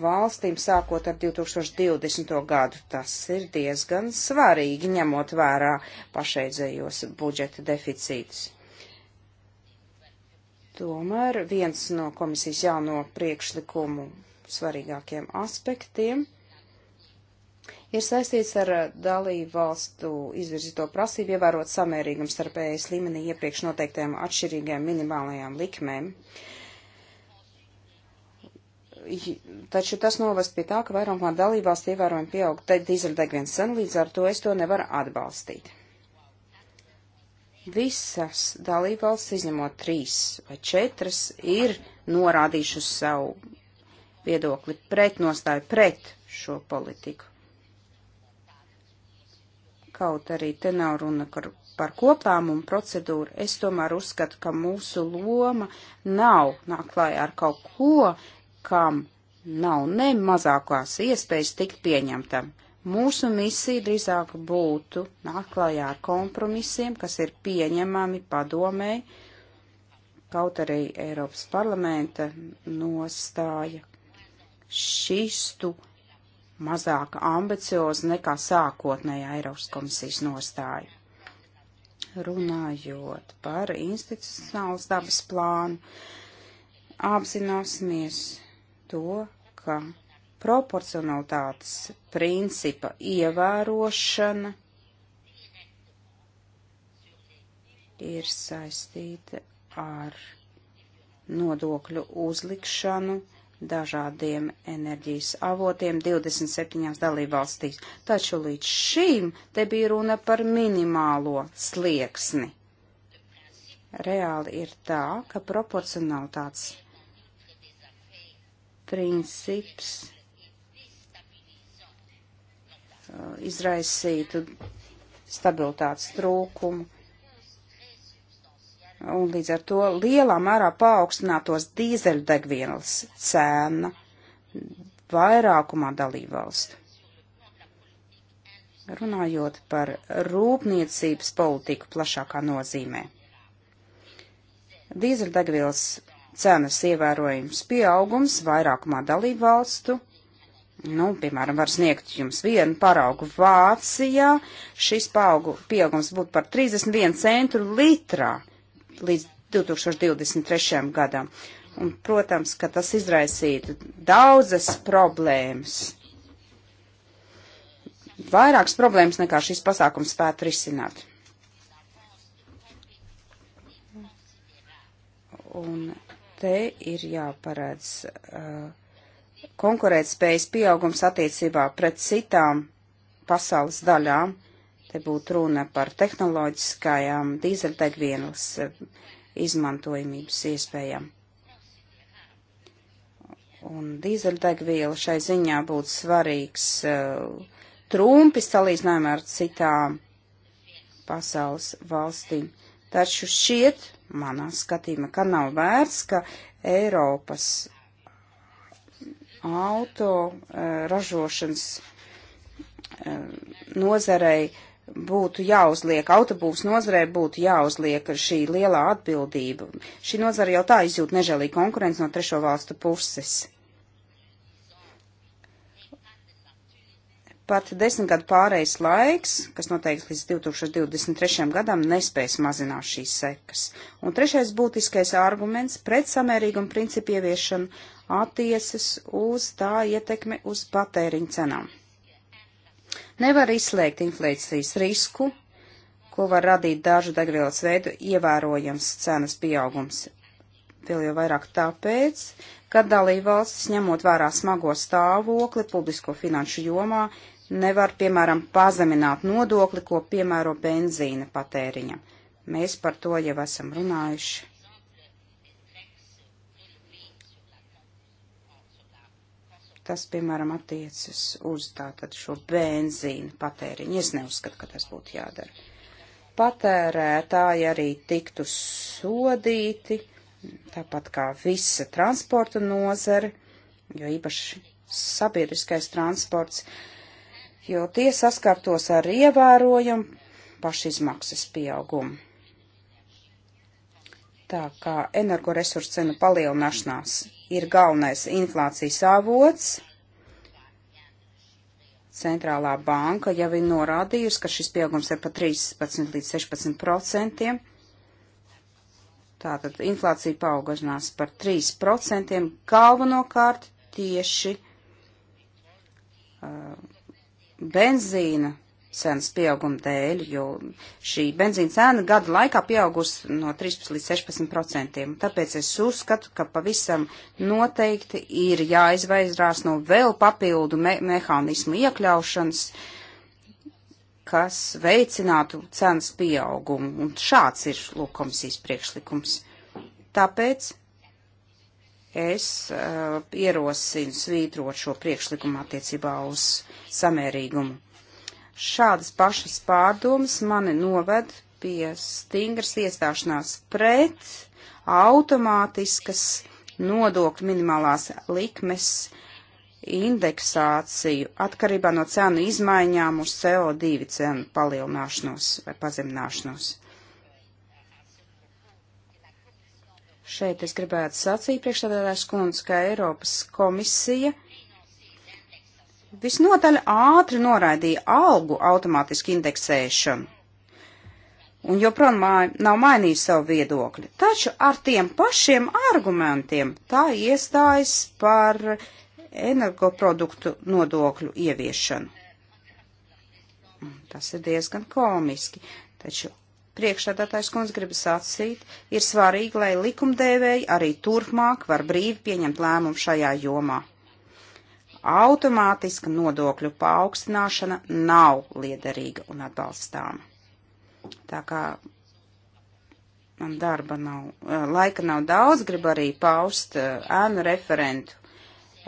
B: valstīm sākot ar 2020. gadu. Tas ir diezgan svarīgi, ņemot vērā pašreizējos budžeta deficītus. Tomēr viens no komisijas jauno priekšlikumu svarīgākiem aspektiem ir saistīts ar eh, dalību valstu izvirzīto prasību ievērot samērīgumu starp ES līmenī iepriekš noteiktajām atšķirīgajām minimālajām likmēm. Taču tas novest pie tā, ka vairumā dalībvalstu ievērojami pieaug dīzeļdegvienas cena, līdz ar to es to nevaru atbalstīt. Visas dalībvalsts, izņemot trīs vai četras, ir norādījušas savu viedokli pret nostāju pret šo politiku. Kaut arī te nav runa par koplēmumu procedūru, es tomēr uzskatu, ka mūsu loma nav nāk klājā ar kaut ko, kam nav ne mazākās iespējas tikt pieņemtam. Mūsu misija drīzāk būtu nākt klajā ar kompromisiem, kas ir pieņemami padomēji, kaut arī Eiropas parlamenta nostāja šistu mazāk ambiciozi nekā sākotnējā Eiropas komisijas nostāja. Runājot par institucionālas dabas plānu, apzināsimies to, ka proporcionalitātes principa ievērošana ir saistīta ar nodokļu uzlikšanu dažādiem enerģijas avotiem 27 dalībvalstīs. Taču līdz šīm te bija runa par minimālo slieksni. Reāli ir tā, ka proporcionalitātes princips Uh, izraisītu stabilitātes trūkumu. Un līdz ar to lielā mērā paaugstinātos dīzeļdegvielas cēna vairākumā dalībvalstu. Runājot par rūpniecības politiku plašākā nozīmē. Dīzeļdegvielas cenas ievērojums pieaugums vairākumā dalībvalstu valstu Nu, piemēram, var sniegt jums vienu paraugu Vācijā. Šis paaugu pieaugums būtu par 31 centu litrā līdz 2023. gadam. Un, protams, ka tas izraisītu daudzas problēmas. Vairākas problēmas nekā šis pasākums spētu risināt. Un te ir jāparedz. Uh, konkurētspējas pieaugums attiecībā pret citām pasaules daļām. Te būtu runa par tehnoloģiskajām dīzeļdegvielas eh, izmantojumības iespējām. Un dīzeļdegviela šai ziņā būtu svarīgs uh, trumpis salīdzinājumā ar citām pasaules valstīm. Taču šķiet, manā skatījumā, ka nav vērts, ka Eiropas auto eh, ražošanas eh, nozarei būtu jāuzliek, autobūvs nozarei būtu jāuzliek šī lielā atbildība. Šī nozara jau tā izjūt nežēlīgu konkurenci no trešo valstu puses. Pat desmit gadu pārējais laiks, kas noteikts līdz 2023. gadam, nespēs mazināt šīs sekas. Un trešais būtiskais arguments pret samērīgumu principu ieviešanu attiecas uz tā ietekmi uz patēriņu cenām. Nevar izslēgt inflācijas risku, ko var radīt dažu degvielas veidu ievērojams cenas pieaugums. Vēl jau vairāk tāpēc, ka dalībvalstis, ņemot vērā smago stāvokli publisko finanšu jomā, nevar, piemēram, pazemināt nodokli, ko piemēro benzīna patēriņam. Mēs par to jau esam runājuši Tas, piemēram, attiecas uz tātad šo benzīnu patēriņu. Es neuzskatu, ka tas būtu jādara. Patērētāji arī tiktu sodīti, tāpat kā visa transporta nozare, jo īpaši sabiedriskais transports, jo tie saskartos ar ievērojumu pašizmaksas pieaugumu. Tā kā energoresursu cenu palielināšanās ir galvenais inflācijas avots. Centrālā banka jau ir norādījusi, ka šis pieaugums ir pa 13 līdz 16 procentiem. Tātad inflācija paaugažinās par 3 procentiem, galvenokārt tieši uh, benzīna cenas pieauguma dēļ, jo šī benzīna cena gadu laikā pieaugusi no 13 līdz 16 procentiem. Tāpēc es uzskatu, ka pavisam noteikti ir jāizvairās no vēl papildu me mehānismu iekļaušanas, kas veicinātu cenas pieaugumu. Un šāds ir lūk komisijas priekšlikums. Tāpēc es uh, ierosinu svītrot šo priekšlikumu attiecībā uz samērīgumu. Šādas pašas pārdomas mani noved pie stingras iestāšanās pret automātiskas nodokļu minimālās likmes indeksāciju atkarībā no cenu izmaiņām uz CO2 cenu palielināšanos vai pazemināšanos. Šeit es gribētu sacīt priekšstādātājs kundze, ka Eiropas komisija – visnotaļ ātri noraidīja algu automātisku indeksēšanu. Un joprojām nav mainījis savu viedokli. Taču ar tiem pašiem argumentiem tā iestājas par energoproduktu nodokļu ieviešanu. Tas ir diezgan komiski, taču priekšādātājs kundze grib sacīt, ir svarīgi, lai likumdevēji arī turpmāk var brīvi pieņemt lēmumu šajā jomā automātiska nodokļu paaugstināšana nav liederīga un atbalstāma. Tā kā man darba nav, eh, laika nav daudz, gribu arī paust eh, ēnu referentu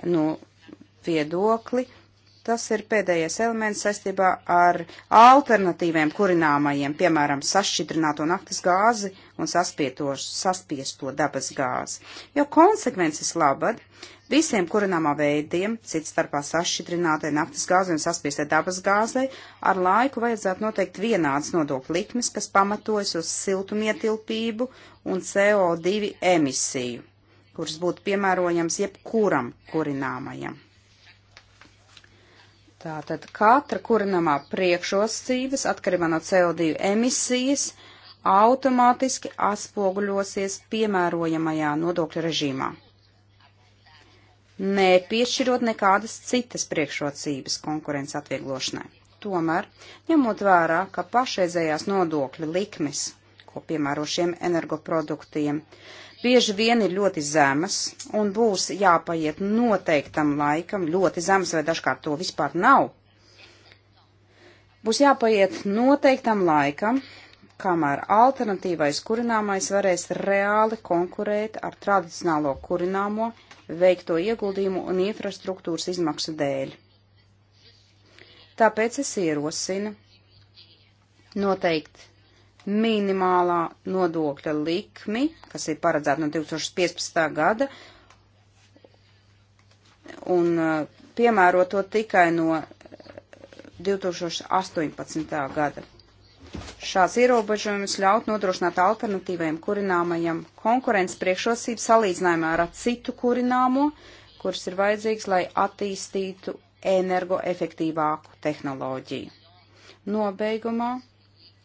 B: nu, viedokli. Tas ir pēdējais elements saistībā ar alternatīviem kurināmajiem, piemēram, sašķidrināto naktas gāzi un saspiesto dabas gāzi. Jo konsekvences labad visiem kurināmā veidiem, cits starpā sašķidrinātai naktas gāzi un saspiestai dabas gāzei, ar laiku vajadzētu noteikt vienāds nodokļu likmes, kas pamatojas uz siltumietilpību un CO2 emisiju, kuras būtu piemērojams jebkuram kurināmajam. Tātad katra kurinamā priekšrocības atkarībā no CO2 emisijas automātiski atspoguļosies piemērojamajā nodokļu režīmā, nepiešķirot nekādas citas priekšrocības konkurences atvieglošanai. Tomēr, ņemot vērā, ka pašreizējās nodokļu likmes, ko piemēro šiem energoproduktiem, uh, bieži vien ir ļoti zemas un būs jāpaiet noteiktam laikam ļoti zemas vai dažkārt to vispār nav. Būs jāpaiet noteiktam laikam, kamēr alternatīvais kurināmais varēs reāli konkurēt ar tradicionālo kurināmo veikto ieguldījumu un infrastruktūras izmaksu dēļ. Tāpēc es ierosinu noteikt minimālā nodokļa likmi, kas ir paredzēta no 2015. gada, un uh, piemēro to tikai no 2018. Uh, gada. Šāds ierobežojums ļaut nodrošināt alternatīvajam kurināmajam konkurences priekšrocības salīdzinājumā ar citu kurināmo, kuras ir vajadzīgs, lai attīstītu energoefektīvāku tehnoloģiju. Nobeigumā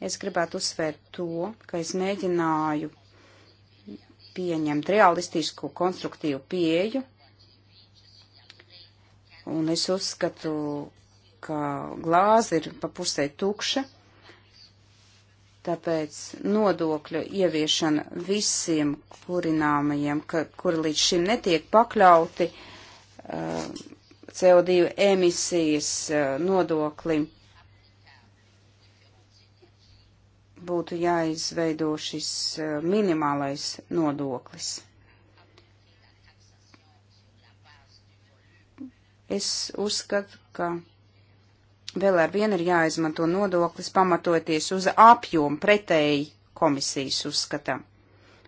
B: Es gribētu uzsvērt to, ka es mēģināju pieņemt realistisku, konstruktīvu pieeju, un es uzskatu, ka glāze ir pa pusē tukša, tāpēc nodokļu ieviešana visiem kurināmajiem, ka, kuri līdz šim netiek pakļauti uh, CO2 emisijas uh, nodoklim, būtu jāizveido šis eh, minimālais nodoklis. Es uzskatu, ka vēl ar vienu ir jāizmanto nodoklis pamatoties uz apjomu pretēji komisijas uzskatam.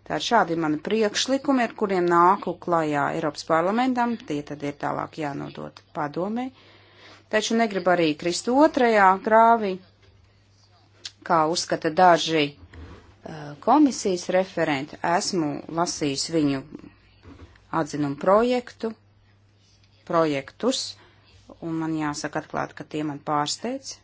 B: Tā ir šādi mani priekšlikumi, ar kuriem nāku klajā Eiropas parlamentam, tie tad ir tālāk jānodot padomē. Taču negribu arī krist otrajā grāvī kā uzskata daži uh, komisijas referenti. Esmu lasījis viņu atzinumu projektu, projektus, un man jāsaka atklāt, ka tie man pārsteidz.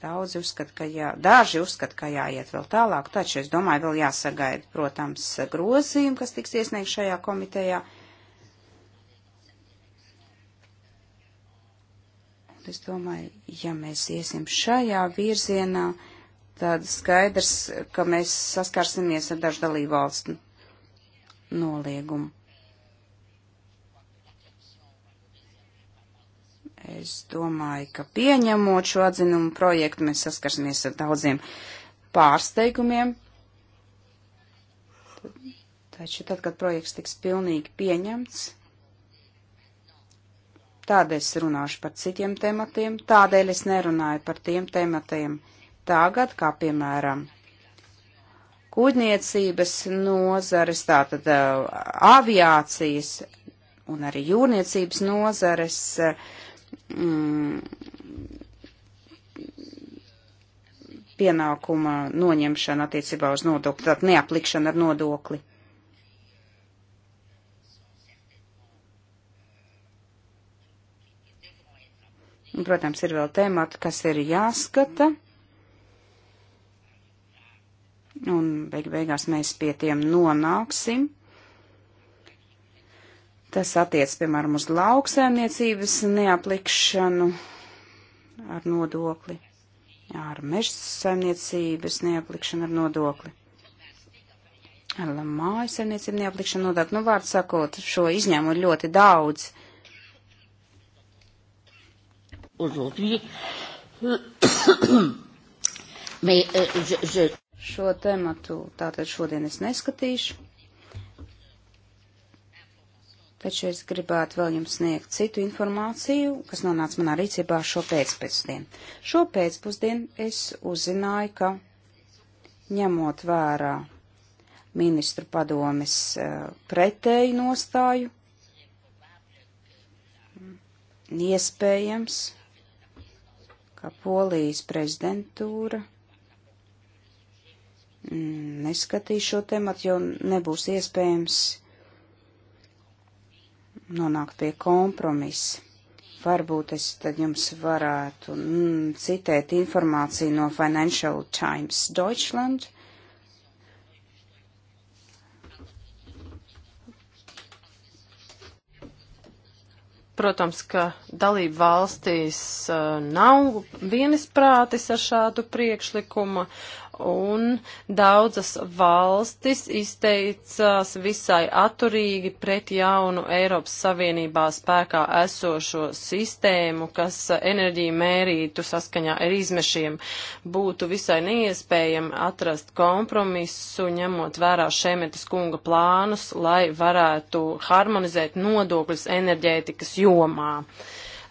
B: Daudzi uzskata, ka jā, daži uzskata, ka jāiet vēl tālāk, taču es domāju, vēl jāsagaida, protams, grozījumi, kas tiks iesniegt šajā komitejā. Uh, Es domāju, ja mēs iesim šajā virzienā, tad skaidrs, ka mēs saskarsimies ar dažu dalību valstu noliegumu. Es domāju, ka pieņemot šo atzinumu projektu, mēs saskarsimies ar daudziem pārsteigumiem. Taču tad, kad projekts tiks pilnīgi pieņemts, Tādēļ es runāšu par citiem tematiem, tādēļ es nerunāju par tiem tematiem tagad, kā piemēram kuģniecības nozares, tātad uh, aviācijas un arī jūrniecības nozares uh, mm, pienākuma noņemšana attiecībā uz nodokli, tātad neaplikšana ar nodokli. Protams, ir vēl tēmati, kas ir jāskata. Un beig beigās mēs pie tiem nonāksim. Tas attiec, piemēram, uz lauksēmniecības neaplikšanu ar nodokli, ar meža saimniecības neaplikšanu ar nodokli, ar māju saimniecību neaplikšanu nodokli. Nu, vārds sakot, šo izņēmu ir ļoti daudz aujourd'hui. *coughs* Mais, euh, je, je... Šo tematu tātad šodien es neskatīšu, taču es gribētu vēl jums sniegt citu informāciju, kas nonāca manā rīcībā šo pēcpusdienu. Šo pēcpusdienu es uzzināju, ka ņemot vērā ministru padomes eh, pretēju nostāju, mm, iespējams, ka Polijas prezidentūra mm, neskatīs šo tematu, jo nebūs iespējams nonākt pie kompromisa. Varbūt es tad jums varētu mm, citēt informāciju no Financial Times Deutschland. Uh,
C: Protams, ka dalību valstīs eh, nav vienisprātis ar šādu priekšlikumu, un daudzas valstis izteicās visai atturīgi pret jaunu Eiropas Savienībā spēkā esošo sistēmu, kas enerģiju mērītu saskaņā ar izmešiem. Būtu visai neiespējami atrast kompromisu, ņemot vērā Šemetas kunga plānus, lai varētu harmonizēt nodokļus enerģētikas jomā. Uh,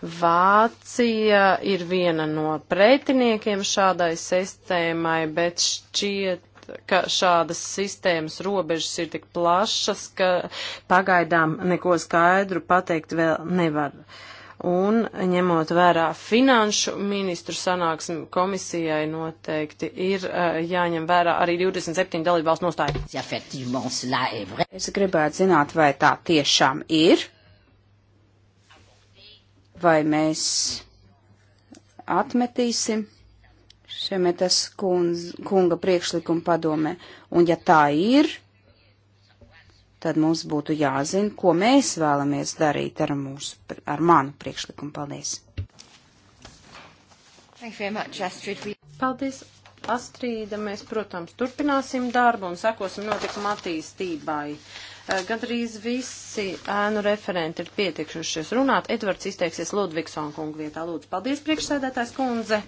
C: Vācija ir viena no pretiniekiem šādai sistēmai, bet šķiet ka šādas sistēmas robežas ir tik plašas, ka pagaidām neko skaidru pateikt vēl nevar. Un ņemot vērā finanšu ministru sanāksmi komisijai noteikti ir uh, jāņem vērā arī 27
B: dalībvalstu nostāja. Es gribētu zināt, vai tā tiešām ir vai mēs atmetīsim Šemetas kundz, kunga priekšlikumu padomē. Un ja tā ir, tad mums būtu jāzina, ko mēs vēlamies darīt ar, mūsu, ar manu priekšlikumu. Paldies!
C: Much, Astrid. Paldies, Astrīda. Mēs, protams, turpināsim darbu un sekosim notikuma attīstībai. Eh, Gadrīz visi ēnu referenti ir pietiekšušies runāt. Edvards izteiksies Ludvigson kungu vietā. Lūdzu, paldies priekšsēdētājs kundze.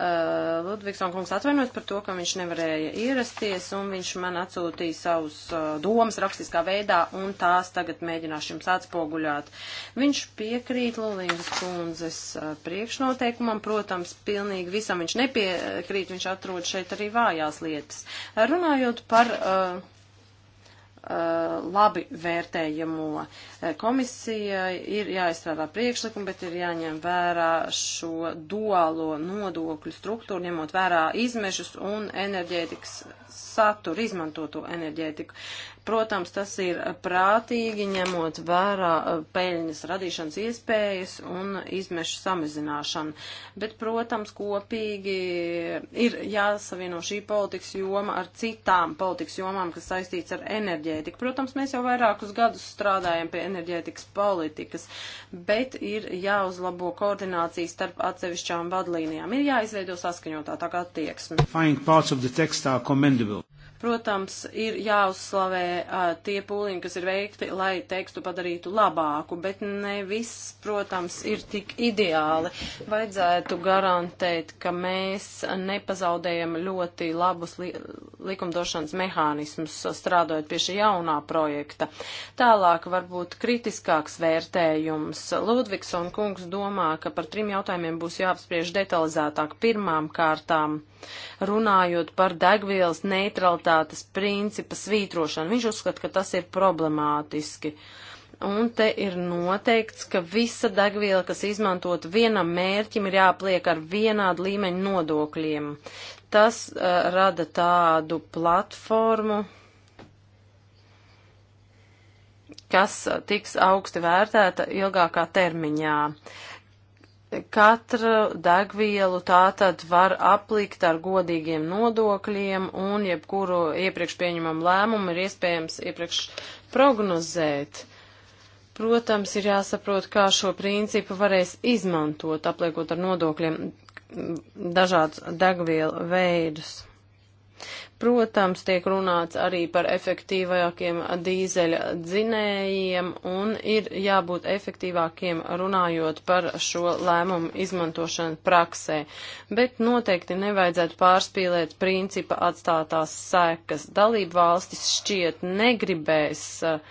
C: Uh, eh, Ludvigsona kungs atvainojas par to, ka viņš nevarēja ierasties, un viņš man atsūtīja savus uh, domas rakstiskā veidā, un tās tagad mēģināšu jums atspoguļāt. Viņš piekrīt Lulīngas kundzes uh, priekšnoteikumam, protams, pilnīgi visam viņš nepiekrīt, viņš atrod šeit arī vājās lietas. Runājot par. Uh, Uh, labi vērtējamo. Uh, komisija ir jāizstrādā priekšlikumi, bet ir jāņem vērā šo duālo nodokļu struktūru, ņemot vērā izmešus un enerģētikas saturu, izmantoto enerģētiku. Protams, tas ir prātīgi, ņemot vērā uh, peļņas radīšanas iespējas un izmešu samazināšanu. Bet, protams, kopīgi ir jāsavieno šī politikas joma ar citām politikas jomām, kas saistīts ar enerģētiku. Protams, mēs jau vairākus gadus strādājam pie enerģētikas politikas, bet ir jāuzlabo koordinācijas starp atsevišķām vadlīnijām. Ir jāizveido saskaņotātāk attieksme. Protams, ir jāuzslavē uh, tie pūliņi, kas ir veikti, lai tekstu padarītu labāku, bet ne viss, protams, ir tik ideāli. Vajadzētu garantēt, ka mēs nepazaudējam ļoti labus li likumdošanas mehānismus strādājot pie šī jaunā projekta. Tālāk varbūt kritiskāks vērtējums. Ludvigson kungs domā, ka par trim jautājumiem būs jāapspriež detalizētāk. Pirmām kārtām runājot par degvielas neutralitāti subsidiaritātes principa svītrošanu. Viņš uzskata, ka tas ir problemātiski. Un te ir noteikts, ka visa degviela, kas izmantot vienam mērķim, ir jāpliek ar vienādu līmeņu nodokļiem. Tas uh, rada tādu platformu, kas eh, tiks augsti vērtēta ilgākā termiņā. Uh, Katru degvielu tātad var aplikt ar godīgiem nodokļiem un jebkuru iepriekš pieņemam lēmumu ir iespējams iepriekš prognozēt. Protams, ir jāsaprot, kā šo principu varēs izmantot, apliekot ar nodokļiem dažādus degvielu veidus. Protams, tiek runāts arī par efektīvākiem dīzeļa dzinējiem un ir jābūt efektīvākiem runājot par šo lēmumu izmantošanu praksē, bet noteikti nevajadzētu pārspīlēt principa atstātās sekas. Dalību valstis šķiet negribēs uh,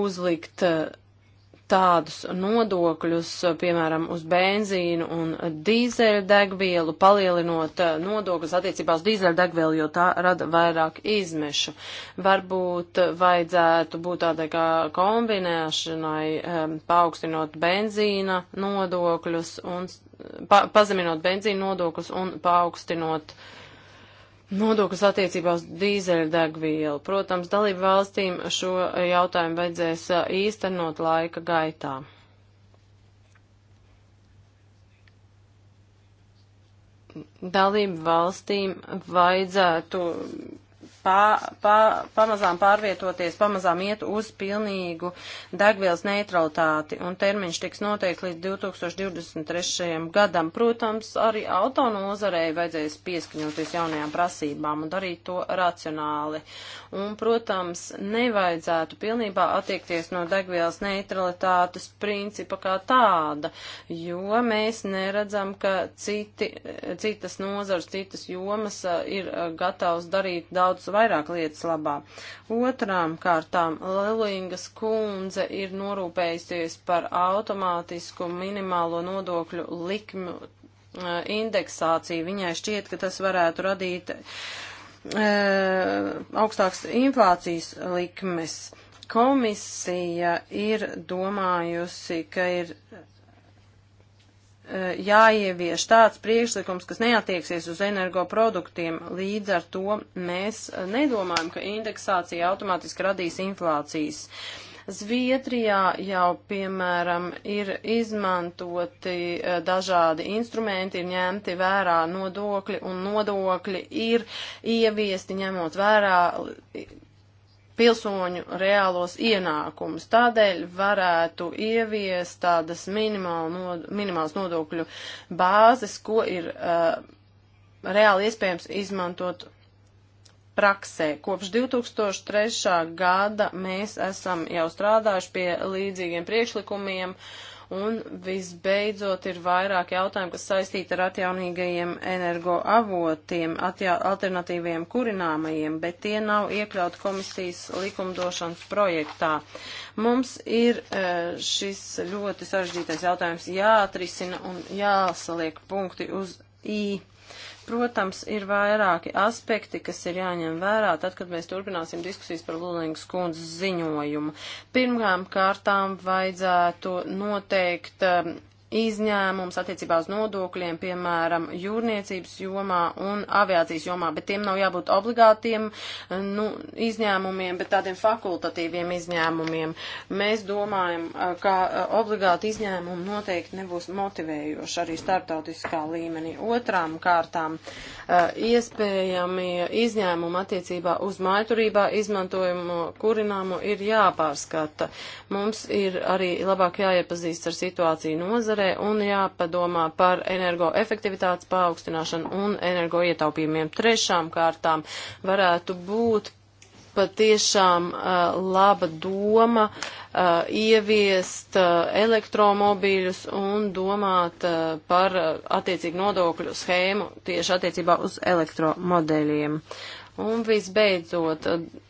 C: uzlikt uh, tādus nodokļus, piemēram, uz benzīnu un dīzeļdegvielu, palielinot eh, nodokļus attiecībā uz dīzeļdegvielu, jo tā rada vairāk izmešu. Varbūt vajadzētu būt tādai kā kombinēšanai, eh, paaugstinot benzīna nodokļus un pa, pazeminot benzīna nodokļus un paaugstinot uh, Nodoklis attiecībā uz dīzeļdegvielu. Protams, dalību valstīm šo jautājumu vajadzēs īstenot laika gaitā. Dalību valstīm vajadzētu pā, pā, pamazām pārvietoties, pamazām iet uz pilnīgu degvielas neutralitāti, un termiņš tiks noteikts līdz 2023. gadam. Protams, arī autonozarei vajadzēs pieskaņoties jaunajām prasībām un darīt to racionāli. Un, protams, nevajadzētu pilnībā attiekties no degvielas neutralitātes principa kā tāda, jo mēs neredzam, ka citi, citas nozars, citas jomas ir gatavs darīt daudz mūsu vairāk lietas labā. Otrām kārtām Lelingas kundze ir norūpējusies par automātisku minimālo nodokļu likmju eh, indeksāciju. Viņai šķiet, ka tas varētu radīt e, augstāks inflācijas likmes. Komisija ir domājusi, ka ir Eh, jāievieš tāds priekšlikums, kas neatieksies uz energoproduktiem. Līdz ar to mēs eh, nedomājam, ka indeksācija automātiski radīs inflācijas. Zviedrijā jau, piemēram, ir izmantoti eh, dažādi instrumenti, ir ņemti vērā nodokļi, un nodokļi ir ieviesti ņemot vērā pilsoņu reālos ienākumus. Tādēļ varētu ieviest tādas nod, minimālas nodokļu bāzes, ko ir uh, reāli iespējams izmantot praksē. Kopš 2003. gada mēs esam jau strādājuši pie līdzīgiem priekšlikumiem. Uh, Un visbeidzot ir vairāk jautājumu, kas saistīti ar atjaunīgajiem energoavotiem, atja alternatīviem kurināmajiem, bet tie nav iekļauti komisijas likumdošanas projektā. Mums ir e, šis ļoti sarežģītais jautājums jāatrisina un jāsaliek punkti uz I protams, ir vairāki aspekti, kas ir jāņem vērā, tad, kad mēs turpināsim diskusijas par Lulingas kundzes ziņojumu. Pirmām kārtām vajadzētu noteikt um, izņēmums attiecībā uz nodokļiem, piemēram, jūrniecības jomā un aviācijas jomā, bet tiem nav jābūt obligātiem nu, izņēmumiem, bet tādiem fakultatīviem izņēmumiem. Mēs domājam, ka obligāti izņēmumi noteikti nebūs motivējoši arī starptautiskā līmenī. Otrām kārtām iespējamie izņēmumi attiecībā uz mājturībā izmantojumu kurināmu ir jāpārskata. Mums ir arī labāk jāiepazīst ar situāciju nozarē jāizvērtē un jāpadomā par energoefektivitātes paaugstināšanu un energoietaupījumiem. Trešām kārtām varētu būt patiešām uh, laba doma uh, ieviest uh, elektromobīļus un domāt uh, par uh, attiecīgu nodokļu schēmu tieši attiecībā uz elektromodeļiem. Un visbeidzot, uh,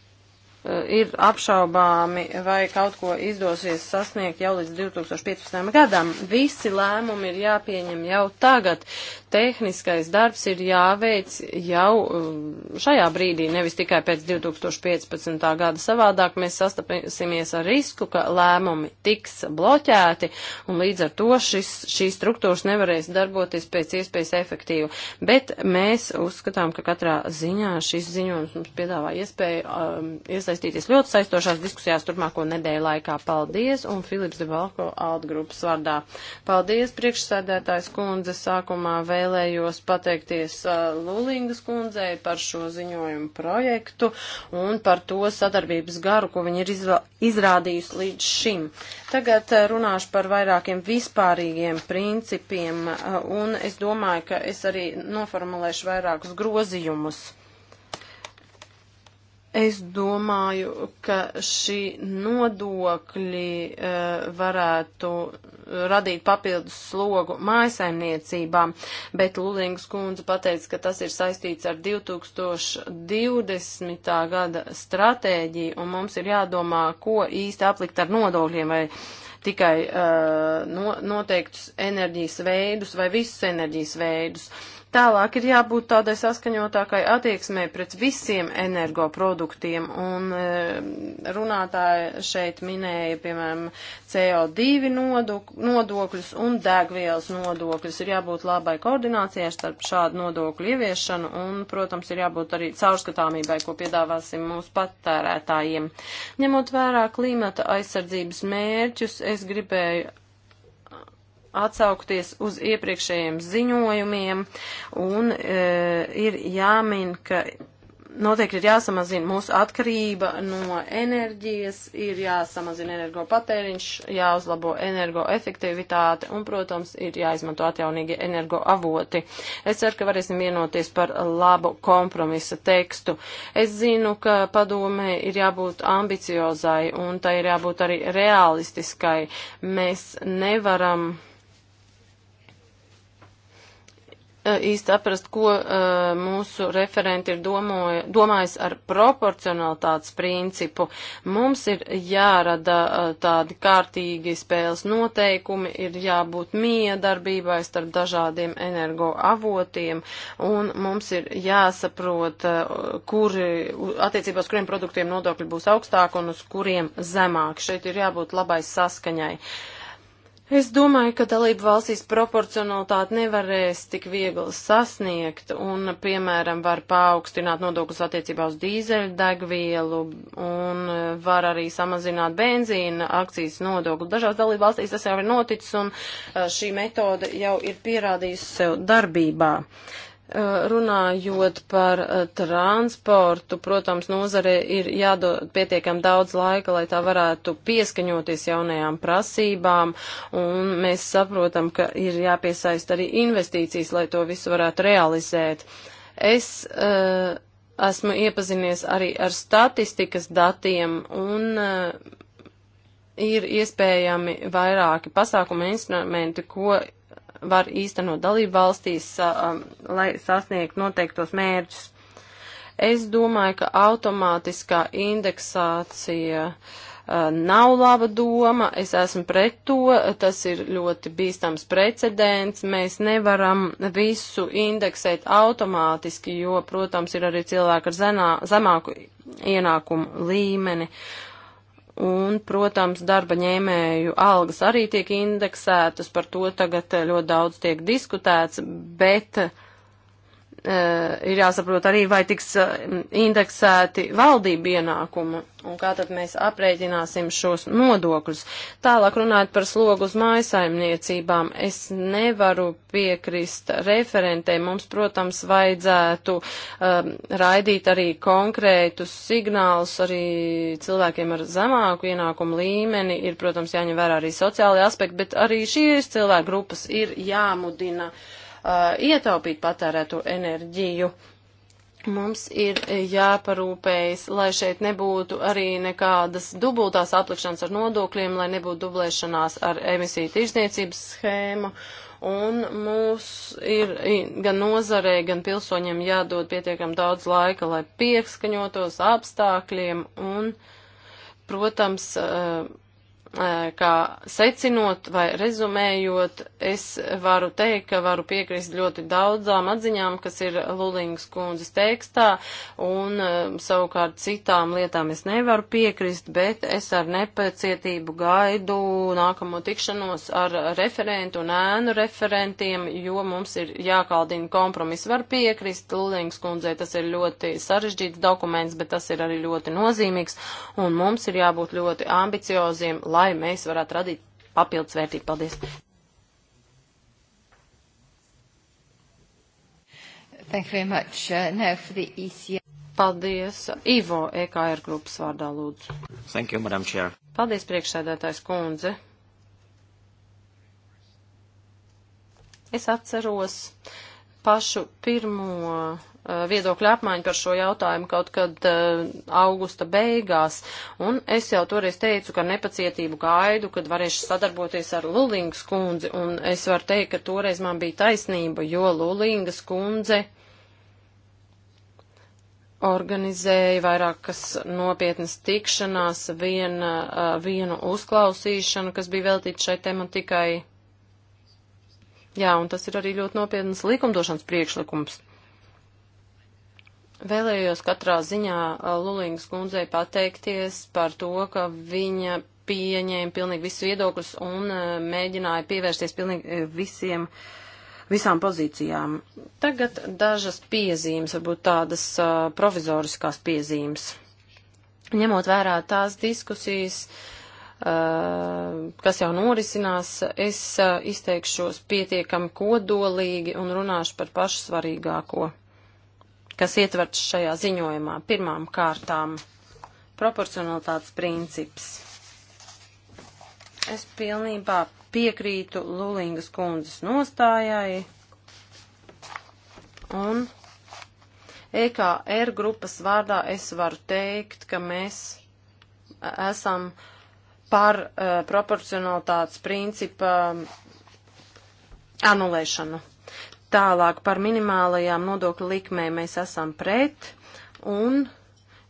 C: Eh, ir apšaubāmi, vai kaut ko izdosies sasniegt jau līdz 2015. gadam. Visi lēmumi ir jāpieņem jau tagad tehniskais darbs ir jāveic jau um, šajā brīdī, nevis tikai pēc 2015. gada. Savādāk mēs sastapsimies ar risku, ka lēmumi tiks bloķēti, un līdz ar to šis, šīs struktūras nevarēs darboties pēc iespējas efektīvi. Bet mēs uzskatām, ka katrā ziņā šis ziņojums mums piedāvā iespēju um, iesaistīties ļoti saistošās diskusijās turpmāko nedēļu laikā. Paldies, un Filips Debalko Altgrupas vārdā. Paldies, priekšsēdētājs kundze, sākumā vēl vēlējos pateikties uh, Lūlingas kundzei par šo ziņojumu projektu un par to sadarbības garu, ko viņi ir izrādījusi līdz šim. Tagad uh, runāšu par vairākiem vispārīgiem principiem uh, un es domāju, ka es arī noformulēšu vairākus grozījumus. Es domāju, ka šī nodokļi e, varētu radīt papildus slogu mājasaimniecībām, bet Lulīngas kundze pateica, ka tas ir saistīts ar 2020. gada stratēģiju, un mums ir jādomā, ko īsti aplikt ar nodokļiem, vai tikai e, no, noteiktus enerģijas veidus, vai visus enerģijas veidus. Uh, Tālāk ir jābūt tādai saskaņotākai attieksmē pret visiem energoproduktiem, un eh, runātāja šeit minēja, piemēram, CO2 nodok nodokļus un degvielas nodokļus. Ir jābūt labai koordinācijai starp šādu nodokļu ieviešanu, un, protams, ir jābūt arī caurskatāmībai, ko piedāvāsim mūsu patērētājiem. Ņemot vērā klimata aizsardzības mērķus, es gribēju atsaukties uz iepriekšējiem ziņojumiem un e, ir jāmin, ka noteikti ir jāsamazina mūsu atkarība no enerģijas, ir jāsamazina energopatēriņš, jāuzlabo energoefektivitāte un, protams, ir jāizmanto atjaunīgi energoavoti. Es ceru, ka varēsim vienoties par labu kompromisa tekstu. Es zinu, ka padomē ir jābūt ambiciozai un tai ir jābūt arī realistiskai. Mēs nevaram Eh, īsti saprast, ko uh, mūsu referenti ir domoja, domājis ar proporcionalitātes principu. Mums ir jārada uh, tādi kārtīgi spēles noteikumi, ir jābūt miedarbībai starp dažādiem energoavotiem, un mums ir jāsaprot, uh, kuri, attiecībā uz kuriem produktiem nodokļi būs augstāk un uz kuriem zemāk. Šeit ir jābūt labai saskaņai. Uh, Es domāju, ka dalību valstīs proporcionalitāti nevarēs tik viegli sasniegt un, piemēram, var paaugstināt nodokļus attiecībā uz dīzeļu degvielu un e, var arī samazināt benzīna akcijas nodokli. Dažās dalību valstīs tas jau ir noticis un e, šī metode jau ir pierādījusi sev
B: darbībā.
C: Eh, runājot par eh, transportu, protams, nozare ir jādod pietiekam daudz laika, lai tā varētu pieskaņoties jaunajām prasībām, un mēs saprotam, ka ir jāpiesaist arī investīcijas, lai to visu varētu realizēt. Es uh, esmu iepazinies arī ar statistikas datiem, un uh, ir iespējami vairāki pasākumi instrumenti, ko var īstenot dalību valstīs, um, lai sasniegtu noteiktos mērķus. Es domāju, ka automātiskā indeksācija uh, nav laba doma, es esmu pret to, tas ir ļoti bīstams precedents, mēs nevaram visu indeksēt automātiski, jo, protams, ir arī cilvēki ar zenā, zemāku ienākumu līmeni. Uh, Un, protams, darba ņēmēju algas arī tiek indeksētas, par to tagad ļoti daudz tiek diskutēts, bet uh, Eh, ir jāsaprot arī, vai tiks eh, indeksēti valdību ienākumu un kā tad mēs aprēķināsim šos nodokļus. Tālāk runājot par slogu uz mājasaimniecībām, es nevaru piekrist referentē. Mums, protams, vajadzētu um, raidīt arī konkrētus signālus arī cilvēkiem ar zemāku ienākumu līmeni. Ir, protams, jāņem vērā arī sociālai aspekti, bet arī šīs cilvēku grupas ir jāmudina. Uh, uh, ietaupīt patērēto enerģiju. Mums ir jāparūpējas, lai šeit nebūtu arī nekādas dubultās aplikšanas ar nodokļiem, lai nebūtu dublēšanās ar emisiju tirzniecības schēmu. Un mums ir gan nozarei, gan pilsoņiem jādod pietiekam daudz laika, lai piekskaņotos apstākļiem un, protams, uh, kā secinot vai rezumējot, es varu teikt, ka varu piekrist ļoti daudzām atziņām, kas ir Lulīngas kundzes tekstā, un savukārt citām lietām es nevaru piekrist, bet es ar nepacietību gaidu nākamo tikšanos ar referentu un ēnu referentiem, jo mums ir jākaldina kompromis. Var piekrist Lulīngas kundzei, tas ir ļoti sarežģīts dokuments, bet tas ir arī ļoti nozīmīgs, un mums ir jābūt ļoti ambicioziem, lai lai mēs varētu radīt papildus vērtību. Paldies! Thank you very much. Uh, now for the ECR. Paldies. Ivo, EKR grupas vārdā lūdzu. Thank you, Madam Chair. Paldies, priekšsēdētājs kundze. Es atceros, uh, pašu pirmo eh, viedokļu apmaiņu par šo jautājumu kaut kad eh, augusta beigās, un es jau toreiz teicu, ka nepacietību gaidu, kad varēšu sadarboties ar Lulingas kundzi, un es varu teikt, ka toreiz man bija taisnība, jo Lulingas kundze organizēja vairākas nopietnas tikšanās, viena, eh, vienu uzklausīšanu, kas bija veltīta šai tematikai. Jā, un tas ir arī ļoti nopietnas likumdošanas priekšlikums. Vēlējos katrā ziņā Lulīngas kundzei pateikties par to, ka viņa pieņēma pilnīgi visus viedokļus un mēģināja pievērsties pilnīgi visiem, visām pozīcijām. Tagad dažas piezīmes, varbūt tādas provizoriskās piezīmes. Ņemot vērā tās diskusijas, uh, Eh, kas jau norisinās, es eh, izteikšos pietiekami kodolīgi un runāšu par pašu svarīgāko, kas ietverts šajā ziņojumā. Pirmām kārtām proporcionalitātes princips. Es pilnībā piekrītu Lulīngas kundzes nostājai un EKR grupas vārdā es varu teikt, ka mēs esam uh, par uh, proporcionalitātes principa anulēšanu. Tālāk par minimālajām nodokļu likmēm mēs esam pret, un,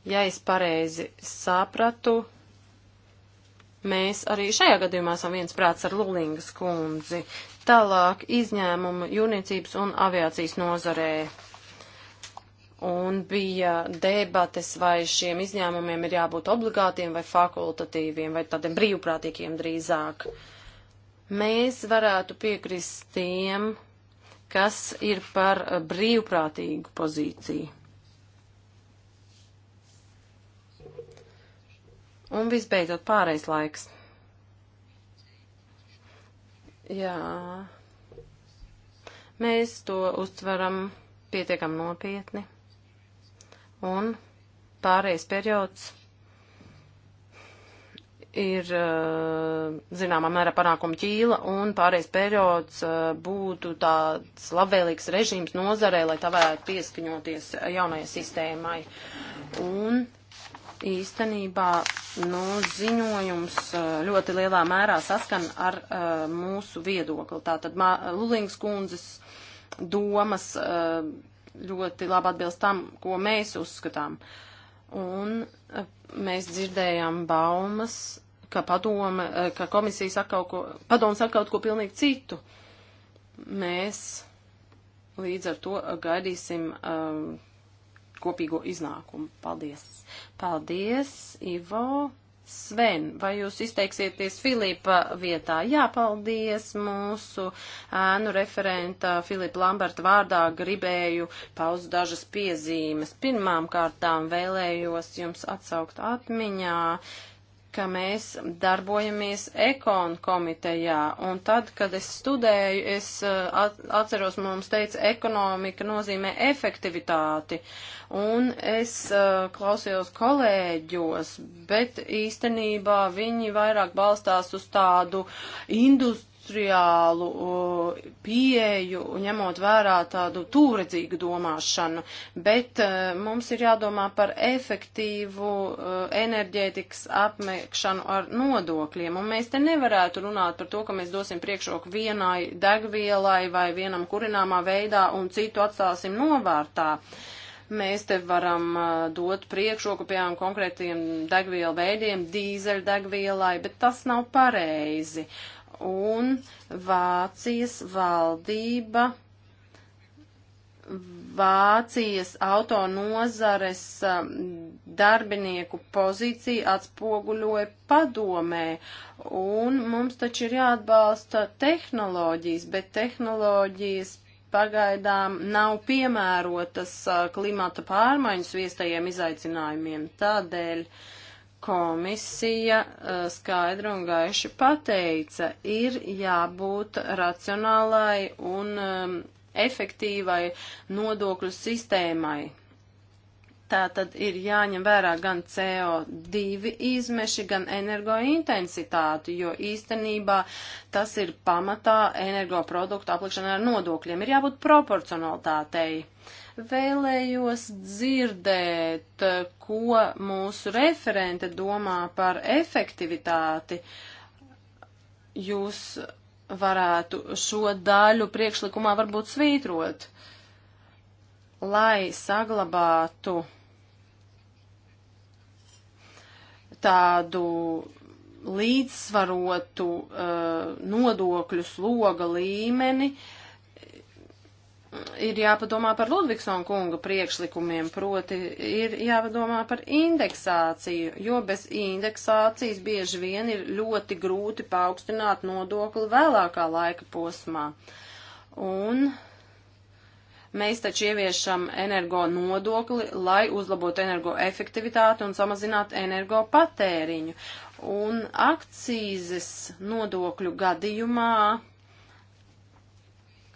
C: ja es pareizi sapratu, mēs arī šajā gadījumā esam viensprāts ar Lulingas kundzi. Tālāk izņēmumu jūrniecības un aviācijas nozarē un bija debates, vai šiem izņēmumiem ir jābūt obligātiem vai fakultatīviem, vai tādiem brīvprātīgiem drīzāk. Mēs varētu piekrist tiem, kas ir par brīvprātīgu pozīciju. Un visbeidzot pārējais laiks. Jā. Mēs to uztveram pietiekam nopietni un pārējais periods ir eh, zināmā mērā panākuma ķīla, un pārējais periods eh, būtu tāds labvēlīgs režīms nozarē, lai tā varētu pieskaņoties jaunajai sistēmai. Un īstenībā nu, ziņojums eh, ļoti lielā mērā saskan ar mūsu viedokli. Tātad Lulings kundzes domas ļoti labi atbilst tam, ko mēs uzskatām. Un eh, mēs dzirdējām baumas, ka padome, eh, ka komisija saka kaut ko, padome saka kaut ko pilnīgi citu. Mēs līdz ar to eh, gaidīsim um, kopīgo iznākumu. Paldies! Paldies, Ivo! Sven, vai jūs izteiksieties Filipa vietā? Jā, paldies mūsu ēnu referenta Filipa Lamberta vārdā gribēju pauz dažas piezīmes. Pirmām kārtām vēlējos jums atsaukt atmiņā. Uh, ka mēs darbojamies ekonu komitejā. Un tad, kad es studēju, es uh, atceros, mums teica, ekonomika nozīmē efektivitāti. Un es uh, klausījos kolēģos, bet īstenībā viņi vairāk balstās uz tādu industri industriālu uh, pieeju, ņemot vērā tādu tūredzīgu domāšanu, bet uh, mums ir jādomā par efektīvu uh, enerģētikas apmēkšanu ar nodokļiem, un mēs te nevarētu runāt par to, ka mēs dosim priekšroku vienai degvielai vai vienam kurināmā veidā un citu atstāsim novārtā mēs te varam e, dot priekšroku, piemēram, konkrētiem degvielu veidiem, dīzeļdegvielai, bet tas nav pareizi un Vācijas valdība, Vācijas autonozares um, darbinieku pozīciju atspoguļoja padomē, un mums taču ir jāatbalsta tehnoloģijas, bet tehnoloģijas pagaidām nav piemērotas uh, klimata pārmaiņas viestajiem izaicinājumiem. Tādēļ uh, komisija skaidri un gaiši pateica, ir jābūt racionālai un um, efektīvai nodokļu sistēmai. Tā tad ir jāņem vērā gan CO2 izmeši, gan energointensitāti, jo īstenībā tas ir pamatā energoproduktu aplikšana ar nodokļiem. Ir jābūt proporcionalitātei. Uh, Vēlējos dzirdēt, ko mūsu referente domā par efektivitāti. Jūs varētu šo daļu priekšlikumā varbūt svītrot, lai saglabātu tādu līdzsvarotu uh, nodokļu sloga līmeni, uh, ir jāpadomā par Ludvigsona kunga priekšlikumiem, proti ir jāpadomā par indeksāciju, jo bez indeksācijas bieži vien ir ļoti grūti paaugstināt nodokli vēlākā laika posmā. Un mēs taču ieviešam energo nodokli, lai uzlabotu energo efektivitāti un samazinātu energo patēriņu. Un akcīzes nodokļu gadījumā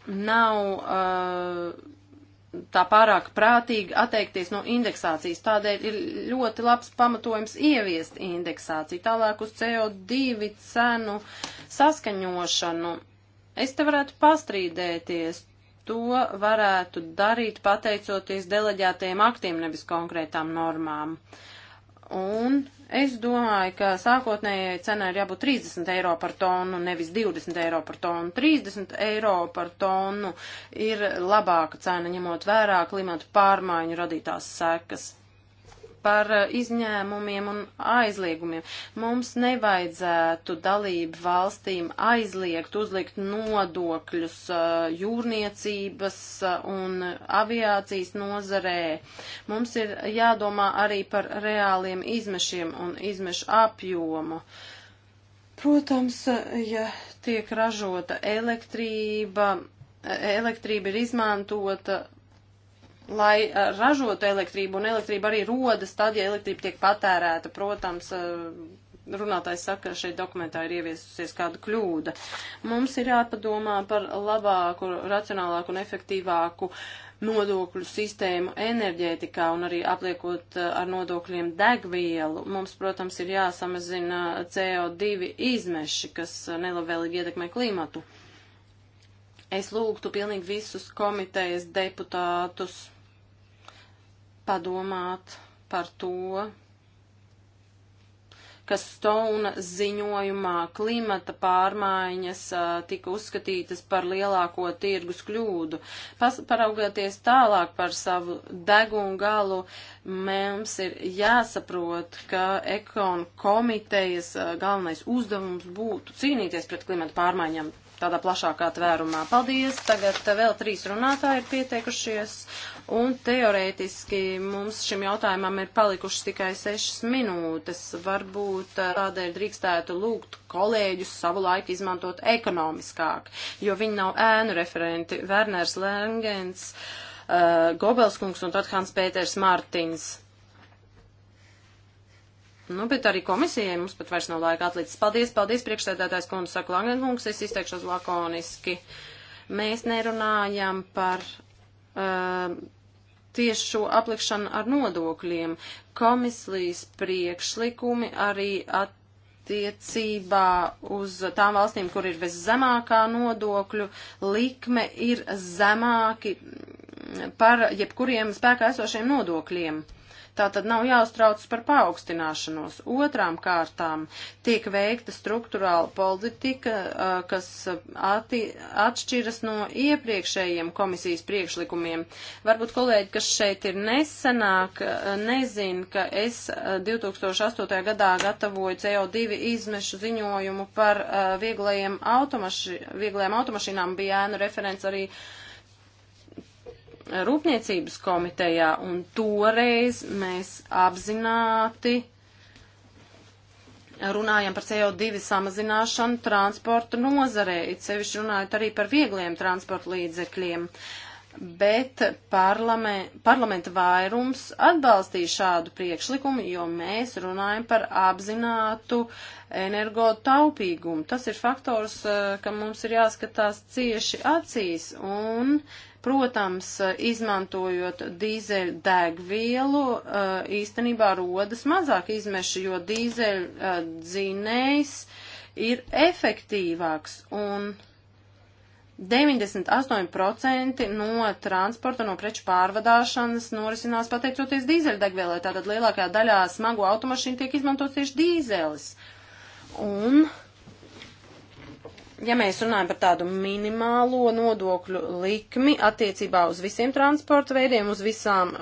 C: nav uh, tā pārāk prātīgi atteikties no indeksācijas. Tādēļ ir ļoti labs pamatojums ieviest indeksāciju. Tālāk uz CO2 cenu saskaņošanu. Es te varētu pastrīdēties. To varētu darīt pateicoties deleģētajiem aktiem, nevis konkrētām normām. Un Es domāju, ka sākotnējai cenai ir jābūt 30 eiro par tonu, nevis 20 eiro par tonu. 30 eiro par tonu ir labāka cena, ņemot vērā klimatu pārmaiņu radītās sekas par eh, izņēmumiem un aizliegumiem. Mums nevajadzētu dalību valstīm aizliegt, uzlikt nodokļus eh, jūrniecības eh, un aviācijas nozarē. Mums ir jādomā arī par reāliem izmešiem un izmešu apjomu. Protams, ja tiek ražota elektrība, elektrība ir izmantota lai uh, ražotu elektrību, un elektrība arī rodas tad, ja elektrība tiek patērēta. Protams, uh, runātājs saka, ka šeit dokumentā ir ieviesusies kāda kļūda. Mums ir jāpadomā par labāku, racionālāku un efektīvāku nodokļu sistēmu enerģētikā un arī apliekot uh, ar nodokļiem degvielu. Mums, protams, ir jāsamazina CO2 izmeši, kas nelabvēlīgi ietekmē klimatu. Es lūgtu pilnīgi visus komitejas deputātus padomāt par to, ka Stone ziņojumā klimata pārmaiņas uh, tika uzskatītas par lielāko tirgus kļūdu. Pas, paraugāties tālāk par savu degunu galu, mums ir jāsaprot, ka ekon komitejas uh, galvenais uzdevums būtu cīnīties pret klimata pārmaiņām tādā plašākā tvērumā. Paldies! Tagad vēl trīs runātāji ir pieteikušies, Un teorētiski mums šim jautājumam ir palikušas tikai sešas minūtes. Varbūt eh, tādēļ drīkstētu lūgt kolēģus savu laiku izmantot ekonomiskāk, jo viņi nav ēnu referenti. Werners Lengens, uh, eh, Gobelskungs un tad Hans Pēters Martins. Nu, bet arī komisijai mums pat vairs nav laika atlicis. Paldies, paldies, priekšstādātājs kundze, saka Langenkungs, es izteikšos lakoniski. Mēs nerunājam par uh, tieši šo aplikšanu ar nodokļiem. Komisijas priekšlikumi arī attiecībā uz tām valstīm, kur ir viszemākā nodokļu likme, ir zemāki par jebkuriem spēkā esošiem nodokļiem. Tā tad nav jāuztrauc par paaugstināšanos. Otrām kārtām tiek veikta struktūrāla politika, kas atti, atšķiras no iepriekšējiem komisijas priekšlikumiem. Varbūt kolēģi, kas šeit ir nesenāk, nezin, ka es 2008. gadā gatavoju CO2 izmešu ziņojumu par vieglajiem automaši, vieglajām automašīnām, bija ēnu referents arī uh, Rūpniecības komitejā, un toreiz mēs apzināti runājam par CO2 samazināšanu transporta nozarē, it sevišķi runājot arī par viegliem transporta līdzekļiem. Bet parlamē, parlamenta vairums atbalstīja šādu priekšlikumu, jo mēs runājam par apzinātu energotaupīgumu. Tas ir faktors, eh, ka mums ir jāskatās cieši acīs, un Protams, izmantojot dīzeļu degvielu, eh, īstenībā rodas mazāk izmeši, jo dīzeļu eh, dzinējs ir efektīvāks un 98% no transporta, no preču pārvadāšanas norisinās pateicoties dīzeļdegvielai. Tātad lielākajā daļā smago automašīnu tiek izmantots tieši dīzelis. Un uh, ja mēs runājam par tādu minimālo nodokļu likmi attiecībā uz visiem transporta veidiem, uz, visām,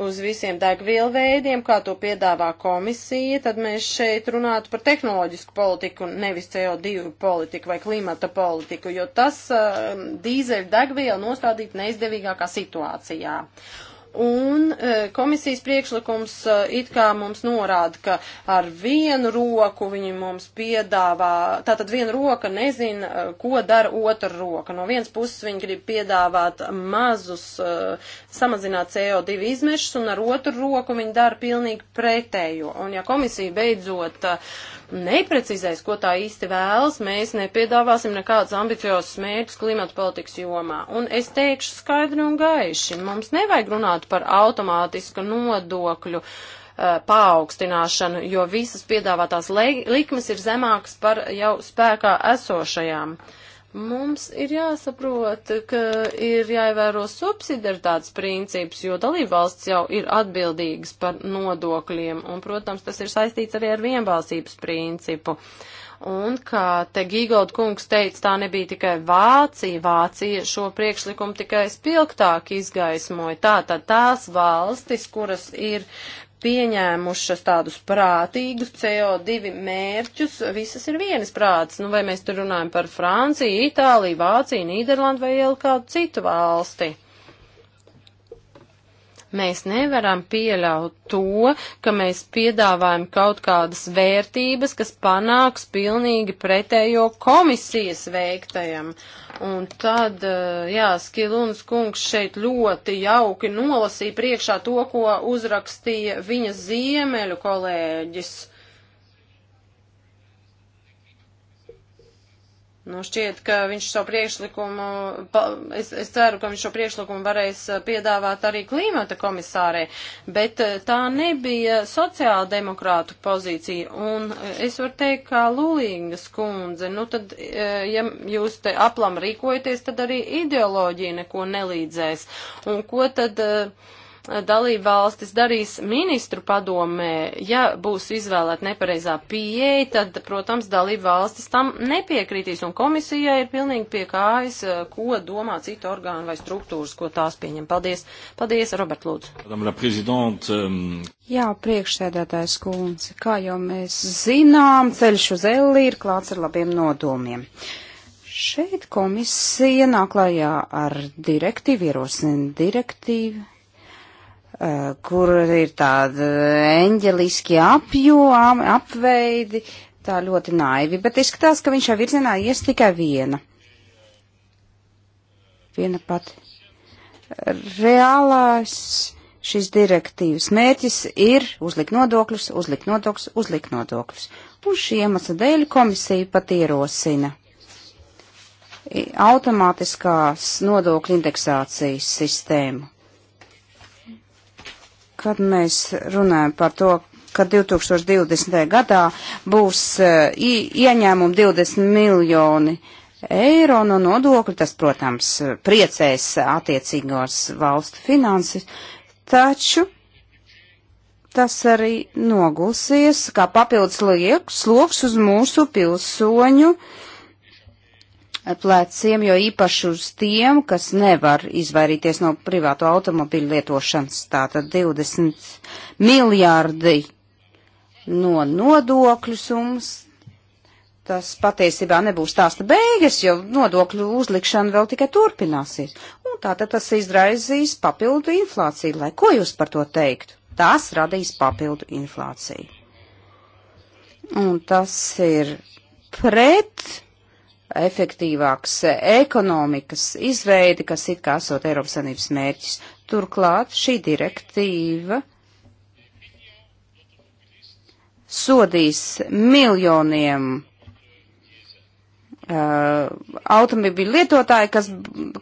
C: uz visiem degvielu veidiem, kā to piedāvā komisija, tad mēs šeit runātu par tehnoloģisku politiku, nevis CO2 politiku vai klimata politiku, jo tas uh, dīzeļu degvielu nostādīt neizdevīgākā situācijā. Un e, komisijas priekšlikums e, it kā mums norāda, ka ar vienu roku viņi mums piedāvā, tātad viena roka nezina, e, ko dara otra roka. No vienas puses viņi grib piedāvāt mazus, samazināt CO2 izmešus, un ar otru roku viņi dara pilnīgi pretējo. Un ja komisija beidzot uh, neprecizēs, ko tā īsti vēlas, mēs nepiedāvāsim nekādus ambiciozus mērķus klimata politikas jomā. Un es teikšu skaidri un gaiši, mums nevajag runāt par automātisku nodokļu uh, paaugstināšanu, jo visas piedāvātās likmes ir zemākas par jau spēkā esošajām. Uh, Mums ir jāsaprot, ka ir jāievēro subsidaritātes princips, jo dalībvalsts jau ir atbildīgas par nodokļiem, un, protams, tas ir saistīts arī ar vienbalsības principu. Un, kā te Gīgold kungs teica, tā nebija tikai Vācija. Vācija šo priekšlikumu tikai spilgtāk izgaismoja. Tā tad tās valstis, kuras ir pieņēmušas tādus prātīgus CO2 mērķus, visas ir vienas prātas. Nu, vai mēs tur runājam par Franciju, Itāliju, Vāciju, Nīderlandu vai jau kādu citu valsti? Mēs nevaram pieļaut to, ka mēs piedāvājam kaut kādas vērtības, kas panāks pilnīgi pretējo komisijas veiktajam. Un tad, eh, jā, Skilunas kungs šeit ļoti jauki nolasīja priekšā to, ko uzrakstīja viņa ziemeļu kolēģis. Nu, šķiet, ka viņš šo priekšlikumu, es, es ceru, ka viņš šo priekšlikumu varēs eh, piedāvāt arī klimata komisārē, bet eh, tā nebija sociāldemokrātu pozīcija. Un eh, es varu teikt, kā Lulīngas kundze, nu tad, ja jūs te aplam rīkojaties, tad arī ideoloģija neko nelīdzēs. Un ko tad. Uh, dalībvalstis darīs ministru padomē, ja būs izvēlēt nepareizā pieeja, tad, protams, dalībvalstis tam nepiekritīs, un komisijai ir pilnīgi pie kājas, eh, ko domā citu orgānu vai struktūras, ko tās pieņem. Paldies,
B: paldies, Robert Lūdzu.
C: Euh,
B: Jā, priekšsēdētājs kundze, kā jau mēs zinām, ceļš uz Elli ir klāts ar labiem nodomiem. Šeit komisija nāk klajā ar direktīvu, ierosina direktīvu Eh, kur ir tāda eņģeliski apjomi, apveidi, tā ļoti naivi, bet izskatās, ka viņš jau virzienā ies tikai viena. Viena pati. Reālās šīs direktīvas mērķis ir uzlikt nodokļus, uzlikt nodokļus, uzlikt nodokļus. Un šī iemesla dēļ komisija pat ierosina automātiskās nodokļu indeksācijas sistēmu Kad mēs runājam par to, ka 2020. gadā būs eh, ieņēmumi 20 miljoni eiro no nodokļu, tas, protams, priecēs attiecīgos valstu finanses, taču tas arī nogulsies kā papildus liekas sloks uz mūsu pilsoņu uh, pleciem, jo īpaši uz tiem, kas nevar izvairīties no privāto automobiļu lietošanas. Tātad 20 miljārdi no nodokļu summas. Tas patiesībā nebūs tāsta beigas, jo nodokļu uzlikšana vēl tikai turpināsies. Un tātad tas izraizīs papildu inflāciju, lai ko jūs par to teiktu? Tas radīs papildu inflāciju. Un tas ir pret efektīvāks ekonomikas izveidi, kas it kā esot Eiropas Sanības mērķis. Turklāt šī direktīva sodīs miljoniem uh, automobīļu lietotāji, kas,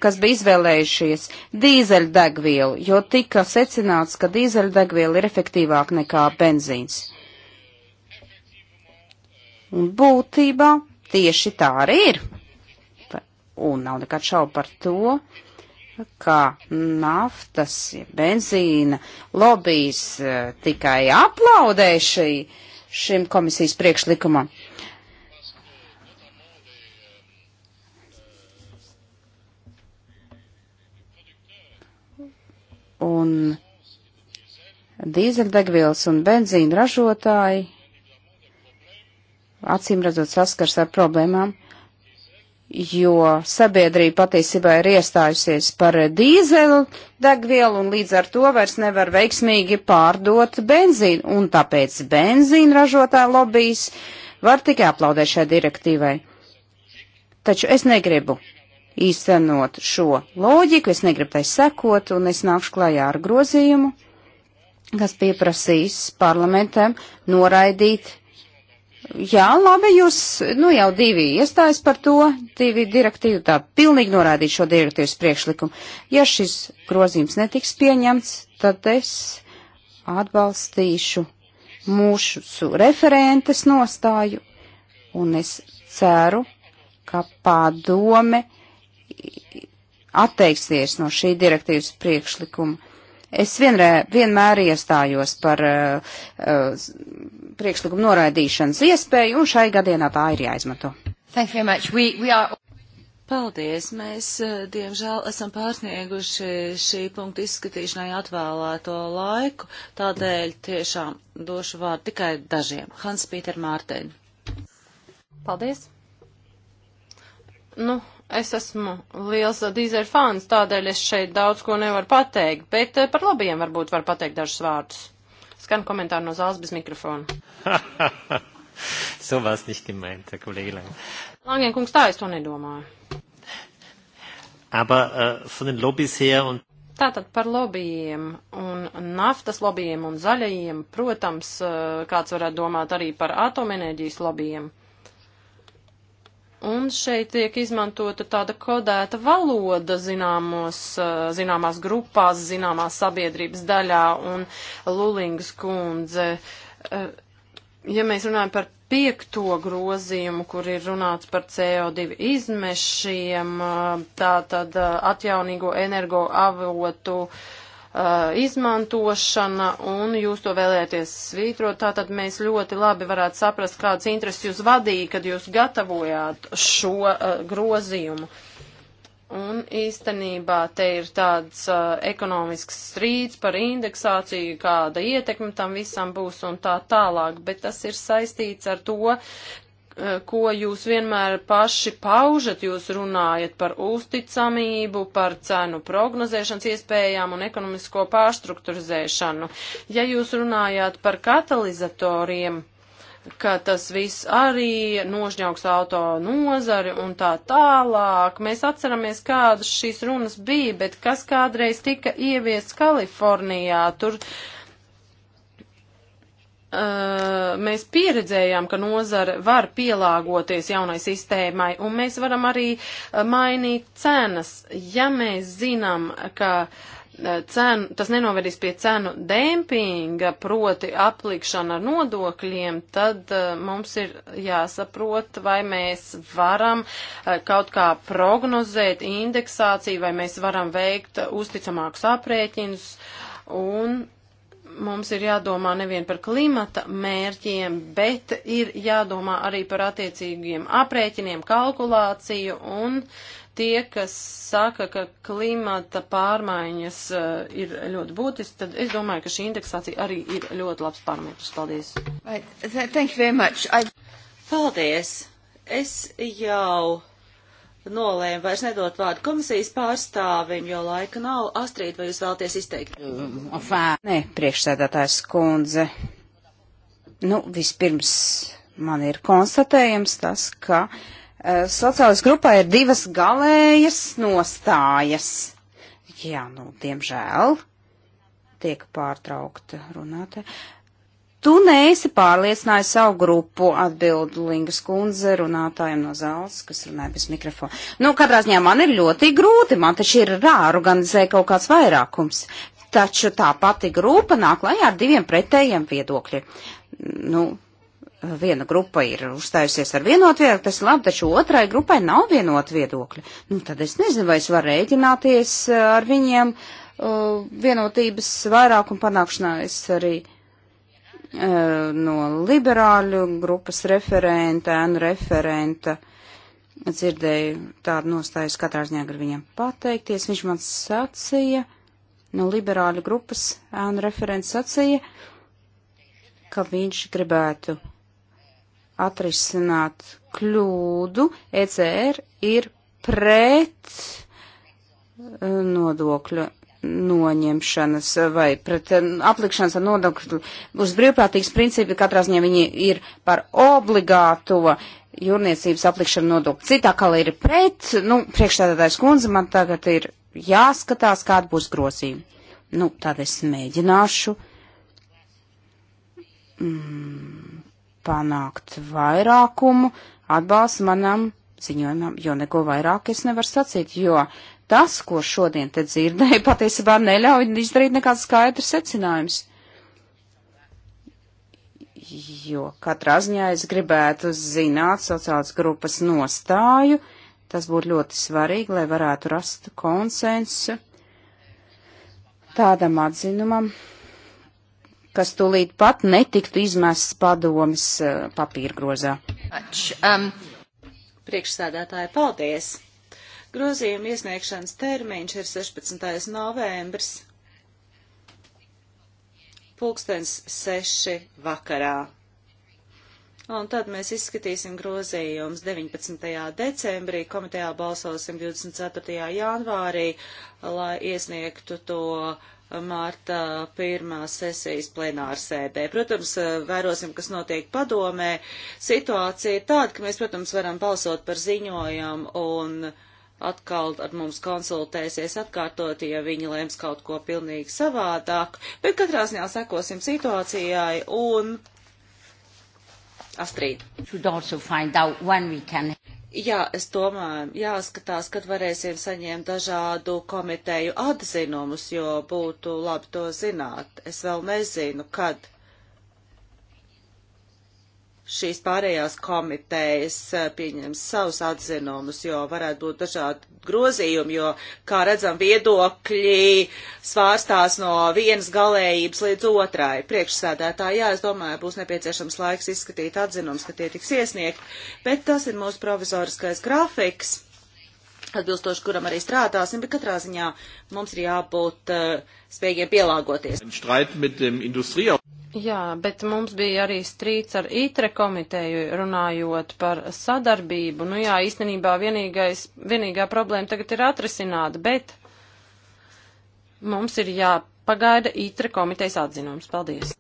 B: kas bija izvēlējušies dīzeļdegvielu, jo tika secināts, ka dīzeļdegviela ir efektīvāka nekā benzīns. Un būtībā Tieši tā arī ir. Un nav nekāds šaubu par to, ka naftas, benzīna lobijas eh, tikai aplaudē šī, šim komisijas priekšlikumam. Un dīzeļdegvielas un benzīna ražotāji acīm redzot saskars ar problēmām, jo sabiedrība patiesībā ir iestājusies par dīzelu degvielu un līdz ar to vairs nevar veiksmīgi pārdot benzīnu, un tāpēc benzīnu ražotāja lobbyis var tikai aplaudēt šai direktīvai. Taču es negribu īstenot šo loģiku, es negribu tai sekot, un es nākšu klajā ar grozījumu, kas pieprasīs parlamentam noraidīt Jā, labi, jūs nu, jau divi iestājas par to, divi direktīvi tā pilnīgi norādīt šo direktīvas priekšlikumu. Ja šis grozījums netiks pieņemts, tad es atbalstīšu mūsu referentes nostāju un es ceru, ka padome atteiksies no šī direktīvas priekšlikuma. Es vienrē, vienmēr iestājos par uh, uh, priekšlikuma noraidīšanas iespēju, un šai gadienā tā ir jāizmanto. We, we are...
A: Paldies! Mēs, eh, diemžēl, esam pārsnieguši šī punkta izskatīšanai atvēlēto laiku, tādēļ tiešām došu vārdu tikai dažiem. Hans Pīter Mārteņ. Paldies! Nu,
C: es esmu liels dīzeļu fans, tādēļ es šeit daudz ko nevaru pateikt, bet eh, par labajiem varbūt var pateikt dažus vārdus. Skan komentāri no zāles bez mikrofona. *laughs* so war es nicht gemeint, Herr Kollege Lang. Langen kungs, tā es to nedomāju. Aber äh, von den Lobbys her und Tātad par lobbyiem un naftas lobbyiem un zaļajiem, protams, äh, kāds varētu domāt arī par atomenerģijas lobbyiem. Un šeit tiek izmantota tāda kodēta valoda zināmos, eh, zināmās grupās, zināmās sabiedrības daļā un Lulings kundze. Eh, ja mēs runājam par piekto grozījumu, kur ir runāts par CO2 izmešiem, eh, tā tad atjaunīgo energo avotu uh, uh, izmantošana, un jūs to vēlēties svītrot, tātad mēs ļoti labi varētu saprast, kādas intereses jūs vadīja, kad jūs gatavojāt šo uh, grozījumu. Un īstenībā te ir tāds uh, ekonomisks strīds par indeksāciju, kāda ietekme tam visam būs un tā tālāk, bet tas ir saistīts ar to, Eh, ko jūs vienmēr paši paužat, jūs runājat par uzticamību, par cenu prognozēšanas iespējām un ekonomisko pārstrukturizēšanu. Ja jūs runājāt par katalizatoriem, ka tas viss arī nožņauks auto nozari un tā tālāk. Mēs atceramies, kādas šīs runas bija, bet kas kādreiz tika ieviests Kalifornijā. Tur uh, Uh, mēs pieredzējām, ka nozara var pielāgoties jaunai sistēmai, un mēs varam arī uh, mainīt cenas. Ja mēs zinām, ka uh, eh, cenu, tas nenovedīs pie cenu dēmpinga, proti aplikšana ar nodokļiem, tad mums ir jāsaprot, vai mēs varam kaut kā prognozēt indeksāciju, vai mēs varam veikt uzticamākus aprēķinus un mums ir jādomā nevien par klimata mērķiem, bet ir jādomā arī par attiecīgiem aprēķiniem, kalkulāciju un tie, kas saka, ka klimata pārmaiņas uh, ir ļoti būtiski, tad es domāju, ka šī indeksācija arī ir ļoti labs parametrs. Paldies.
B: Right. Thank
A: you very much. I... Paldies. Es jau nolēma vairs nedot vārdu komisijas pārstāvim, jo laika nav. Astrid, vai jūs vēlties izteikt?
B: Nē, priekšsēdētājs kundze. Nu, vispirms man ir konstatējums tas, ka uh, eh, sociālas grupā ir divas galējas nostājas. Jā, nu, diemžēl tiek pārtraukta runātāja. Tu neesi pārliecinājis savu grupu, atbild Lingas kundze runātājiem no zāles, kas runāja bez mikrofona. Nu, katrā ziņā man ir ļoti grūti, man taču ir rāorganizē kaut kāds vairākums. Taču tā pati grupa nāk lajā ar diviem pretējiem viedokļiem. Nu, viena grupa ir uzstājusies ar vienotu viedokli, tas labi, taču otrai grupai nav vienotu viedokļu. Nu, tad es nezinu, vai es varu rēķināties uh, ar viņiem uh, vienotības vairākumu panākšanā. Es arī. Uh, Eh, no liberāļu grupas referenta, ēnu referenta. Dzirdēju tādu nostājas katrā ziņā ar viņam pateikties. Viņš man sacīja, no liberāļu grupas ēnu referents sacīja, ka viņš gribētu atrisināt kļūdu. ECR ir pret eh, nodokļu noņemšanas vai pret eh, aplikšanas ar nodokļu uz brīvprātīgas principi, katrā ziņā viņi ir par obligāto jūrniecības aplikšanu nodokļu. Citā kalē ir pret, nu, priekšstādātājs kundze man tagad ir jāskatās, kāda būs grozījuma. Nu, tad es mēģināšu mm, panākt vairākumu atbalstu manam ziņojumam, jo neko vairāk es nevaru sacīt, jo Tas, ko šodien te dzirdēju, *laughs* patiesībā neļauj izdarīt nekāds skaidrs secinājums. Jo katrā ziņā es gribētu zināt sociālas grupas nostāju. Tas būtu ļoti svarīgi, lai varētu rast konsensu tādam atzinumam, kas tūlīt pat netiktu izmests padomis eh, papīrgrozā.
A: Um, priekšsēdētāji, paldies! Grozījuma iesniegšanas termiņš ir 16. novembris, pulkstens 6 vakarā. Un tad mēs izskatīsim grozījumus 19. decembrī, komitejā balsosim 24. janvārī, lai iesniegtu to mārta pirmās sesijas plenāra sēdē. Protams, vērosim, kas notiek padomē. Situācija ir tāda, ka mēs, protams, varam balsot par ziņojumu un uh, atkal ar mums konsultēsies atkārtot, ja viņi lēms kaut ko pilnīgi savādāk, bet katrā ziņā sekosim situācijai un Astrid. Jā, es domāju, jāskatās, kad varēsim saņemt dažādu komiteju atzinumus, jo būtu labi to zināt. Es vēl nezinu, kad šīs pārējās komitejas eh, pieņems savus atzinumus, jo varētu būt dažādi grozījumi, jo, kā redzam, viedokļi svārstās no vienas galējības līdz otrai. Priekšsēdētā, jā, es domāju, būs nepieciešams laiks izskatīt atzinums, ka tie tiks iesniegt, bet tas ir mūsu provizoriskais grafiks, atbilstoši kuram arī strādāsim, bet katrā ziņā mums ir jābūt uh, spējīgiem pielāgoties. Jā, bet mums bija arī strīds ar ITRE
C: komiteju runājot par sadarbību. Nu jā, īstenībā vienīgais, vienīgā problēma tagad ir atrisināta, bet mums ir jāpagaida ITRE komitejas atzinums. Paldies.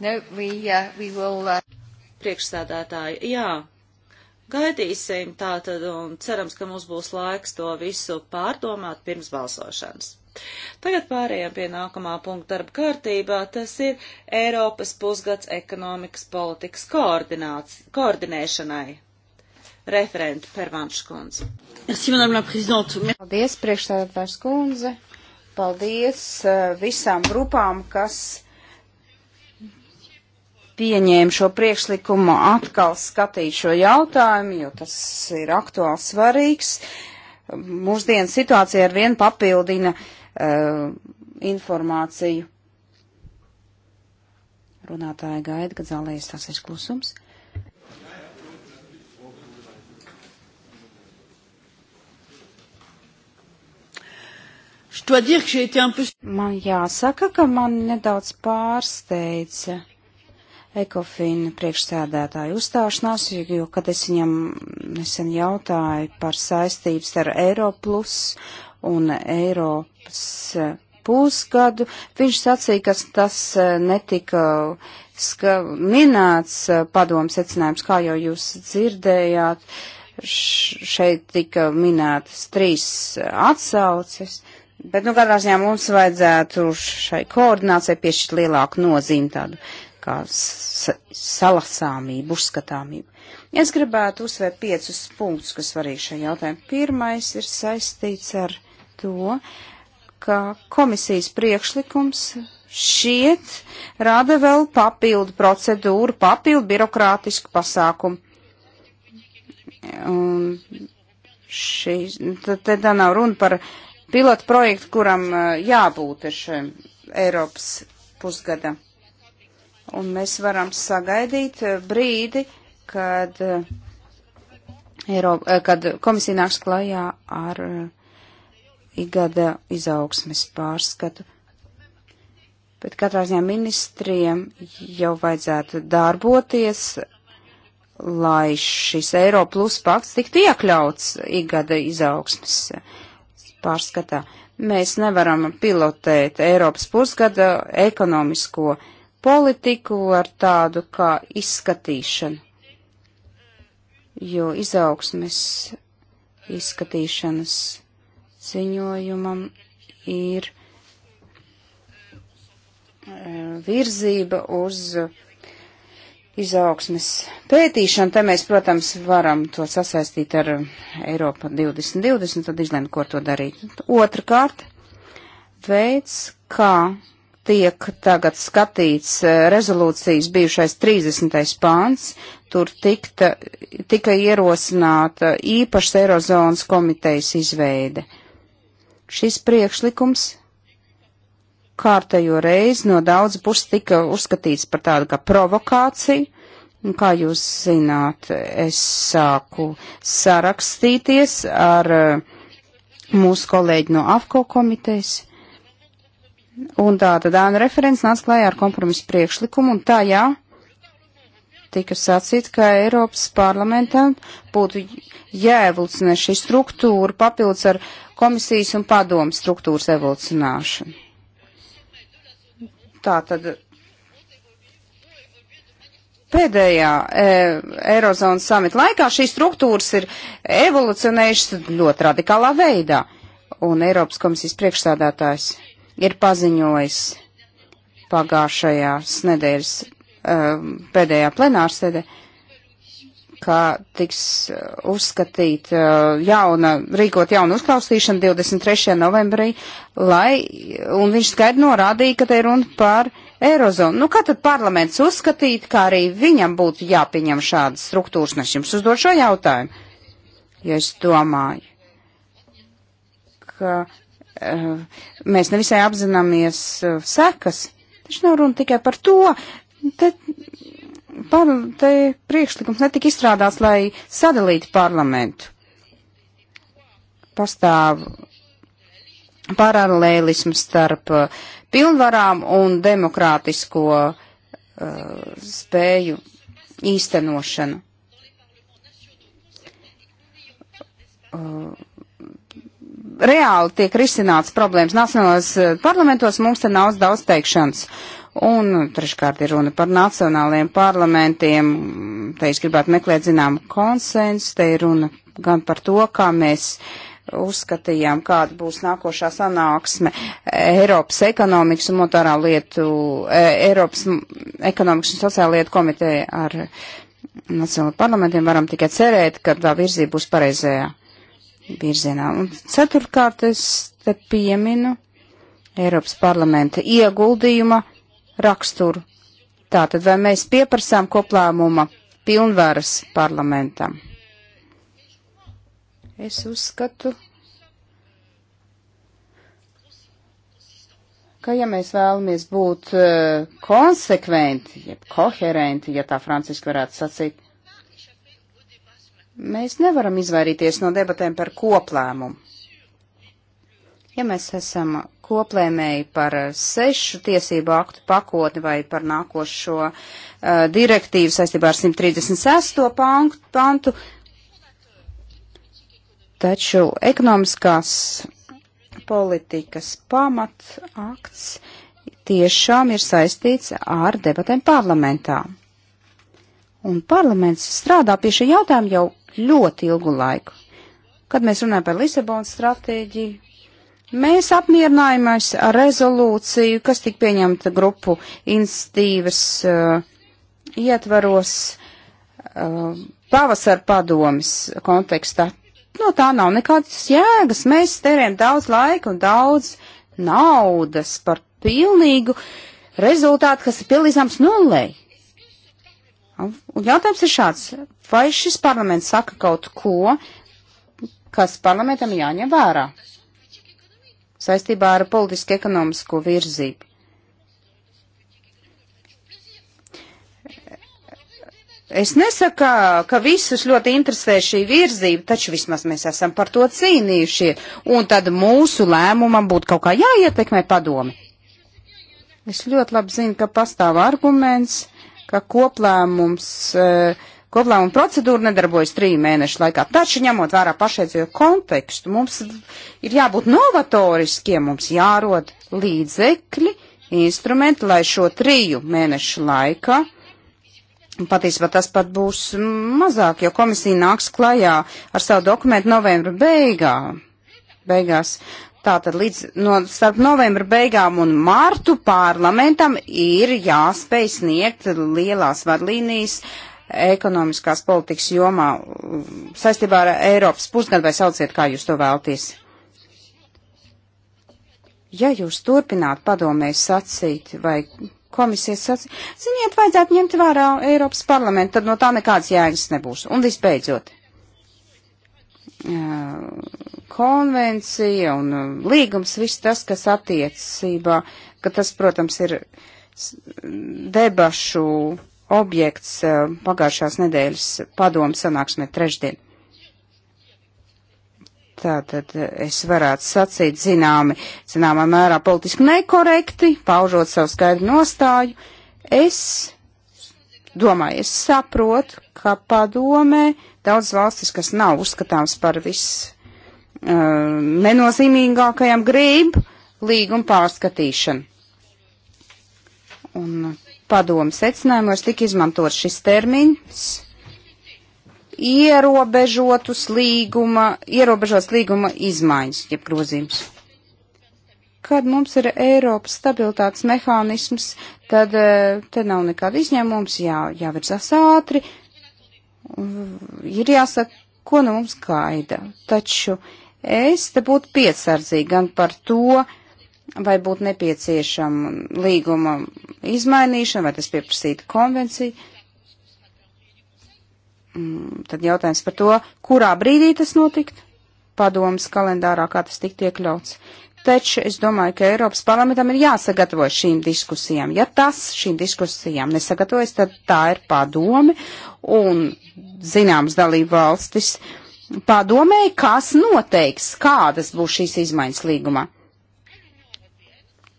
A: No, we, uh, we will, uh... Priekšsēdētāji, jā. Gaidīsim tātad un cerams, ka mums būs laiks to visu pārdomāt pirms balsošanas. Tagad pārējām pie nākamā punkta darba kārtībā. Tas ir Eiropas pusgads ekonomikas politikas koordinēšanai. Referenti Pervanš kundze.
B: Paldies, priekšstādātājs kundze. Paldies eh, visām grupām, kas pieņēma šo priekšlikumu atkal skatīt šo jautājumu, jo tas ir aktuāls svarīgs. Mūsdienu situācija ar vienu papildina uh, Uh, informāciju. Runātāja gaida, kad zālē iestāsies klusums. Man jāsaka, ka man nedaudz pārsteidza Ekofina priekšsēdētāju uzstāšanās, jo, kad es viņam nesen jautāju par saistības ar Eiroplus un Eiropas eh, pusgadu. Viņš sacīja, ka tas eh, netika minēts eh, padomu secinājums, kā jau jūs dzirdējāt. Šeit tika minētas trīs atsauces. Bet, nu, katrā ziņā mums vajadzētu šai koordinācijai piešķirt lielāku nozīmi tādu kā salasāmību, uzskatāmību. Es gribētu uzsvērt piecus punktus, kas svarīgi šajā jautājumā. Pirmais ir saistīts ar to, ka komisijas priekšlikums šiet rada vēl papildu procedūru, papildu birokrātisku pasākumu. Un šī, te tā nav runa par pilotu projektu, kuram jābūt ar šiem Eiropas pusgada. Un mēs varam sagaidīt brīdi, kad, Eiropa, kad komisija nāks klajā ar uh, igada izaugsmes pārskatu. Bet katrā ziņā ministriem jau vajadzētu darboties, lai šis Eiro plus pakts tiktu iekļauts igada izaugsmes pārskatā. Mēs nevaram pilotēt Eiropas pusgada ekonomisko politiku ar tādu kā izskatīšanu, jo izaugsmes izskatīšanas ziņojumam ir e, virzība uz izaugsmes pētīšanu. Te mēs, protams, varam to sasaistīt ar Eiropa 2020, tad izlemt, ko to darīt. Otrakārt, veids, kā tiek tagad skatīts e, rezolūcijas bijušais 30. pāns, tur tikta, tika ierosināta īpašas Eirozonas komitejas izveide. Šis priekšlikums kārtējo reizi no daudz puses tika uzskatīts par tādu kā provokāciju. Un kā jūs zināt, es sāku sarakstīties ar eh, mūsu kolēģi no AFCO komitejas. Un tā tad Dāna referents nāca klājā ar kompromisu priekšlikumu, un tajā tika sacīts, ka Eiropas parlamentam būtu jāevolucionē šī struktūra papildus ar komisijas un padomu struktūras evolucionāšanu. Tā tad pēdējā e, Eirozonas samita laikā šīs struktūras ir evolucionējušas ļoti radikālā veidā. Un Eiropas komisijas priekšstādātājs ir paziņojis pagājušajās nedēļas Um, pēdējā plenārsēde, ka tiks uh, uzskatīt uh, jauna, rīkot jaunu uzklausīšanu 23. novembrī, lai, un viņš skaidri norādīja, ka te ir runa par Eirozonu. Nu, kā tad parlaments uzskatīt, kā arī viņam būtu jāpieņem šādas struktūras, nes jums uzdod šo jautājumu? Jo es domāju, ka uh, mēs nevisai apzināmies uh, sekas. Taču nav runa tikai par to. Te, par, te priekšlikums netika izstrādāts, lai sadalītu parlamentu. Pastāv paralēlisms starp uh, pilnvarām un demokrātisko uh, spēju īstenošanu. Uh, reāli tiek risināts problēmas nacionālās uh, parlamentos, mums te nav daudz teikšanas. Uh, Un treškārt ir runa par nacionālajiem parlamentiem. Te es gribētu meklēt zināmu konsensu. Te ir runa gan par to, kā mēs uzskatījām, kāda būs nākošā sanāksme Eiropas ekonomikas un monetārā lietu, e, Eiropas ekonomikas un sociāla lietu komiteja ar nacionālajiem parlamentiem. Varam tikai cerēt, ka tā virzība būs pareizajā virzienā. Un ceturkārt es te pieminu Eiropas parlamenta ieguldījuma raksturu. Tātad, vai mēs pieprasām koplēmuma pilnvaras parlamentam? Es uzskatu, ka ja mēs vēlamies būt uh, konsekventi, jeb koherenti, ja tā franciski varētu sacīt, mēs nevaram izvairīties no debatēm par koplēmumu. Ja mēs esam koplēmēji par eh, sešu tiesību aktu pakotni vai par nākošo uh, direktīvu saistībā ar 136. Pantu, pantu. Taču ekonomiskās politikas pamatakts tiešām ir saistīts ar debatēm parlamentā. Un parlaments strādā pie šī jautājuma jau ļoti ilgu laiku. Kad mēs runājam par Lisabonas stratēģiju, Mēs apmierinājamies ar rezolūciju, kas tika pieņemta grupu institīvas uh, ietvaros uh, pavasar padomis kontekstā. No nu, tā nav nekādas jēgas. Mēs terējam daudz laika un daudz naudas par pilnīgu rezultātu, kas ir pilnīzams nullei. Un jautājums ir šāds. Vai šis parlaments saka kaut ko, kas parlamentam jāņem vērā? saistībā ar politisku ekonomisko virzību. Es nesaku, ka visus ļoti interesē šī virzība, taču vismaz mēs esam par to cīnījušie, un tad mūsu lēmumam būtu kaut kā jāietekmē padomi. Es ļoti labi zinu, ka pastāv arguments, ka koplēmums uh, koplēmuma procedūra nedarbojas trīs mēnešu laikā. Taču, ņemot vērā pašreizējo kontekstu, mums ir jābūt novatoriskiem, mums jārod līdzekļi, instrumenti, lai šo triju mēnešu laikā. Patiesībā tas pat būs mazāk, jo komisija nāks klajā ar savu dokumentu novembra beigā. beigās. Tātad līdz no, starp novembra beigām un martu parlamentam ir jāspēj sniegt lielās vadlīnijas uh, ekonomiskās politikas jomā saistībā ar Eiropas pusgadu vai sauciet, kā jūs to vēlties. Ja jūs turpināt padomēs sacīt vai komisijas sacīt, ziniet, vajadzētu ņemt vērā Eiropas parlamentu, tad no tā nekāds jēgas nebūs. Un visbeidzot, konvencija un līgums, viss tas, kas attiecībā, ka tas, protams, ir debašu objekts eh, pagājušās nedēļas padomu sanāksmē trešdien. Tātad eh, es varētu sacīt zināmi, zināmā mērā politiski nekorekti, paužot savu skaidru nostāju. Es domāju, es saprotu, ka padomē daudz valstis, kas nav uzskatāms par viss uh, eh, nenozīmīgākajam, grib līguma pārskatīšanu. Un padomu secinājumos tika izmantot šis termins ierobežotus līguma, ierobežotas līguma izmaiņas, jeb grozījums. Kad mums ir Eiropas stabilitātes mehānisms, tad eh, te nav nekāda izņēmums, jā, jāvirzās ātri, ir jāsaka, ko no nu mums gaida. Taču es te būtu piesardzīgi gan par to, uh, vai būtu nepieciešama līguma izmainīšana, vai tas pieprasītu konvenciju. Mm, tad jautājums par to, kurā brīdī tas notikt, padomas kalendārā, kā tas tik iekļauts. Taču es domāju, ka Eiropas parlamentam ir jāsagatavojas šīm diskusijām. Ja tas šīm diskusijām nesagatavojas, tad tā ir padome un zināms dalību valstis padomēji, kas noteiks, kādas būs šīs izmaiņas līgumā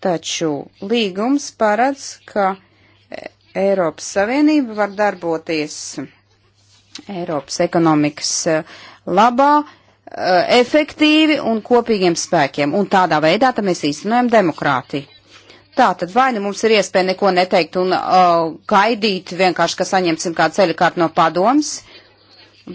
B: taču līgums paredz, ka Eiropas Savienība var darboties Eiropas ekonomikas eh, labā, eh, efektīvi un kopīgiem spēkiem. Un tādā veidā tad mēs īstenojam demokrātiju. Tā tad vai nu mums ir iespēja neko neteikt un uh, gaidīt vienkārši, ka saņemsim kādu ceļu kārt no padoms,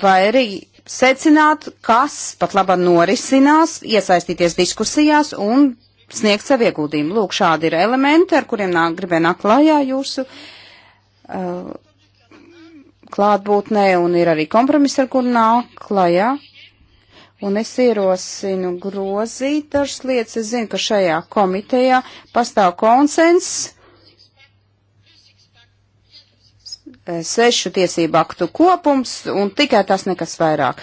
B: vai arī secināt, kas pat laba norisinās, iesaistīties diskusijās un sniegt savu ieguldījumu. Lūk, šādi ir elementi, ar kuriem nāk, gribēja nākt klājā jūsu uh, klātbūtnē, un ir arī kompromiss, ar kur nāk klājā. Un es ierosinu grozīt dažas lietas. Es zinu, ka šajā komitejā pastāv konsens sešu tiesību aktu kopums un tikai tas nekas vairāk.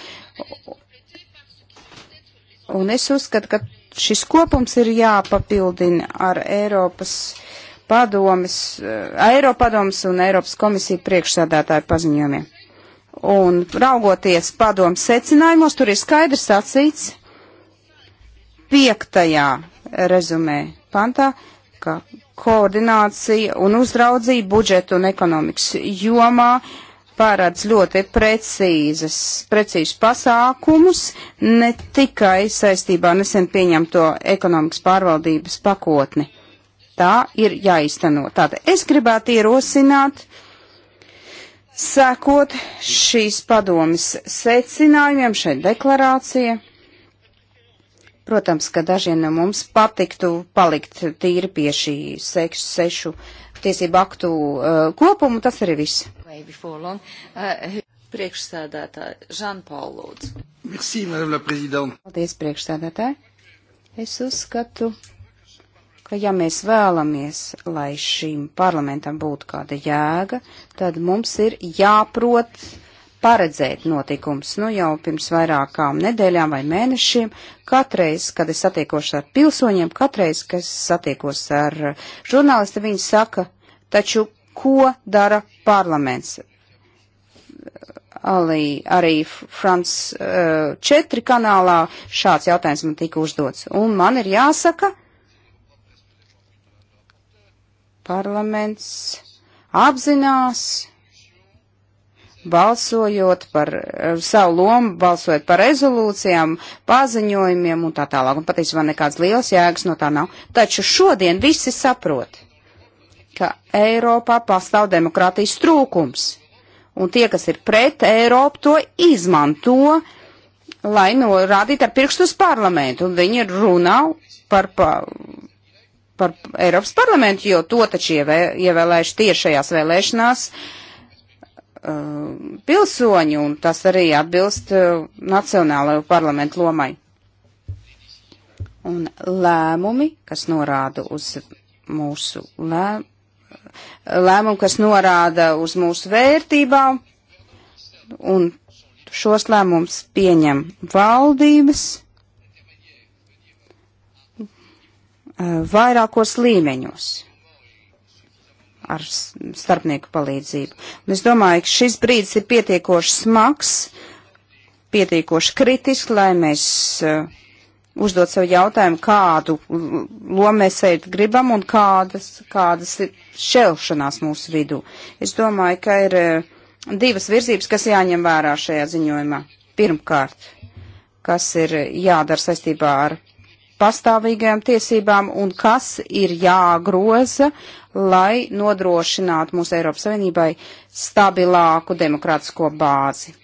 B: Un es uzskatu, ka šis kopums ir jāpapildina ar Eiropas padomis, eh, Eiropadoms un Eiropas komisija priekšsādātāju paziņojumiem. Un raugoties padomu secinājumos, tur ir skaidrs sacīts piektajā rezumē pantā, ka koordinācija un uzraudzība budžeta un ekonomikas jomā paredz ļoti precīzes, precīzes pasākumus, ne tikai saistībā nesen pieņemto ekonomikas pārvaldības pakotni. Tā ir jāizteno. Tātad es gribētu ierosināt, sekot šīs padomas secinājumiem šai deklarācijai. Protams, ka dažiem no mums patiktu palikt tīri pie šī seksu, sešu tiesību aktu uh, kopumu, tas arī viss
A: me before long. Uh, priekšsēdētāji, Žanpaul lūdzu.
B: Merci, madame la présidente. Paldies, priekšsēdētāji. Es uzskatu, ka ja mēs vēlamies, lai šīm parlamentam būtu kāda jēga, tad mums ir jāprot paredzēt notikums. Nu jau pirms vairākām nedēļām vai mēnešiem, katreiz, kad es satiekos ar pilsoņiem, katreiz, kad es satiekos ar žurnālisti, viņi saka, taču ko dara parlaments. Alī, arī Frans 4 uh, eh, kanālā šāds jautājums man tika uzdots. Un man ir jāsaka, parlaments apzinās, balsojot par eh, savu lomu, balsojot par rezolūcijām, paziņojumiem un tā tālāk. Un patiesībā nekāds liels jēgas no tā nav. Taču šodien visi saprot, ka Eiropā pastāv demokrātijas trūkums, un tie, kas ir pret Eiropu, to izmanto, lai norādītu ar pirkstu uz parlamentu, un viņi runā par, pa, par Eiropas parlamentu, jo to taču ievēlējuši tiešajās vēlēšanās uh, pilsoņi, un tas arī atbilst uh, nacionālajai parlamentu lomai. Un lēmumi, kas norāda uz mūsu lēmumu, lēmumu, kas norāda uz mūsu vērtībām, un šos lēmumus pieņem valdības eh, vairākos līmeņos ar starpnieku palīdzību. Un es domāju, ka šis brīdis ir pietiekoši smags, pietiekoši kritisks, lai mēs uh, uzdot sev jautājumu, kādu lomu mēs šeit gribam un kādas, kādas ir šelšanās mūsu vidū. Es domāju, ka ir eh, divas virzības, kas jāņem vērā šajā ziņojumā. Pirmkārt, kas ir jādara saistībā ar pastāvīgajām tiesībām un kas ir jāgroza, lai nodrošinātu mūsu Eiropas Savienībai stabilāku demokrātisko bāzi.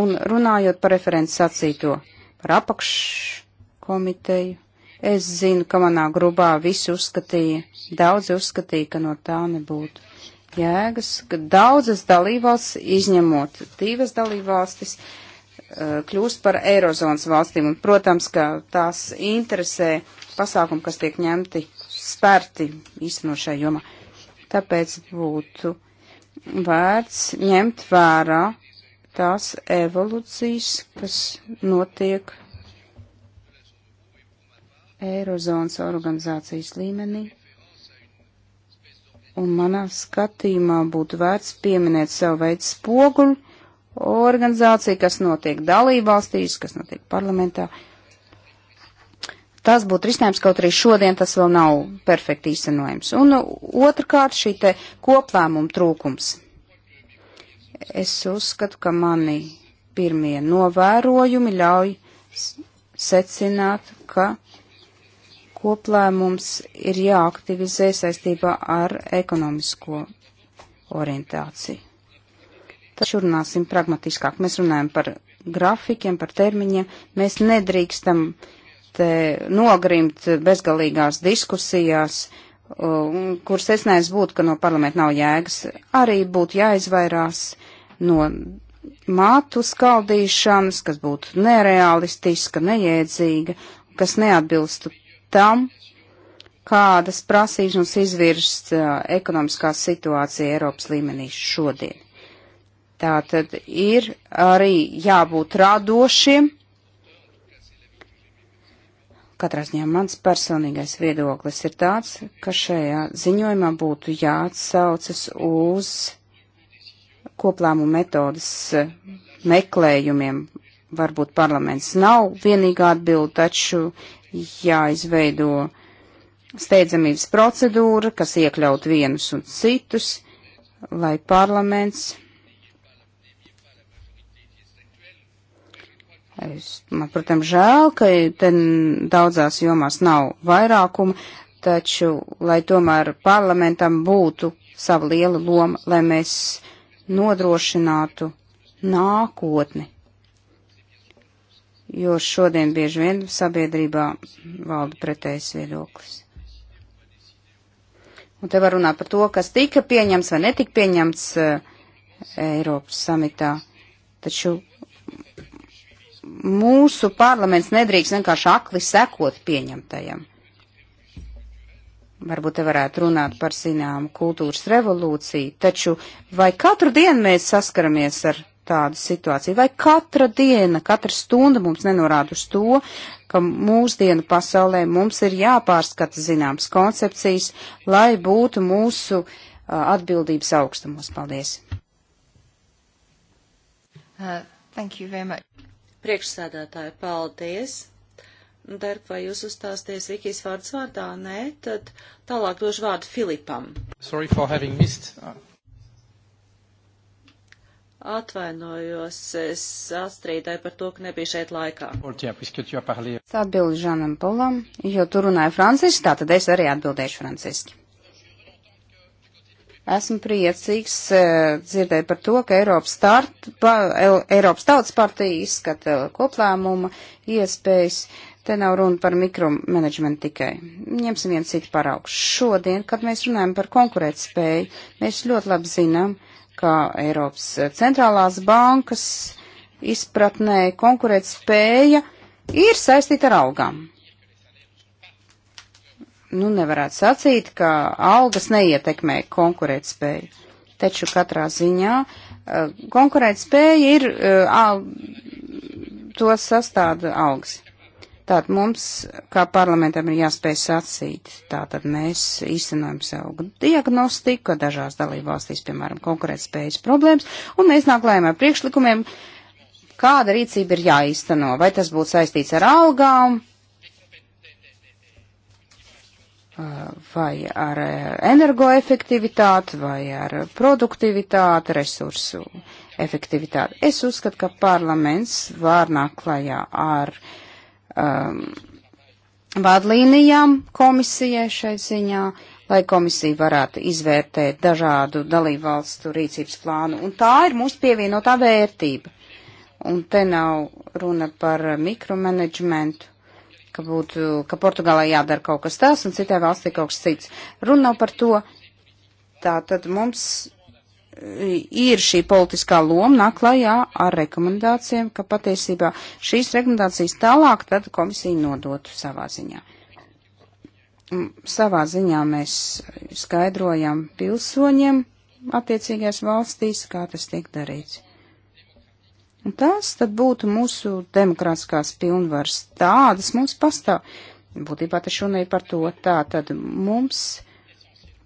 B: Un runājot par referents sacīto, par apakš komiteju. Es zinu, ka manā grupā visi uzskatīja, daudzi uzskatīja, ka no tā nebūtu jēgas, ka daudzas dalībvalstis, izņemot divas dalībvalstis, eh, kļūst par Eirozonas valstīm. Un, protams, ka tās interesē pasākumi, kas tiek ņemti spērti īstenošajā jomā. Tāpēc būtu vērts ņemt vērā tās evolūcijas, kas notiek Eirozonas organizācijas līmenī. Un manā skatījumā būtu vērts pieminēt savu veidu spoguļu organizāciju, kas notiek dalībvalstīs, kas notiek parlamentā. Tas būtu risinājums, kaut arī šodien tas vēl nav perfekti īstenojams. Un otrkārt šī te koplēmuma trūkums. Es uzskatu, ka mani pirmie novērojumi ļauj secināt, ka koplēmums ir jāaktivizē saistībā ar ekonomisko orientāciju. Taču runāsim pragmatiskāk. Mēs runājam par grafikiem, par termiņiem. Mēs nedrīkstam te nogrimt bezgalīgās diskusijās, kuras es neesmu būtu, ka no parlamenta nav jēgas. Arī būtu jāizvairās no mātu skaldīšanas, kas būtu nerealistiska, nejēdzīga, kas neatbilstu tam, kādas prasīšanas izvirst ekonomiskā situācija Eiropas līmenī šodien. Tātad ir arī jābūt radošiem. Katrā ziņā mans personīgais viedoklis ir tāds, ka šajā ziņojumā būtu jāatsaucas uz koplēmu metodas meklējumiem. Varbūt parlaments nav vienīgā atbilda, taču jāizveido steidzamības procedūra, kas iekļaut vienus un citus, lai parlaments. Es, man, protams, žēl, ka te daudzās jomās nav vairākuma, taču, lai tomēr parlamentam būtu sava liela loma, lai mēs nodrošinātu nākotni jo šodien bieži vien sabiedrībā valda pretējs viedoklis. Un te var runāt par to, kas tika pieņemts vai netika pieņemts uh, Eiropas samitā. Taču mūsu parlaments nedrīkst vienkārši akli sekot pieņemtajam. Varbūt te varētu runāt par zināmu kultūras revolūciju, taču vai katru dienu mēs saskaramies ar tāda situācija. Vai katra diena, katra stunda mums nenorāda uz to, ka mūsdienu pasaulē mums ir jāpārskata zināms koncepcijas, lai būtu mūsu uh, atbildības augstumos. Paldies!
A: Uh, Priekšsēdētāji, paldies! Darb, vai jūs uzstāsties Vikijas vārdas vārdā? Nē, tad tālāk došu vārdu Filipam. Sorry for having missed. Uh... Atvainojos, es atstrīdēju par to, ka nebija šeit laikā. Es
B: atbildu Žanam Polam, jo tu runāji franciski, tā tad es arī atbildēšu franciski. Esmu priecīgs eh, dzirdēt par to, ka Eiropas, start, pa, Eiropas tautas partija izskata koplēmuma iespējas. Te nav runa par mikromanagementu tikai. Ņemsim vienu citu paraugu. Šodien, kad mēs runājam par konkurētspēju, mēs ļoti labi zinām, uh, ka Eiropas centrālās bankas izpratnē konkurēt spēja ir saistīta ar algām. Nu, nevarētu sacīt, ka algas neietekmē konkurēt spēju. Taču katrā ziņā eh, konkurēt spēja ir, eh, to sastāda algas. Tātad mums, kā parlamentam, ir jāspēj sacīt, tātad mēs izcenojam savu diagnostiku, dažās dalībvalstīs, piemēram, konkurētspējas problēmas, un mēs nāk lēmē priekšlikumiem, kāda rīcība ir jāizteno, vai tas būtu saistīts ar algām, vai ar energoefektivitāti, vai ar produktivitāti, resursu efektivitāti. Es uzskatu, ka parlaments var nāk klajā ar uh, um, vadlīnijām komisijai šai ziņā, lai komisija varētu izvērtēt dažādu dalībvalstu rīcības plānu. Un tā ir mūsu pievienotā vērtība. Un te nav runa par mikromanagementu, ka, būtu, ka Portugālē jādara kaut kas tas un citai valstī kaut kas cits. Runa nav par to. Tātad mums ir šī politiskā loma nāk klajā ar rekomendācijām, ka patiesībā šīs rekomendācijas tālāk tad komisija nodotu savā ziņā. Mm, savā ziņā mēs skaidrojam pilsoņiem attiecīgās valstīs, kā tas tiek darīts. Un tās tad būtu mūsu demokrātiskās pilnvaras. Tādas mums pastāv. Būtībā te šodien par to tā tad mums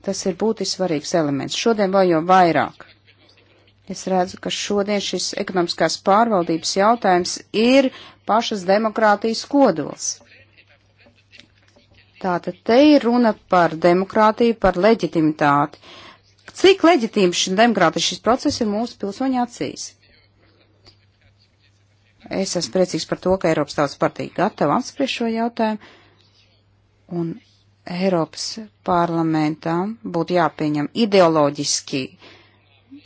B: Tas ir būtiski svarīgs elements. Šodien vēl jau vairāk. Es redzu, ka šodien šis ekonomiskās pārvaldības jautājums ir pašas demokrātijas kodols. Tātad te ir runa par demokrātiju, par leģitimitāti. Cik leģitīms šis demokrātis šis process ir mūsu pilsoņu acīs? Es esmu priecīgs par to, ka Eiropas Tautas partija gatava apspriest šo jautājumu, un Eiropas parlamentam būtu jāpieņem ideoloģiski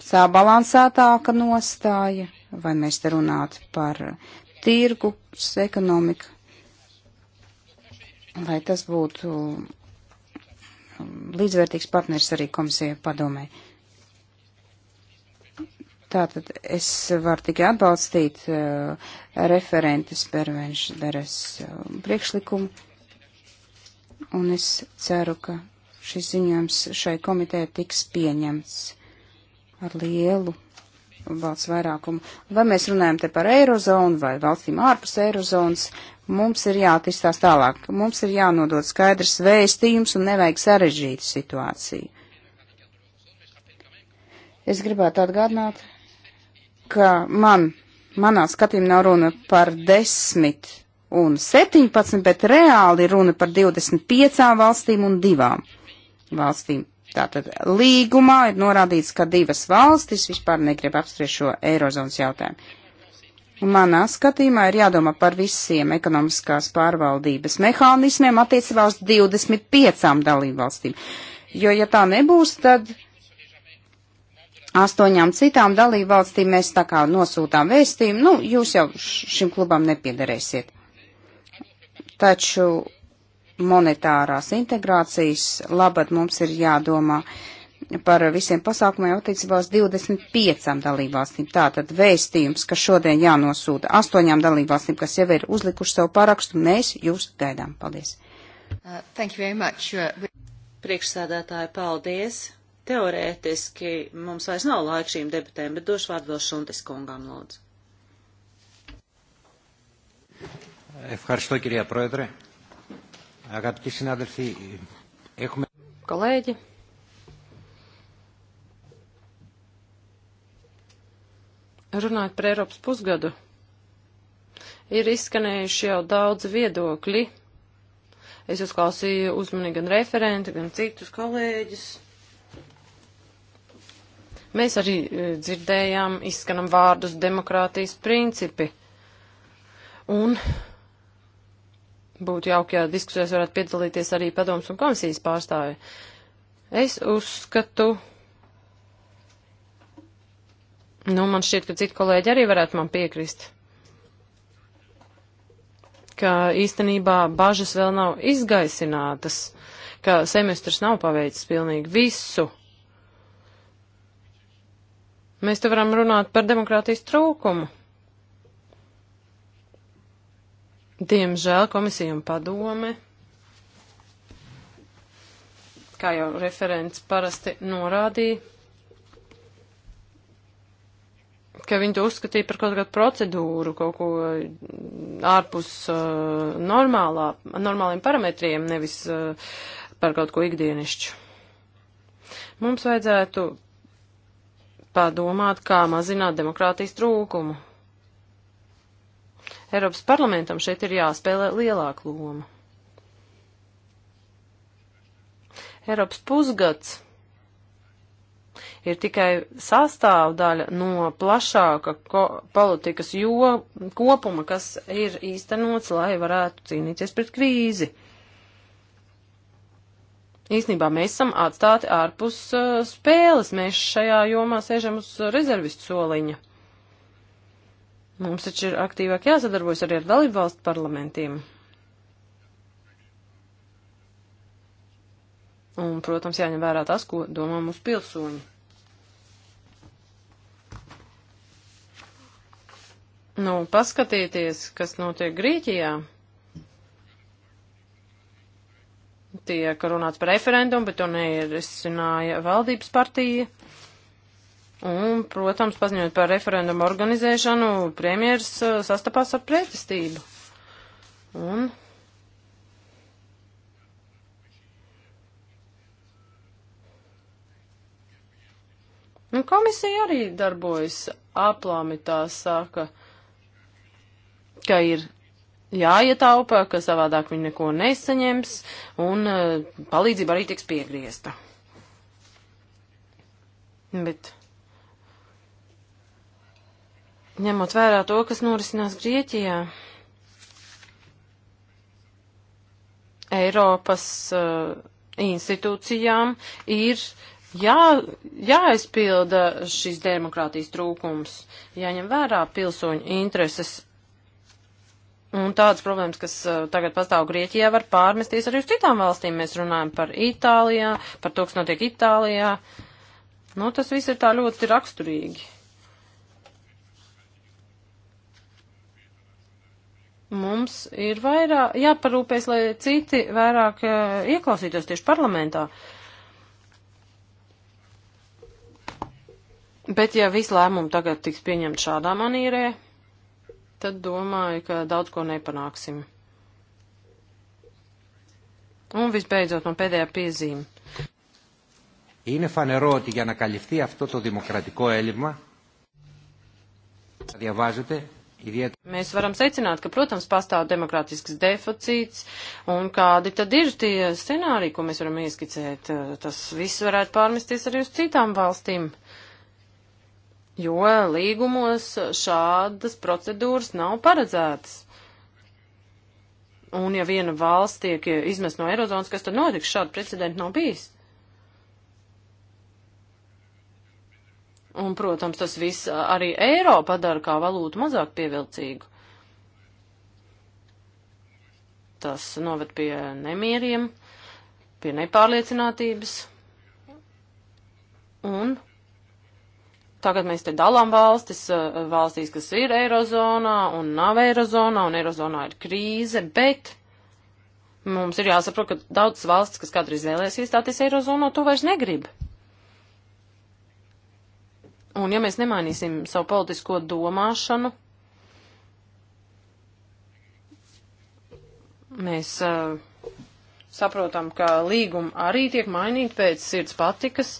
B: sabalansētāka nostāja, vai mēs te runātu par tirgus ekonomiku, lai tas būtu um, līdzvērtīgs partners arī komisija padomē. Tātad es varu tikai atbalstīt uh, referentes pervenšu deres uh, priekšlikumu un es ceru, ka šis ziņojums šai komitē tiks pieņemts ar lielu valsts vairākumu. Vai mēs runājam te par eirozonu vai valstīm ārpus eirozonas, mums ir jāattīstās tālāk. Mums ir jānodod skaidrs vēstījums un nevajag sarežģītu situāciju. Es gribētu atgādināt, ka man, manā skatījumā nav runa par desmit un 17, bet reāli runa par 25 valstīm un divām valstīm. Tātad līgumā ir norādīts, ka divas valstis vispār negrib apspriest šo eirozonas jautājumu. Un manā skatījumā ir jādomā par visiem ekonomiskās pārvaldības mehānismiem attiecībā uz 25 dalībvalstīm. Jo, ja tā nebūs, tad astoņām citām dalībvalstīm mēs tā kā nosūtām vēstījumu, nu, jūs jau šim klubam nepiedarēsiet. Taču monetārās integrācijas labad mums ir jādomā par visiem pasākumiem attiecībās 25 dalībvalstīm. Tātad vēstījums, kas šodien jānosūta astoņām dalībvalstīm, kas jau ir uzlikuši savu parakstu, mēs jūs gaidām. Paldies!
A: Uh, uh Priekšsēdētāji, paldies! Teorētiski mums vairs nav laika šīm debatēm, bet došu vārdu vēl Šuntis kungam, lūdzu.
C: Ευχαριστώ κυρία Πρόεδρε. Αγαπητοί συνάδελφοι, έχουμε... Κολέγοι. Runājot par Eiropas pusgadu, ir izskanējuši jau daudz viedokļi. Es uzklausīju uzmanīgi gan referenti, gan citus kolēģus. Mēs arī e, dzirdējām, izskanam vārdus demokrātijas principi. Un būtu jauki, ja diskusijās varētu piedalīties arī padoms un komisijas pārstāvi. Es uzskatu, nu, man šķiet, ka citi kolēģi arī varētu man piekrist, ka īstenībā bažas vēl nav izgaisinātas, ka semestrs nav paveicis pilnīgi visu. Mēs te varam runāt par demokrātijas trūkumu. Diemžēl komisija un padome, kā jau referents parasti norādīja, ka viņi to uzskatīja par kaut kādu procedūru, kaut ko ārpus uh, normālā, normāliem parametriem, nevis uh, par kaut ko ikdienišķu. Mums vajadzētu padomāt, kā mazināt demokrātijas trūkumu. Eiropas parlamentam šeit ir jāspēlē lielāka loma. Eiropas pusgads ir tikai sastāvdaļa no plašāka ko, politikas jo, kopuma, kas ir īstenots, lai varētu cīnīties pret krīzi. Īsnībā mēs esam atstāti ārpus uh, spēles, mēs šajā jomā sēžam uz rezervistu soliņa. Mums taču ir aktīvāk jāsadarbojas arī ar dalību valstu parlamentiem. Un, protams, jāņem vērā tas, ko domā mūsu pilsoņi. Nu, paskatieties, kas notiek Grieķijā. Tiek runāts par referendumu, bet to neierisināja valdības partija. Un, protams, paziņot par referendumu organizēšanu, premjeras uh, sastapās ar pretestību. Un Un komisija arī darbojas aplāmi tā saka, ka ir jāietaupa, ka savādāk viņi neko nesaņems, un uh, palīdzība arī tiks piegriezta. Bet ņemot vērā to, kas norisinās Grieķijā. Eiropas uh, institūcijām ir jā, jāizpilda šis demokrātijas trūkums, jāņem vērā pilsoņu intereses. Un tādas problēmas, kas uh, tagad pastāv Grieķijā, var pārmesties arī uz citām valstīm. Mēs runājam par Itālijā, par to, kas notiek Itālijā. Nu, tas viss ir tā ļoti raksturīgi. Mums ir vairāk, jāparūpēs, lai citi vairāk uh, ieklausītos tieši parlamentā. Bet ja visu lēmumu tagad tiks pieņemt šādā manīrē, tad domāju, ka daudz ko nepanāksim. Un visbeidzot, man pēdējā piezīme.
B: Είναι φανερό ότι για να καλυφθεί αυτό το δημοκρατικό έλλειμμα, διαβάζετε,
C: Mēs varam secināt, ka, protams, pastāv demokrātisks deficīts, un kādi tad ir tie scenāriji, ko mēs varam ieskicēt. Tas viss varētu pārmesties arī uz citām valstīm, jo līgumos šādas procedūras nav paredzētas. Un ja viena valsts tiek izmest no Eirozonas, kas tad notiks? Šādu precedentu nav bijis. Un, protams, tas viss arī eiro padara kā valūtu mazāk pievilcīgu. Tas noved pie nemieriem, pie nepārliecinātības. Un tagad mēs te dalām valstis, eh, valstīs, kas ir eirozonā un nav eirozonā, un eirozonā ir krīze, bet mums ir jāsaprot, ka daudzas valstis, kas kādreiz vēlēs iestāties eirozonā, to vairs negrib. Un ja mēs nemainīsim savu politisko domāšanu, mēs uh, saprotam, ka līgumi arī tiek mainīti pēc sirds patikas,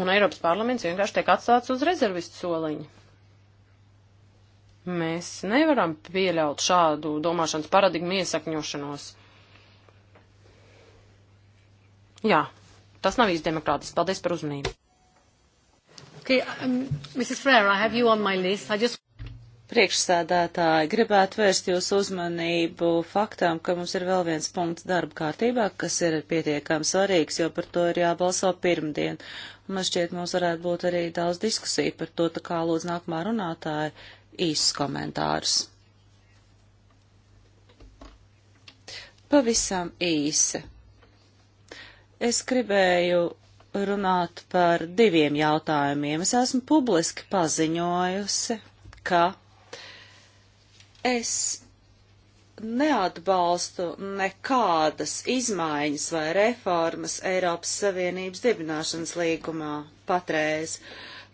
C: un Eiropas parlaments vienkārši tiek atstāts uz rezervistu soliņa. Mēs nevaram pieļaut šādu domāšanas paradigmu iesakņošanos. Jā, tas nav īsti demokrātiski. Paldies par uzmanību.
A: Um, Priekšsēdētāji, gribētu vērst jūsu uzmanību faktām, ka mums ir vēl viens punkts darba kārtībā, kas ir pietiekami svarīgs, jo par to ir jābalso pirmdien. Man šķiet, mums varētu būt arī daudz diskusiju par to, tā kā lūdzu nākamā runātāja īsts komentārs. Pavisam īsi. Es gribēju runāt par diviem jautājumiem. Es esmu publiski paziņojusi, ka es neatbalstu nekādas izmaiņas vai reformas Eiropas Savienības dibināšanas līgumā patreiz,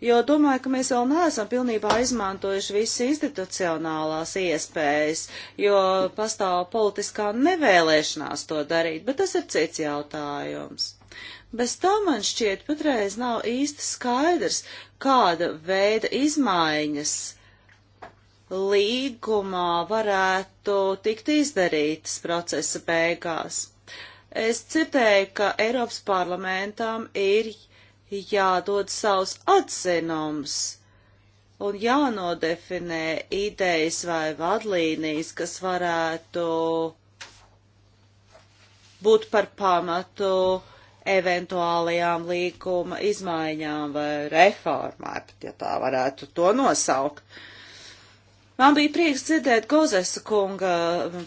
A: jo domāju, ka mēs vēl neesam pilnībā izmantojuši visas institucionālās iespējas, jo pastāv politiskā nevēlēšanās to darīt, bet tas ir cits jautājums. Bez tā man šķiet patreiz nav īsti skaidrs, kāda veida izmaiņas līgumā varētu tikt izdarītas procesa beigās. Es citēju, ka Eiropas parlamentam ir jādod savs atzinums un jānodefinē idejas vai vadlīnijas, kas varētu būt par pamatu eventuālajām līkuma izmaiņām vai reformām, ja tā varētu to nosaukt. Man bija prieks dzirdēt Gozesa kunga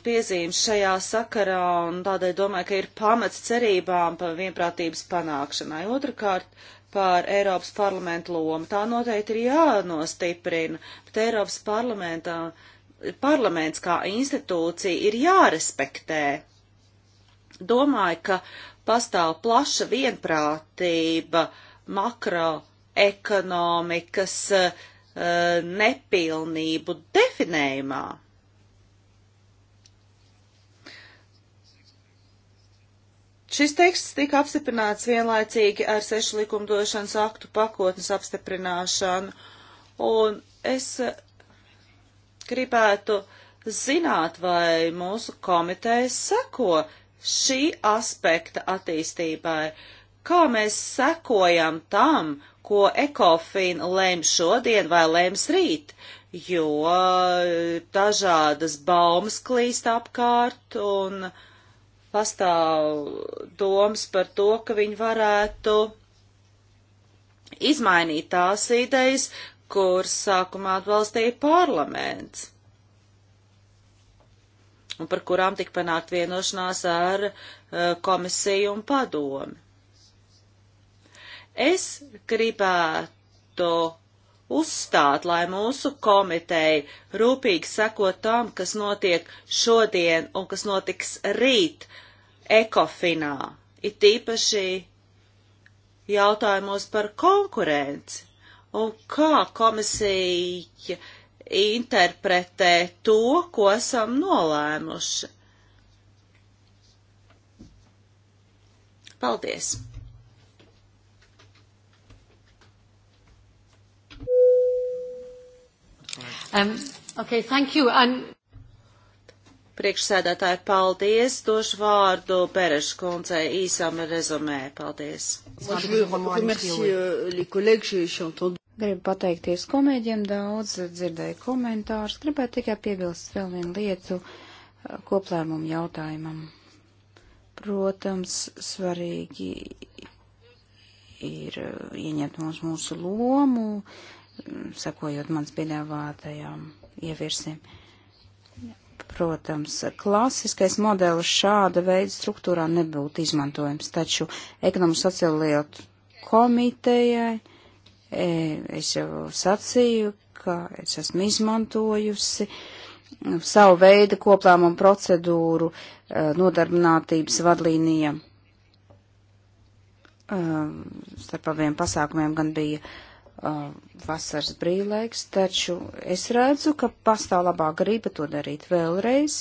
A: piezīmes šajā sakarā, un tādēļ domāju, ka ir pamats cerībām par vienprātības panākšanai. Otrakārt, par Eiropas parlamentu lomu. Tā noteikti ir jānostiprina, bet Eiropas parlamentā, parlaments kā institūcija ir jārespektē domāju, ka pastāv plaša vienprātība makroekonomikas uh, nepilnību definējumā. Šis teksts tika apstiprināts vienlaicīgi ar sešu likumdošanas aktu pakotnes apstiprināšanu, un es eh, gribētu zināt, vai mūsu komiteja seko šī aspekta attīstībai, kā mēs sekojam tam, ko ekofīn lēm šodien vai lēms rīt, jo dažādas baumas klīst apkārt un pastāv domas par to, ka viņi varētu izmainīt tās idejas, kur sākumā atbalstīja parlaments un par kurām tik panākt vienošanās ar eh, komisiju un padomi. Es gribētu uzstāt, lai mūsu komiteja rūpīgi seko tam, kas notiek šodien un kas notiks rīt ekofinā, it īpaši jautājumos par konkurenci un kā komisija interpretē to, ko esam nolēmuši. Paldies! Um, okay, thank you. And... Priekšsēdētāji, paldies. Došu vārdu Bereša kundzei īsam rezumē. Paldies.
B: Moi, Gribu pateikties komēģiem daudz, dzirdēju komentārus, gribētu tikai piebilst vēl vienu lietu eh, koplēmumu jautājumam. Protams, svarīgi ir eh, ieņemt mums mūsu lomu, mm, sakojot mans piedāvātajām ievirsim. Protams, klasiskais modelis šāda veida struktūrā nebūtu izmantojams, taču ekonomikas sociālajā komitejai E, es jau sacīju, ka es esmu izmantojusi savu veidu koplēmumu procedūru e, nodarbinātības vadlīnija. E, starp abiem pasākumiem gan bija vasaras brīvlaiks, taču es redzu, ka pastāv labā grība to darīt vēlreiz.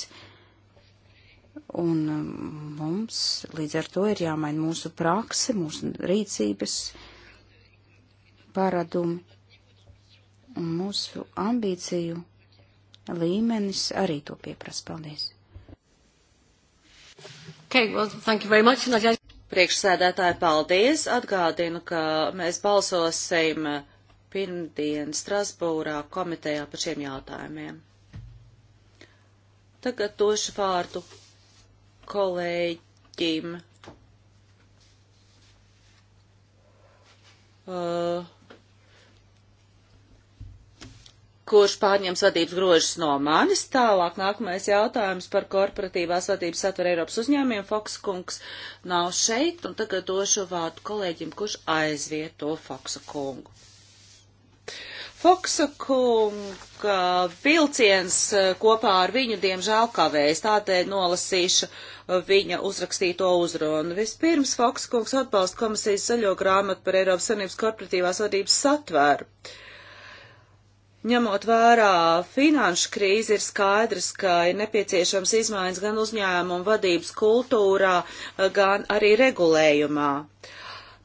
B: Un mm, mums līdz ar to ir jāmaina mūsu prakse, mūsu rīcības paradumi. Un mūsu ambīciju līmenis arī to pieprasa. Paldies!
A: Okay, well, thank you very much. Priekšsēdētāji, paldies! Atgādinu, ka mēs balsosim pirmdien Strasbūrā komitejā par šiem jautājumiem. Tagad došu vārdu kolēģim. Uh, kurš pārņems vadības grožus no manis. Tālāk nākamais jautājums par korporatīvās vadības satveru Eiropas uzņēmiem. Foksa kungs nav šeit, un tagad došu vārdu kolēģim, kurš aizvieto Foksa kungu. Foksa kunga vilciens eh, kopā ar viņu diemžēl kavējas, tādēļ nolasīšu eh, viņa uzrakstīto uzrunu. Vispirms Foksa kungs atbalsta komisijas zaļo grāmatu par Eiropas Savienības korporatīvās vadības satveru. Uh, Ņemot vērā finanšu krīzi, ir skaidrs, ka ir nepieciešams izmaiņas gan uzņēmumu vadības kultūrā, gan arī regulējumā.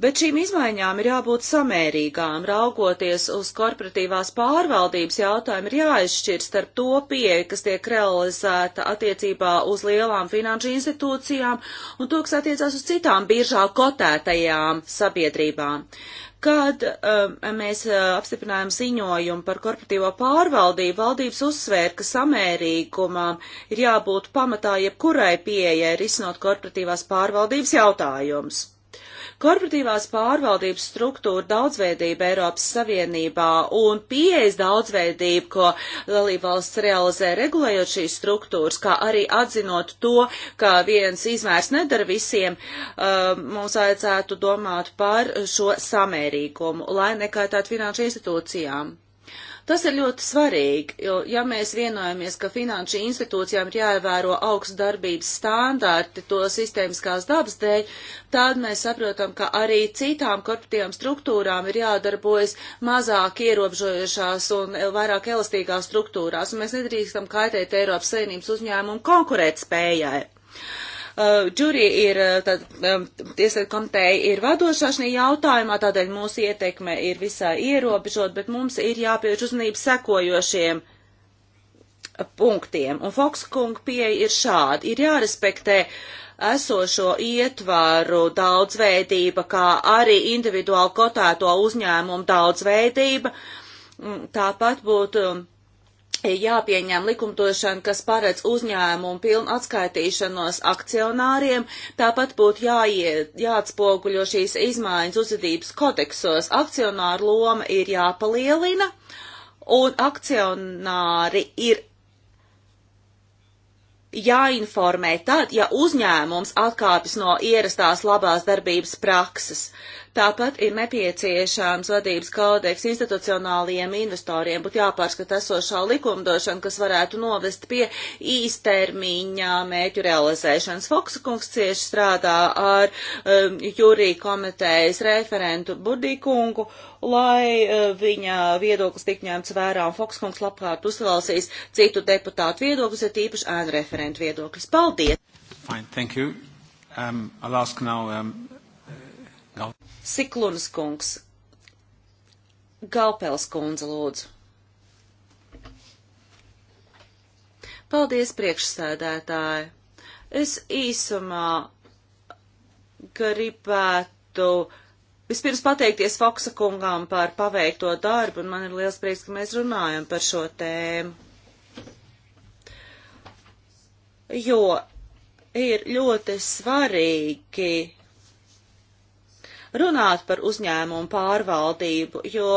A: Bet šīm izmaiņām ir jābūt samērīgām, raugoties uz korporatīvās pārvaldības jautājumu ir jāizšķir starp to pieeja, kas tiek realizēta attiecībā uz lielām finanšu institūcijām un to, kas attiecās uz citām biežāk kotētajām sabiedrībām. Kad um, mēs uh, apstiprinājām ziņojumu par korporatīvo pārvaldību, valdības uzsvēra, ka samērīgumam ir jābūt pamatā jebkurai pieejai risinot korporatīvās pārvaldības jautājumus. Korporatīvās pārvaldības struktūra daudzveidība Eiropas Savienībā un pieejas daudzveidība, ko dalībvalsts realizē regulējot šīs struktūras, kā arī atzinot to, ka viens izmērs nedara visiem, uh, mums vajadzētu domāt par šo samērīgumu, lai nekaitētu finanšu institūcijām. Tas ir ļoti svarīgi, jo, ja mēs vienojamies, ka finanšu institūcijām ir jāievēro augsts darbības standarti to sistēmiskās dabas dēļ, tad mēs saprotam, ka arī citām korporatīvām struktūrām ir jādarbojas mazāk ierobežojušās un vairāk elastīgās struktūrās, un mēs nedrīkstam kaitēt Eiropas Savienības uzņēmumu konkurētspējai. Džuri uh, ir, uh, tad um, tiesa komiteja ir vadošā šajā jautājumā, tādēļ mūsu ietekme ir visai ierobežot, bet mums ir jāpievērš uzmanību sekojošiem punktiem. Un Fokskunga pieeja ir šāda. Ir jārespektē esošo ietvaru daudzveidība, kā arī individuāli kotēto uzņēmumu daudzveidība. Mm, tāpat būtu jāpieņem likumdošana, kas paredz uzņēmumu pilnu atskaitīšanos akcionāriem, tāpat būtu jāiet, jāatspoguļo šīs izmaiņas uzvedības kodeksos. Akcionāru loma ir jāpalielina, un akcionāri ir jāinformē tad, ja uzņēmums atkāpjas no ierastās labās darbības prakses. Uh, Tāpat ir nepieciešams vadības kodeks institucionālajiem investoriem, būtu jāpārskata esošā likumdošana, kas varētu novest pie īstermiņā mēķu realizēšanas. Foksakungs cieši strādā ar um, jūrī komitejas referentu Budīkungu, lai uh, viņa viedoklis tik ņemts vērā, un Fokskungs labkārt uzvalsīs citu deputātu viedoklis, ir tīpaši ēnu referentu viedoklis. Paldies! Fine, thank you. Um, I'll ask now um, Gal... Siklunas kungs. Galpels kundze, lūdzu. Paldies, priekšsēdētāji. Es īsumā gribētu vispirms pateikties Foksa kungām par paveikto darbu, un man ir liels prieks, ka mēs runājam par šo tēmu. Jo ir ļoti svarīgi runāt par uzņēmumu pārvaldību, jo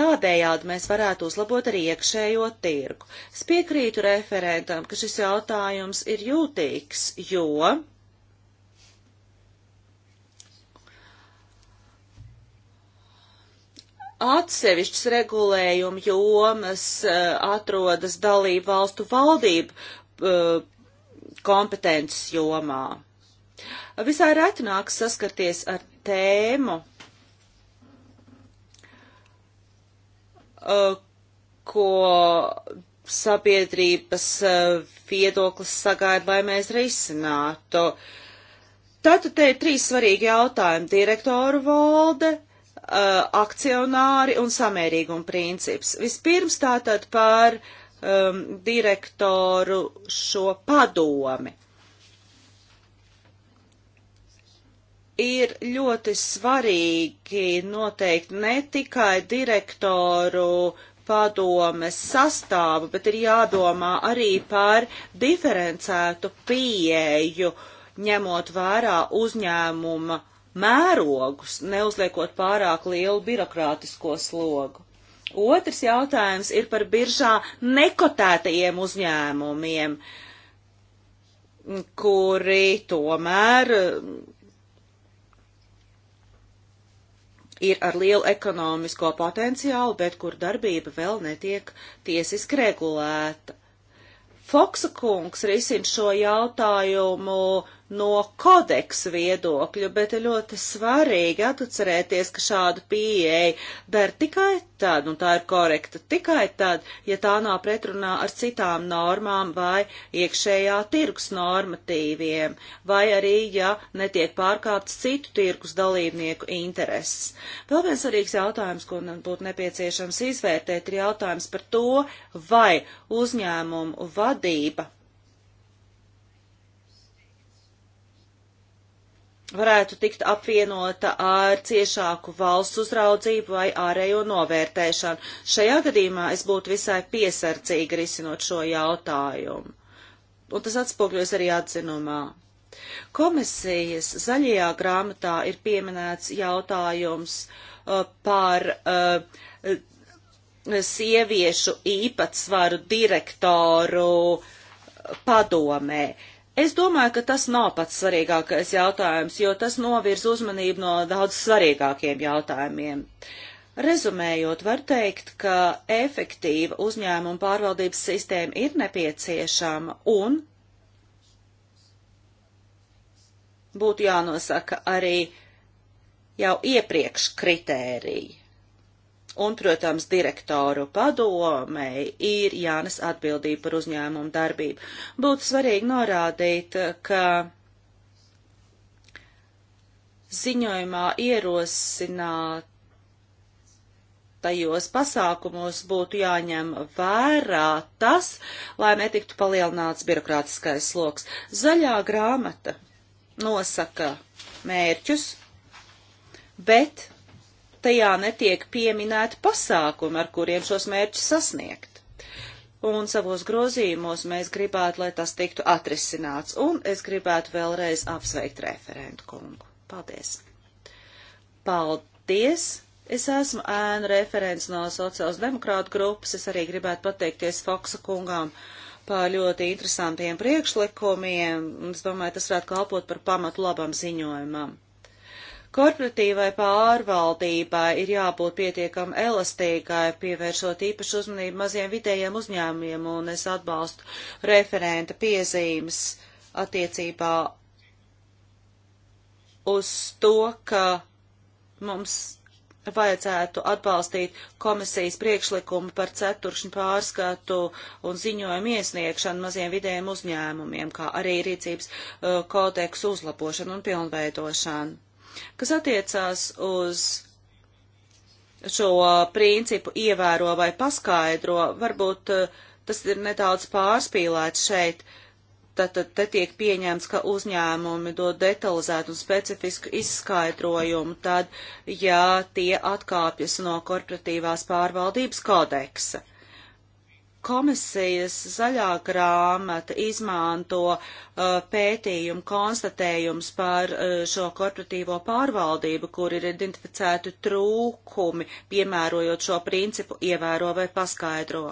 A: tādējādi mēs varētu uzlabot arī iekšējo tirgu. Es piekrītu referentam, ka šis jautājums ir jūtīgs, jo Atsevišķas regulējuma jomas eh, atrodas dalību valstu valdību eh, kompetences jomā. Visai reti nāks saskarties ar tēmu, eh, ko sabiedrības eh, viedoklis sagaida, lai mēs risinātu. Tātad te ir trīs svarīgi jautājumi - direktoru valde, eh, akcionāri un samērīguma princips. Vispirms tātad par um, direktoru šo padomi. ir ļoti svarīgi noteikt ne tikai direktoru padomes sastāvu, bet ir jādomā arī par diferencētu pieeju, ņemot vērā uzņēmuma mērogus, neuzliekot pārāk lielu birokrātisko slogu. Otrs jautājums ir par biržā nekotētajiem uzņēmumiem, kuri tomēr ir ar lielu ekonomisko potenciālu, bet kur darbība vēl netiek tiesiski regulēta. Foksa kungs risina šo jautājumu no kodeksa viedokļa, bet ir ļoti svarīgi atcerēties, ka šādu pieeju der tikai tad, un tā ir korekta tikai tad, ja tā nav pretrunā ar citām normām vai iekšējā tirgus normatīviem, vai arī, ja netiek pārkāptas citu tirgus dalībnieku intereses. Vēl viens svarīgs jautājums, ko būtu nepieciešams izvērtēt, ir jautājums par to, vai uzņēmumu vadība varētu tikt apvienota ar ciešāku valsts uzraudzību vai ārējo novērtēšanu. Šajā gadījumā es būtu visai piesardzīga risinot šo jautājumu. Un tas atspogļojas arī atzinumā. Komisijas zaļajā grāmatā ir pieminēts jautājums uh, par uh, sieviešu īpatsvaru direktoru uh, padomē. Uh, Es domāju, ka tas nav pats svarīgākais jautājums, jo tas novirz uzmanību no daudz svarīgākiem jautājumiem. Rezumējot, var teikt, ka efektīva uzņēmuma pārvaldības sistēma ir nepieciešama un būtu jānosaka arī jau iepriekš kritēriji. Un, protams, direktoru padomei ir jānes atbildība par uzņēmumu darbību. Būtu svarīgi norādīt, ka ziņojumā ierosināt tajos pasākumos būtu jāņem vērā tas, lai netiktu palielināts birokrātiskais sloks. Zaļā grāmata nosaka mērķus, bet tajā netiek pieminēti pasākumi, ar kuriem šos mērķus sasniegt. Un savos grozījumos mēs gribētu, lai tas tiktu atrisināts, un es gribētu vēlreiz apsveikt referentu kungu. Paldies! Paldies! Es esmu ēnu referents no sociāls demokrātu grupas, es arī gribētu pateikties Foksa kungām par ļoti interesantiem priekšlikumiem. Es domāju, tas varētu kalpot par pamatu labam ziņojumam. Korporatīvai pārvaldībai ir jābūt pietiekami elastīgai, pievēršot īpašu uzmanību maziem vidējiem uzņēmumiem, un es atbalstu referenta piezīmes attiecībā uz to, ka mums vajadzētu atbalstīt komisijas priekšlikumu par ceturkšņu pārskatu un ziņojumu iesniegšanu maziem vidējiem uzņēmumiem, kā arī rīcības uh, kodeksu uzlabošanu un pilnveidošanu. Kas attiecās uz šo principu ievēro vai paskaidro, varbūt eh, tas ir nedaudz pārspīlēts šeit. Tātad te tiek pieņemts, ka uzņēmumi dod detalizētu un specifisku izskaidrojumu, tad, ja tie atkāpjas no korporatīvās pārvaldības kodeksa. Komisijas zaļā grāmata izmanto uh, pētījumu konstatējums par uh, šo korporatīvo pārvaldību, kur ir identificēti trūkumi, piemērojot šo principu ievēro vai paskaidro.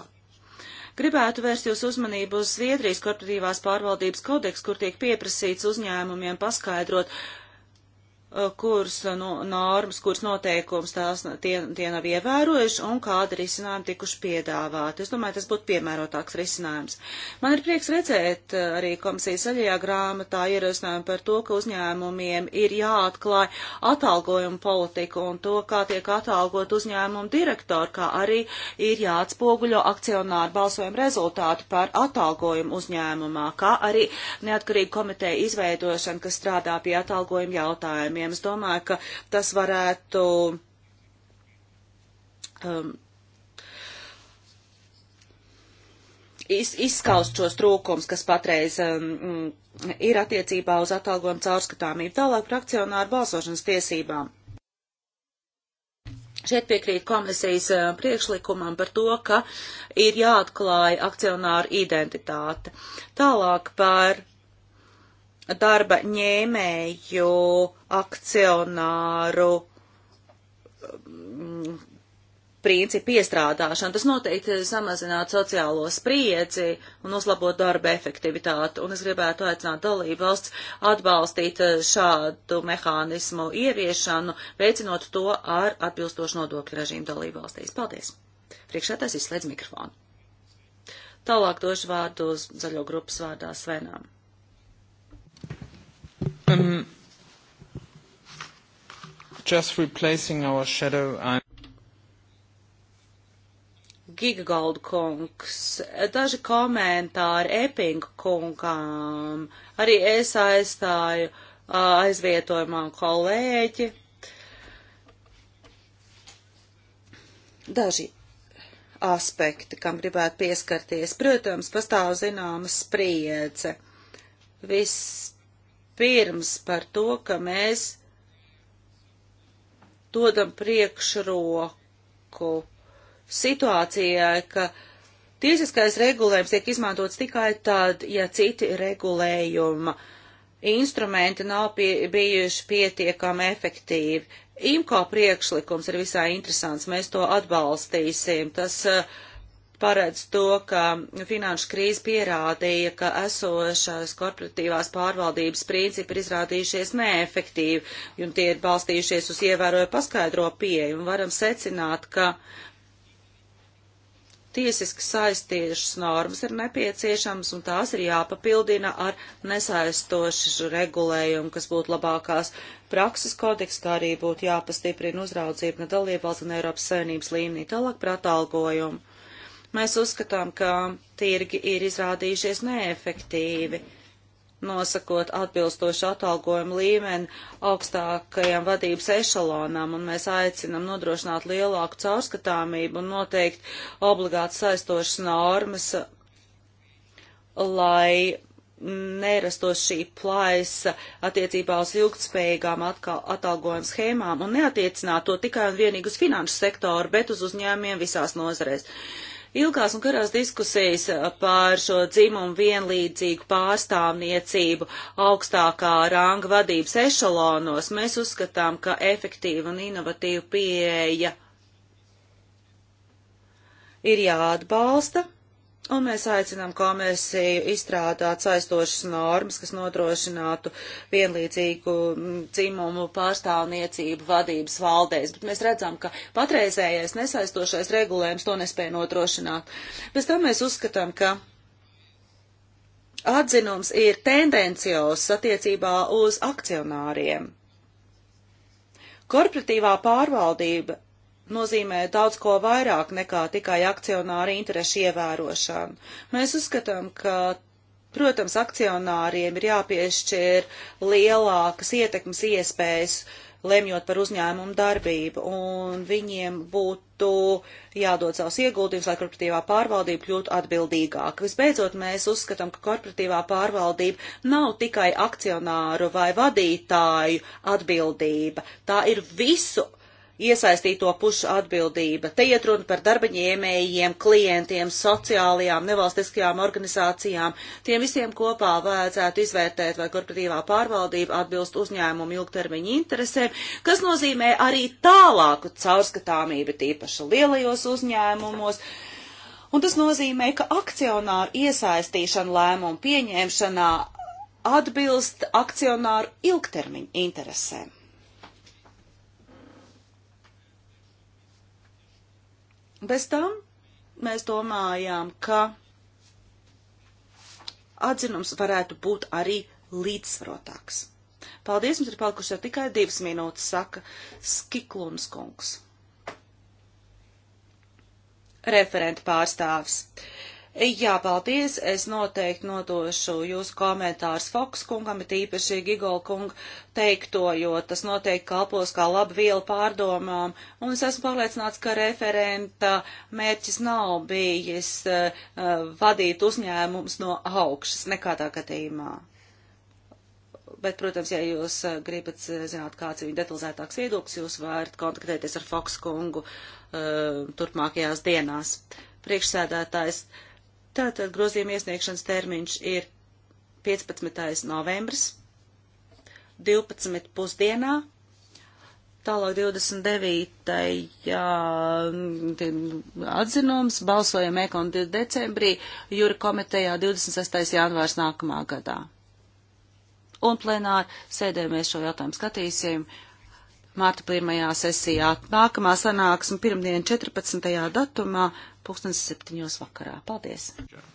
A: Gribētu vērst jūs uzmanību uz Zviedrijas korporatīvās pārvaldības kodeks, kur tiek pieprasīts uzņēmumiem paskaidrot, uh, Uh, kuras uh, no, normas, kuras noteikums tās tie, tie nav ievērojuši un kāda risinājuma tikuši piedāvāti. Es domāju, tas būtu piemērotāks risinājums. Man ir prieks redzēt uh, arī komisijas aļajā grāmatā ierosinājumu par to, ka uzņēmumiem ir jāatklāj atalgojuma politika un to, kā tiek atalgot uzņēmumu direktori, kā arī ir jāatspoguļo akcionāru balsojumu rezultāti par atalgojumu uzņēmumā, kā arī neatkarīga komiteja izveidošana, kas strādā pie atalgojuma jautājumiem gadījumiem. Es domāju, ka tas varētu. Um, iz, izskaust šos trūkums, kas patreiz um, ir attiecībā uz atalgojumu caurskatāmību, tālāk par akcionāru balsošanas tiesībām. Šeit piekrīt komisijas uh, priekšlikumam par to, ka ir jāatklāja akcionāru identitāte. Tālāk par darba ņēmēju akcionāru mm, principu iestrādāšanu. Tas noteikti samazinātu sociālo spriedzi un uzlabotu darba efektivitāti. Un es gribētu aicināt dalību valsts atbalstīt eh, šādu mehānismu ieviešanu, veicinot to ar atbilstošu nodokļu režīmu dalību valstīs. Paldies! Priekšētājs izslēdz mikrofonu. Tālāk došu vārdu uz zaļo grupas vārdā Svenām.
C: Um, um, just replacing our shadow. I'm
A: Gigaldu kungs, daži komentāri Epinga kungām, arī es aizstāju aizvietojumā kolēģi. Daži aspekti, kam gribētu pieskarties. Protams, pastāv zināma spriedze. Viss pirms par to, ka mēs dodam priekšroku situācijai, ka tiesiskais regulējums tiek izmantots tikai tad, ja citi regulējuma instrumenti nav pie, bijuši pietiekami efektīvi. IMCO priekšlikums ir visai interesants, mēs to atbalstīsim. Tas uh, paredz to, ka finanšu krīze pierādīja, ka esošās korporatīvās pārvaldības principi ir izrādījušies neefektīvi, un tie ir balstījušies uz ievēroju paskaidro pieeju, un varam secināt, ka tiesiski saistiešas normas ir nepieciešams, un tās ir jāpapildina ar nesaistošu regulējumu, kas būtu labākās prakses kodeks, kā arī būtu jāpastiprina uzraudzība ne dalībvalsts un Eiropas savinības līmenī, tālāk par atalgojumu. Mēs uzskatām, ka tirgi ir izrādījušies neefektīvi, nosakot atbilstošu atalgojumu līmeni augstākajam vadības ešalonam, un mēs aicinam nodrošināt lielāku caurskatāmību un noteikt obligāti saistošas normas, lai nerastos šī plaisa attiecībā uz ilgtspējīgām atalgojuma schēmām un neatiecināt to tikai un vienīgi uz finanšu sektoru, bet uz uzņēmiem visās nozarēs. Uh, Ilgās un garās diskusijas par šo dzimumu vienlīdzīgu pārstāvniecību augstākā ranga vadības ešalonos mēs uzskatām, ka efektīva un inovatīva pieeja ir jāatbalsta Un mēs aicinām komisiju izstrādāt saistošas normas, kas nodrošinātu vienlīdzīgu mm, dzimumu pārstāvniecību vadības valdēs, bet mēs redzam, ka patreizējais nesaistošais regulējums to nespēja nodrošināt. Bez tam mēs uzskatām, ka atzinums ir tendenciozs attiecībā uz akcionāriem. Korporatīvā pārvaldība nozīmē daudz ko vairāk nekā tikai akcionāri interešu ievērošanu. Mēs uzskatām, ka, protams, akcionāriem ir jāpiešķir lielākas ietekmes iespējas, lemjot par uzņēmumu darbību, un viņiem būtu jādod savus ieguldījumus, lai korporatīvā pārvaldība kļūtu atbildīgāka. Visbeidzot, mēs uzskatām, ka korporatīvā pārvaldība nav tikai akcionāru vai vadītāju atbildība, tā ir visu iesaistīto pušu atbildība. Te iet runa par darbaņēmējiem, klientiem, sociālajām, nevalstiskajām organizācijām. Tiem visiem kopā vajadzētu izvērtēt, vai korporatīvā pārvaldība atbilst uzņēmumu ilgtermiņa interesēm, kas nozīmē arī tālāku caurskatāmību tīpaši lielajos uzņēmumos. Un tas nozīmē, ka akcionāru iesaistīšana lēmumu pieņemšanā atbilst akcionāru ilgtermiņa interesēm. Bez tam mēs domājām, ka atzinums varētu būt arī līdzsvarotāks. Paldies, mums ir palikuši jau tikai divas minūtes, saka Skikluns kungs. Referenta pārstāvis. Uh, Jā, paldies. Es noteikti nodošu jūsu komentārus Foks kungam, bet īpaši Gigola kungu teikto, jo tas noteikti kalpos kā laba viela pārdomām. Un es esmu pārliecināts, ka referenta mērķis nav bijis uh, vadīt uzņēmums no augšas nekādā gadījumā. Bet, protams, ja jūs eh, gribat eh, zināt, kāds ir viņa detalizētāks viedoklis, jūs varat kontaktēties ar Foks kungu uh, turpmākajās dienās. Priekšsēdētājs. Uh, Tātad grozījuma iesniegšanas termiņš ir 15. novembris, 12. pusdienā, tālāk 29. Mm, atzinums, balsojam ekon 2. decembrī, jūra komitejā 26. janvārs nākamā gadā. Un plenāri sēdē mēs šo jautājumu skatīsim. Uh, Mārta pirmajā sesijā. Nākamā sanāksme pirmdien 14. datumā, 2007. vakarā. Paldies! Jā.